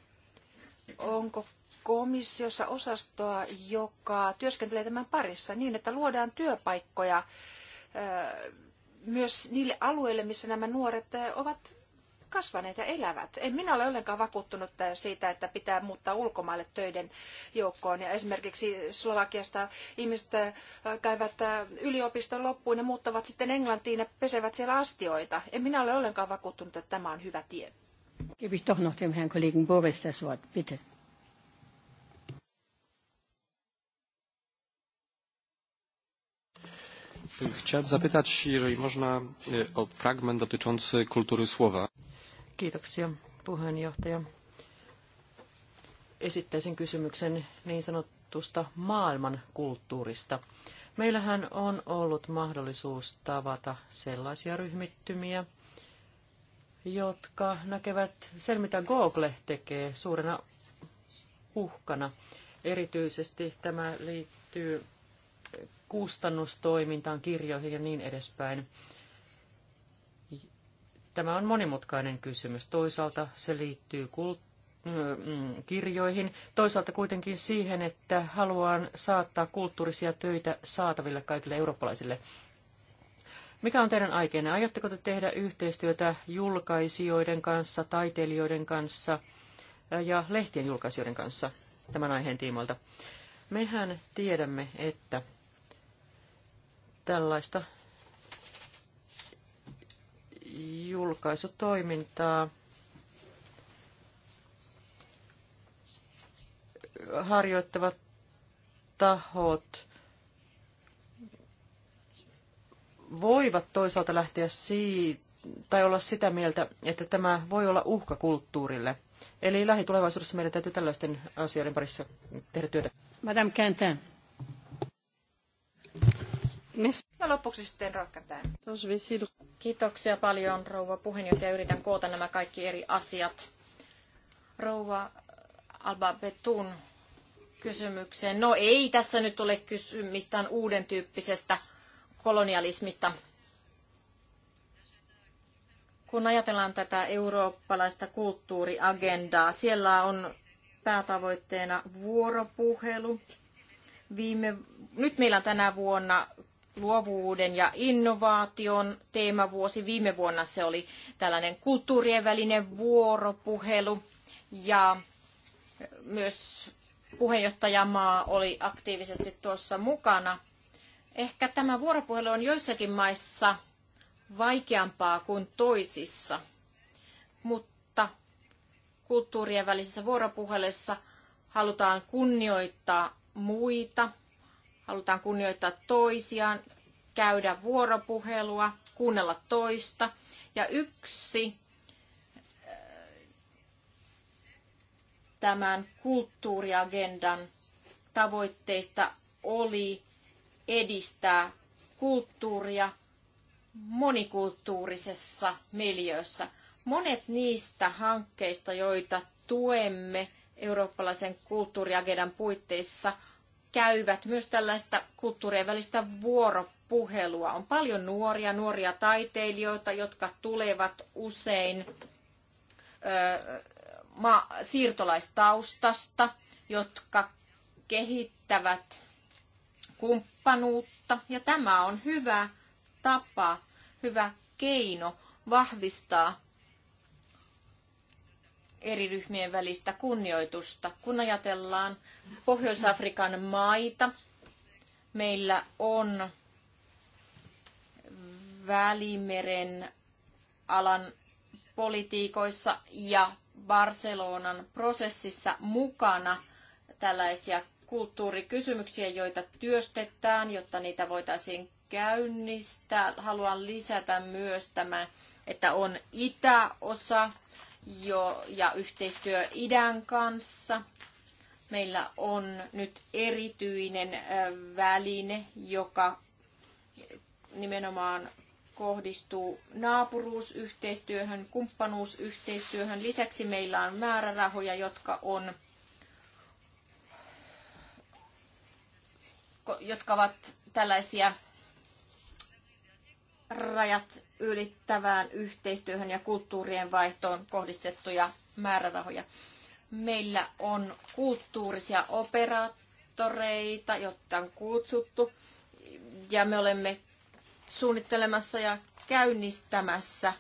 onko komissiossa osastoa, joka työskentelee tämän parissa niin, että luodaan työpaikkoja myös niille alueille, missä nämä nuoret ovat kasvaneet ja elävät. En minä ole ollenkaan vakuuttunut siitä, että pitää muuttaa ulkomaille töiden joukkoon. Ja esimerkiksi Slovakiasta ihmiset käyvät yliopiston loppuun ja muuttavat sitten Englantiin ja pesevät siellä astioita. En minä ole ollenkaan vakuuttunut, että tämä on hyvä tie. Gebe ich doch noch dem Herrn Kollegen Boris das Wort, bitte. Chciałem zapytać, jeżeli można, e, o fragment dotyczący kultury słowa. Kiitoksia, puheenjohtaja. Esittäisin kysymyksen niin sanotusta maailman kulttuurista. Meillähän on ollut mahdollisuus tavata sellaisia ryhmittymiä, jotka näkevät sen, mitä Google tekee suurena uhkana. Erityisesti tämä liittyy kustannustoimintaan, kirjoihin ja niin edespäin. Tämä on monimutkainen kysymys. Toisaalta se liittyy kulttuuriin mm, mm, kirjoihin. Toisaalta kuitenkin siihen, että haluan saattaa kulttuurisia töitä saataville kaikille eurooppalaisille. Mikä on teidän aikeenne? Aiotteko te tehdä yhteistyötä julkaisijoiden kanssa, taiteilijoiden kanssa ja lehtien julkaisijoiden kanssa tämän aiheen tiimoilta? Mehän tiedämme, että tällaista julkaisutoimintaa harjoittavat tahot voivat toisaalta lähteä siitä, tai olla sitä mieltä, että tämä voi olla uhka kulttuurille. Eli lähitulevaisuudessa meidän täytyy tällaisten asioiden parissa tehdä työtä. Madame Quentin. Ja lopuksi sitten rakkataan. Kiitoksia paljon rouva puheenjohtaja. Yritän koota nämä kaikki eri asiat. Rouva Alba Betun kysymykseen. No ei tässä nyt ole kysymistään uuden tyyppisestä kolonialismista. Kun ajatellaan tätä eurooppalaista kulttuuriagendaa, siellä on päätavoitteena vuoropuhelu. Viime, nyt meillä on tänä vuonna luovuuden ja innovaation teemavuosi. Viime vuonna se oli tällainen kulttuurien välinen vuoropuhelu ja myös puheenjohtajamaa oli aktiivisesti tuossa mukana. Ehkä tämä vuoropuhelu on joissakin maissa vaikeampaa kuin toisissa, mutta kulttuurien välisessä vuoropuhelussa halutaan kunnioittaa muita – halutaan kunnioittaa toisiaan, käydä vuoropuhelua, kuunnella toista. Ja yksi äh, tämän kulttuuriagendan tavoitteista oli edistää kulttuuria monikulttuurisessa miljöössä. Monet niistä hankkeista, joita tuemme eurooppalaisen kulttuuriagendan puitteissa, käyvät myös tällaista kulttuurien välistä vuoropuhelua. On paljon nuoria, nuoria taiteilijoita, jotka tulevat usein ö, ma- siirtolaistaustasta, jotka kehittävät kumppanuutta. Ja tämä on hyvä tapa, hyvä keino vahvistaa eri ryhmien välistä kunnioitusta. Kun ajatellaan Pohjois-Afrikan maita, meillä on Välimeren alan politiikoissa ja Barcelonan prosessissa mukana tällaisia kulttuurikysymyksiä, joita työstetään, jotta niitä voitaisiin käynnistää. Haluan lisätä myös tämä, että on itäosa jo, ja yhteistyö idän kanssa. Meillä on nyt erityinen väline, joka nimenomaan kohdistuu naapuruusyhteistyöhön, kumppanuusyhteistyöhön. Lisäksi meillä on määrärahoja, jotka on jotka ovat tällaisia rajat ylittävään yhteistyöhön ja kulttuurien vaihtoon kohdistettuja määrärahoja. Meillä on kulttuurisia operaattoreita, jotta on kutsuttu, ja me olemme suunnittelemassa ja käynnistämässä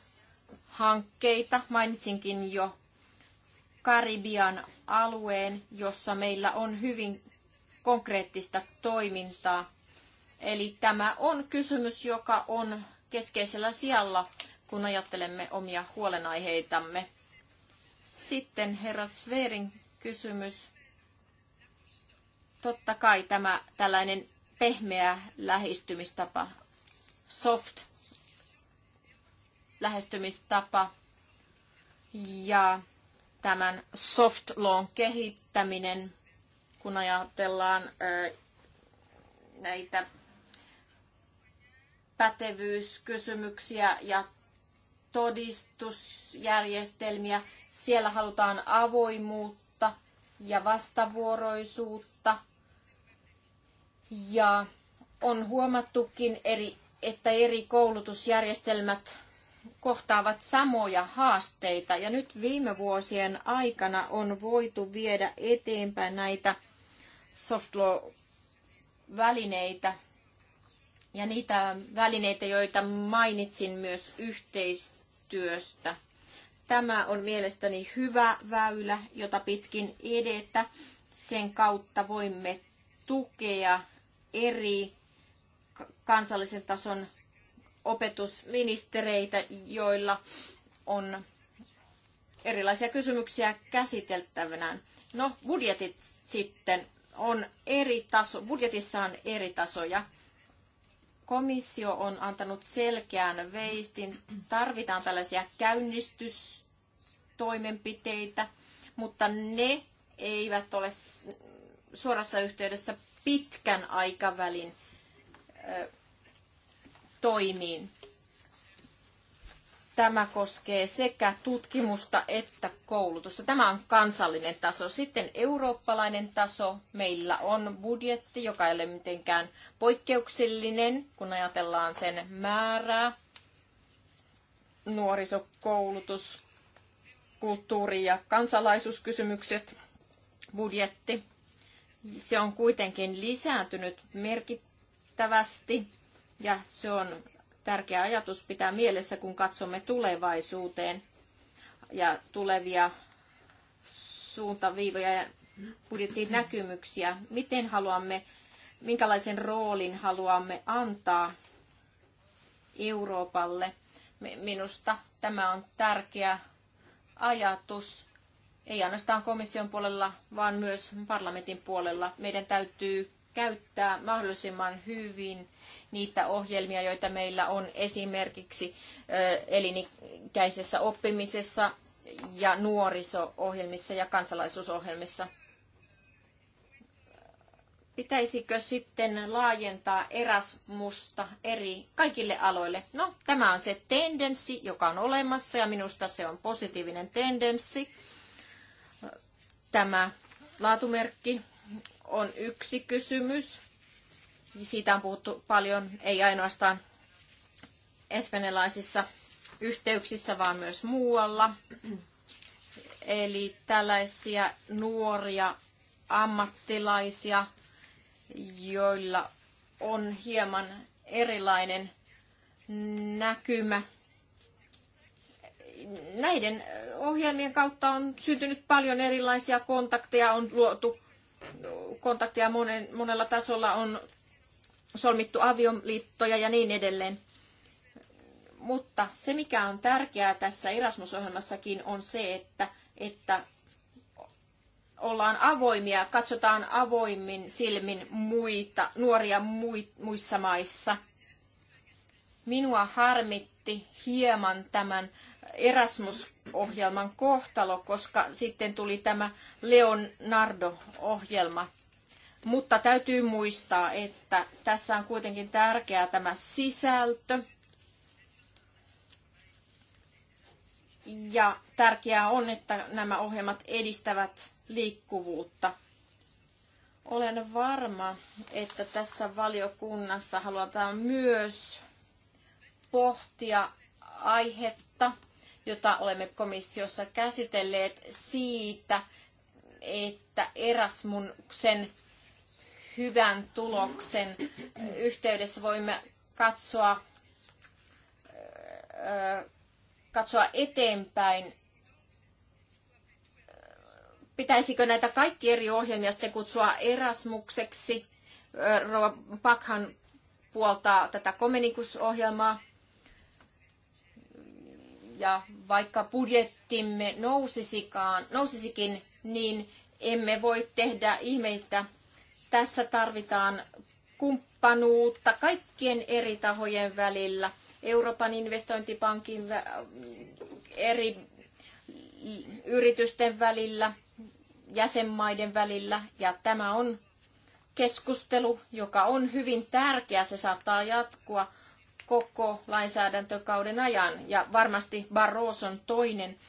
hankkeita. Mainitsinkin jo Karibian alueen, jossa meillä on hyvin konkreettista toimintaa. Eli tämä on kysymys, joka on keskeisellä sijalla, kun ajattelemme omia huolenaiheitamme. Sitten herra Sverin kysymys. Totta kai tämä tällainen pehmeä lähestymistapa, soft lähestymistapa ja tämän soft lawn kehittäminen, kun ajatellaan näitä pätevyyskysymyksiä ja todistusjärjestelmiä. Siellä halutaan avoimuutta ja vastavuoroisuutta. Ja on huomattukin, eri, että eri koulutusjärjestelmät kohtaavat samoja haasteita. Ja nyt viime vuosien aikana on voitu viedä eteenpäin näitä soft law välineitä ja niitä välineitä, joita mainitsin myös yhteistyöstä. Tämä on mielestäni hyvä väylä, jota pitkin edetä. Sen kautta voimme tukea eri kansallisen tason opetusministereitä, joilla on erilaisia kysymyksiä käsiteltävänä. No, budjetit sitten on eri taso, budjetissa on eri tasoja komissio on antanut selkeän veistin. Tarvitaan tällaisia käynnistystoimenpiteitä, mutta ne eivät ole suorassa yhteydessä pitkän aikavälin toimiin. Tämä koskee sekä tutkimusta että koulutusta. Tämä on kansallinen taso. Sitten eurooppalainen taso. Meillä on budjetti, joka ei ole mitenkään poikkeuksellinen, kun ajatellaan sen määrää. Nuorisokoulutus, kulttuuri- ja kansalaisuuskysymykset, budjetti. Se on kuitenkin lisääntynyt merkittävästi ja se on tärkeä ajatus pitää mielessä, kun katsomme tulevaisuuteen ja tulevia suuntaviivoja ja budjettinäkymyksiä. Miten haluamme, minkälaisen roolin haluamme antaa Euroopalle? Minusta tämä on tärkeä ajatus, ei ainoastaan komission puolella, vaan myös parlamentin puolella. Meidän täytyy käyttää mahdollisimman hyvin niitä ohjelmia, joita meillä on esimerkiksi elinikäisessä oppimisessa ja nuoriso-ohjelmissa ja kansalaisuusohjelmissa. Pitäisikö sitten laajentaa Erasmusta eri, kaikille aloille? No, tämä on se tendenssi, joka on olemassa ja minusta se on positiivinen tendenssi. Tämä laatumerkki on yksi kysymys. Siitä on puhuttu paljon, ei ainoastaan espanjalaisissa yhteyksissä, vaan myös muualla. Eli tällaisia nuoria ammattilaisia, joilla on hieman erilainen näkymä. Näiden ohjelmien kautta on syntynyt paljon erilaisia kontakteja, on luotu Kontaktia monen, monella tasolla on solmittu avioliittoja ja niin edelleen. Mutta se, mikä on tärkeää tässä Erasmus-ohjelmassakin, on se, että, että ollaan avoimia, katsotaan avoimmin silmin muita, nuoria muissa maissa. Minua harmitti hieman tämän Erasmus-ohjelman kohtalo, koska sitten tuli tämä Leonardo-ohjelma. Mutta täytyy muistaa, että tässä on kuitenkin tärkeää tämä sisältö. Ja tärkeää on, että nämä ohjelmat edistävät liikkuvuutta. Olen varma, että tässä valiokunnassa halutaan myös pohtia aihetta, jota olemme komissiossa käsitelleet siitä, että Erasmuksen hyvän tuloksen yhteydessä voimme katsoa, katsoa eteenpäin pitäisikö näitä kaikki eri ohjelmia sitten kutsua Erasmukseksi? Rouva Pakhan puoltaa tätä Komenikusohjelmaa. Ja vaikka budjettimme nousisikaan, nousisikin, niin emme voi tehdä ihmeitä. Tässä tarvitaan kumppanuutta kaikkien eri tahojen välillä. Euroopan investointipankin eri yritysten välillä, jäsenmaiden välillä. Ja tämä on keskustelu, joka on hyvin tärkeä. Se saattaa jatkua koko lainsäädäntökauden ajan. Ja varmasti Barroson toinen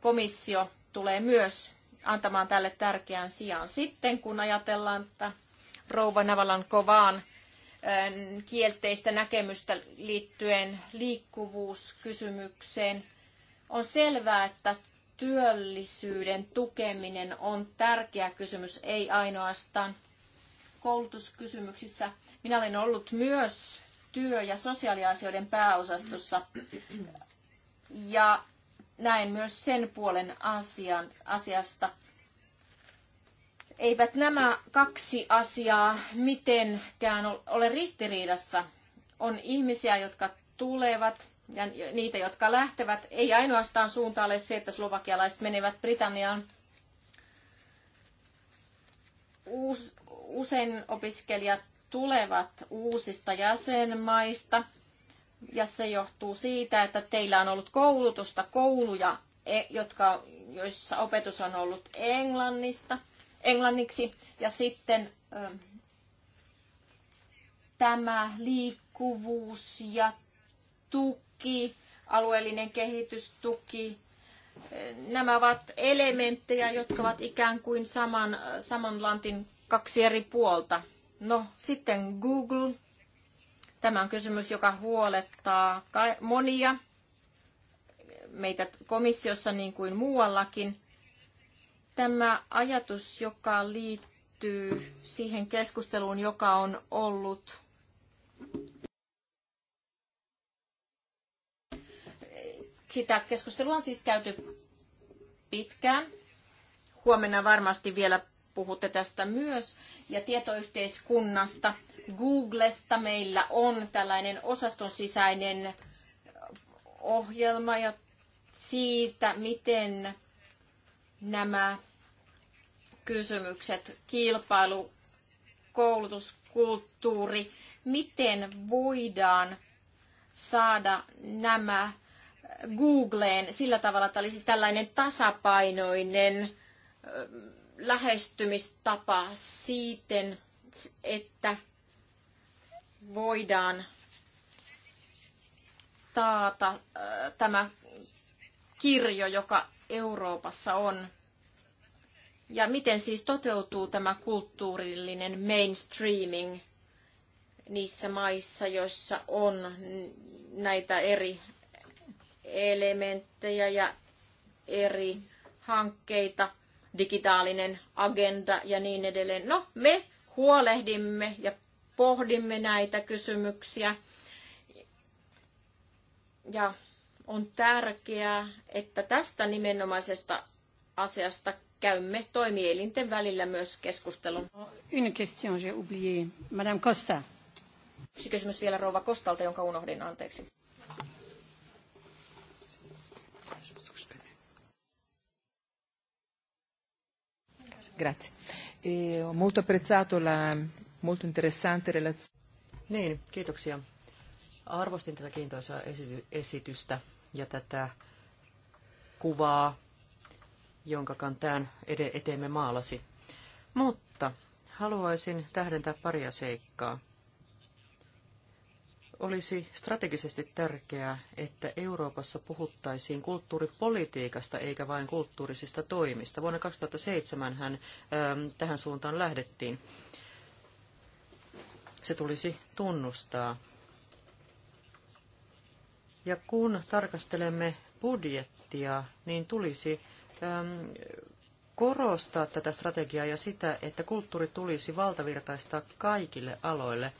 komissio tulee myös antamaan tälle tärkeän sijaan. Sitten kun ajatellaan, että rouva Navalan kovaan kielteistä näkemystä liittyen liikkuvuuskysymykseen, on selvää, että työllisyyden tukeminen on tärkeä kysymys, ei ainoastaan koulutuskysymyksissä. Minä olen ollut myös työ- ja sosiaaliasioiden pääosastossa. Ja näen myös sen puolen asian, asiasta. Eivät nämä kaksi asiaa mitenkään ole ristiriidassa. On ihmisiä, jotka tulevat ja niitä, jotka lähtevät. Ei ainoastaan suunta ole se, että slovakialaiset menevät Britanniaan. Usein opiskelijat tulevat uusista jäsenmaista ja se johtuu siitä, että teillä on ollut koulutusta, kouluja, e, jotka, joissa opetus on ollut englannista, englanniksi ja sitten ö, ähm, tämä liikkuvuus ja tuki, alueellinen kehitystuki, äh, nämä ovat elementtejä, jotka ovat ikään kuin saman, äh, saman lantin kaksi eri puolta. No sitten Google. Tämä on kysymys, joka huolettaa monia meitä komissiossa niin kuin muuallakin. Tämä ajatus, joka liittyy siihen keskusteluun, joka on ollut sitä keskustelua on siis käyty pitkään. Huomenna varmasti vielä puhutte tästä myös, ja tietoyhteiskunnasta. Googlesta meillä on tällainen osaston sisäinen ohjelma ja siitä, miten nämä kysymykset, kilpailu, koulutus, kulttuuri, miten voidaan saada nämä Googleen sillä tavalla, että olisi tällainen tasapainoinen lähestymistapa siten, että voidaan taata äh, tämä kirjo, joka Euroopassa on. Ja miten siis toteutuu tämä kulttuurillinen mainstreaming niissä maissa, joissa on näitä eri elementtejä ja eri hankkeita digitaalinen agenda ja niin edelleen. No, me huolehdimme ja pohdimme näitä kysymyksiä. Ja on tärkeää, että tästä nimenomaisesta asiasta käymme toimielinten välillä myös keskustelun. Une question, j'ai oublié. Madame Costa. Yksi kysymys vielä Rouva Kostalta, jonka unohdin, anteeksi. Grazie. E, ho molto apprezzato la molto interessante relazione. Niin, kiitoksia. Arvostin tätä kiintoisaa esity- esitystä ja tätä kuvaa, jonka kantään ed- eteemme maalasi. Mutta haluaisin tähdentää paria seikkaa. Olisi strategisesti tärkeää, että Euroopassa puhuttaisiin kulttuuripolitiikasta eikä vain kulttuurisista toimista. Vuonna 2007 hän, ähm, tähän suuntaan lähdettiin. Se tulisi tunnustaa. Ja kun tarkastelemme budjettia, niin tulisi ähm, korostaa tätä strategiaa ja sitä, että kulttuuri tulisi valtavirtaistaa kaikille aloille.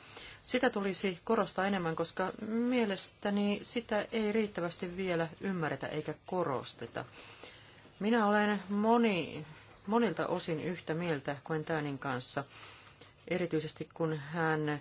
Sitä tulisi korostaa enemmän, koska mielestäni sitä ei riittävästi vielä ymmärretä eikä korosteta. Minä olen moni, monilta osin yhtä mieltä kuin Tänin kanssa, erityisesti kun hän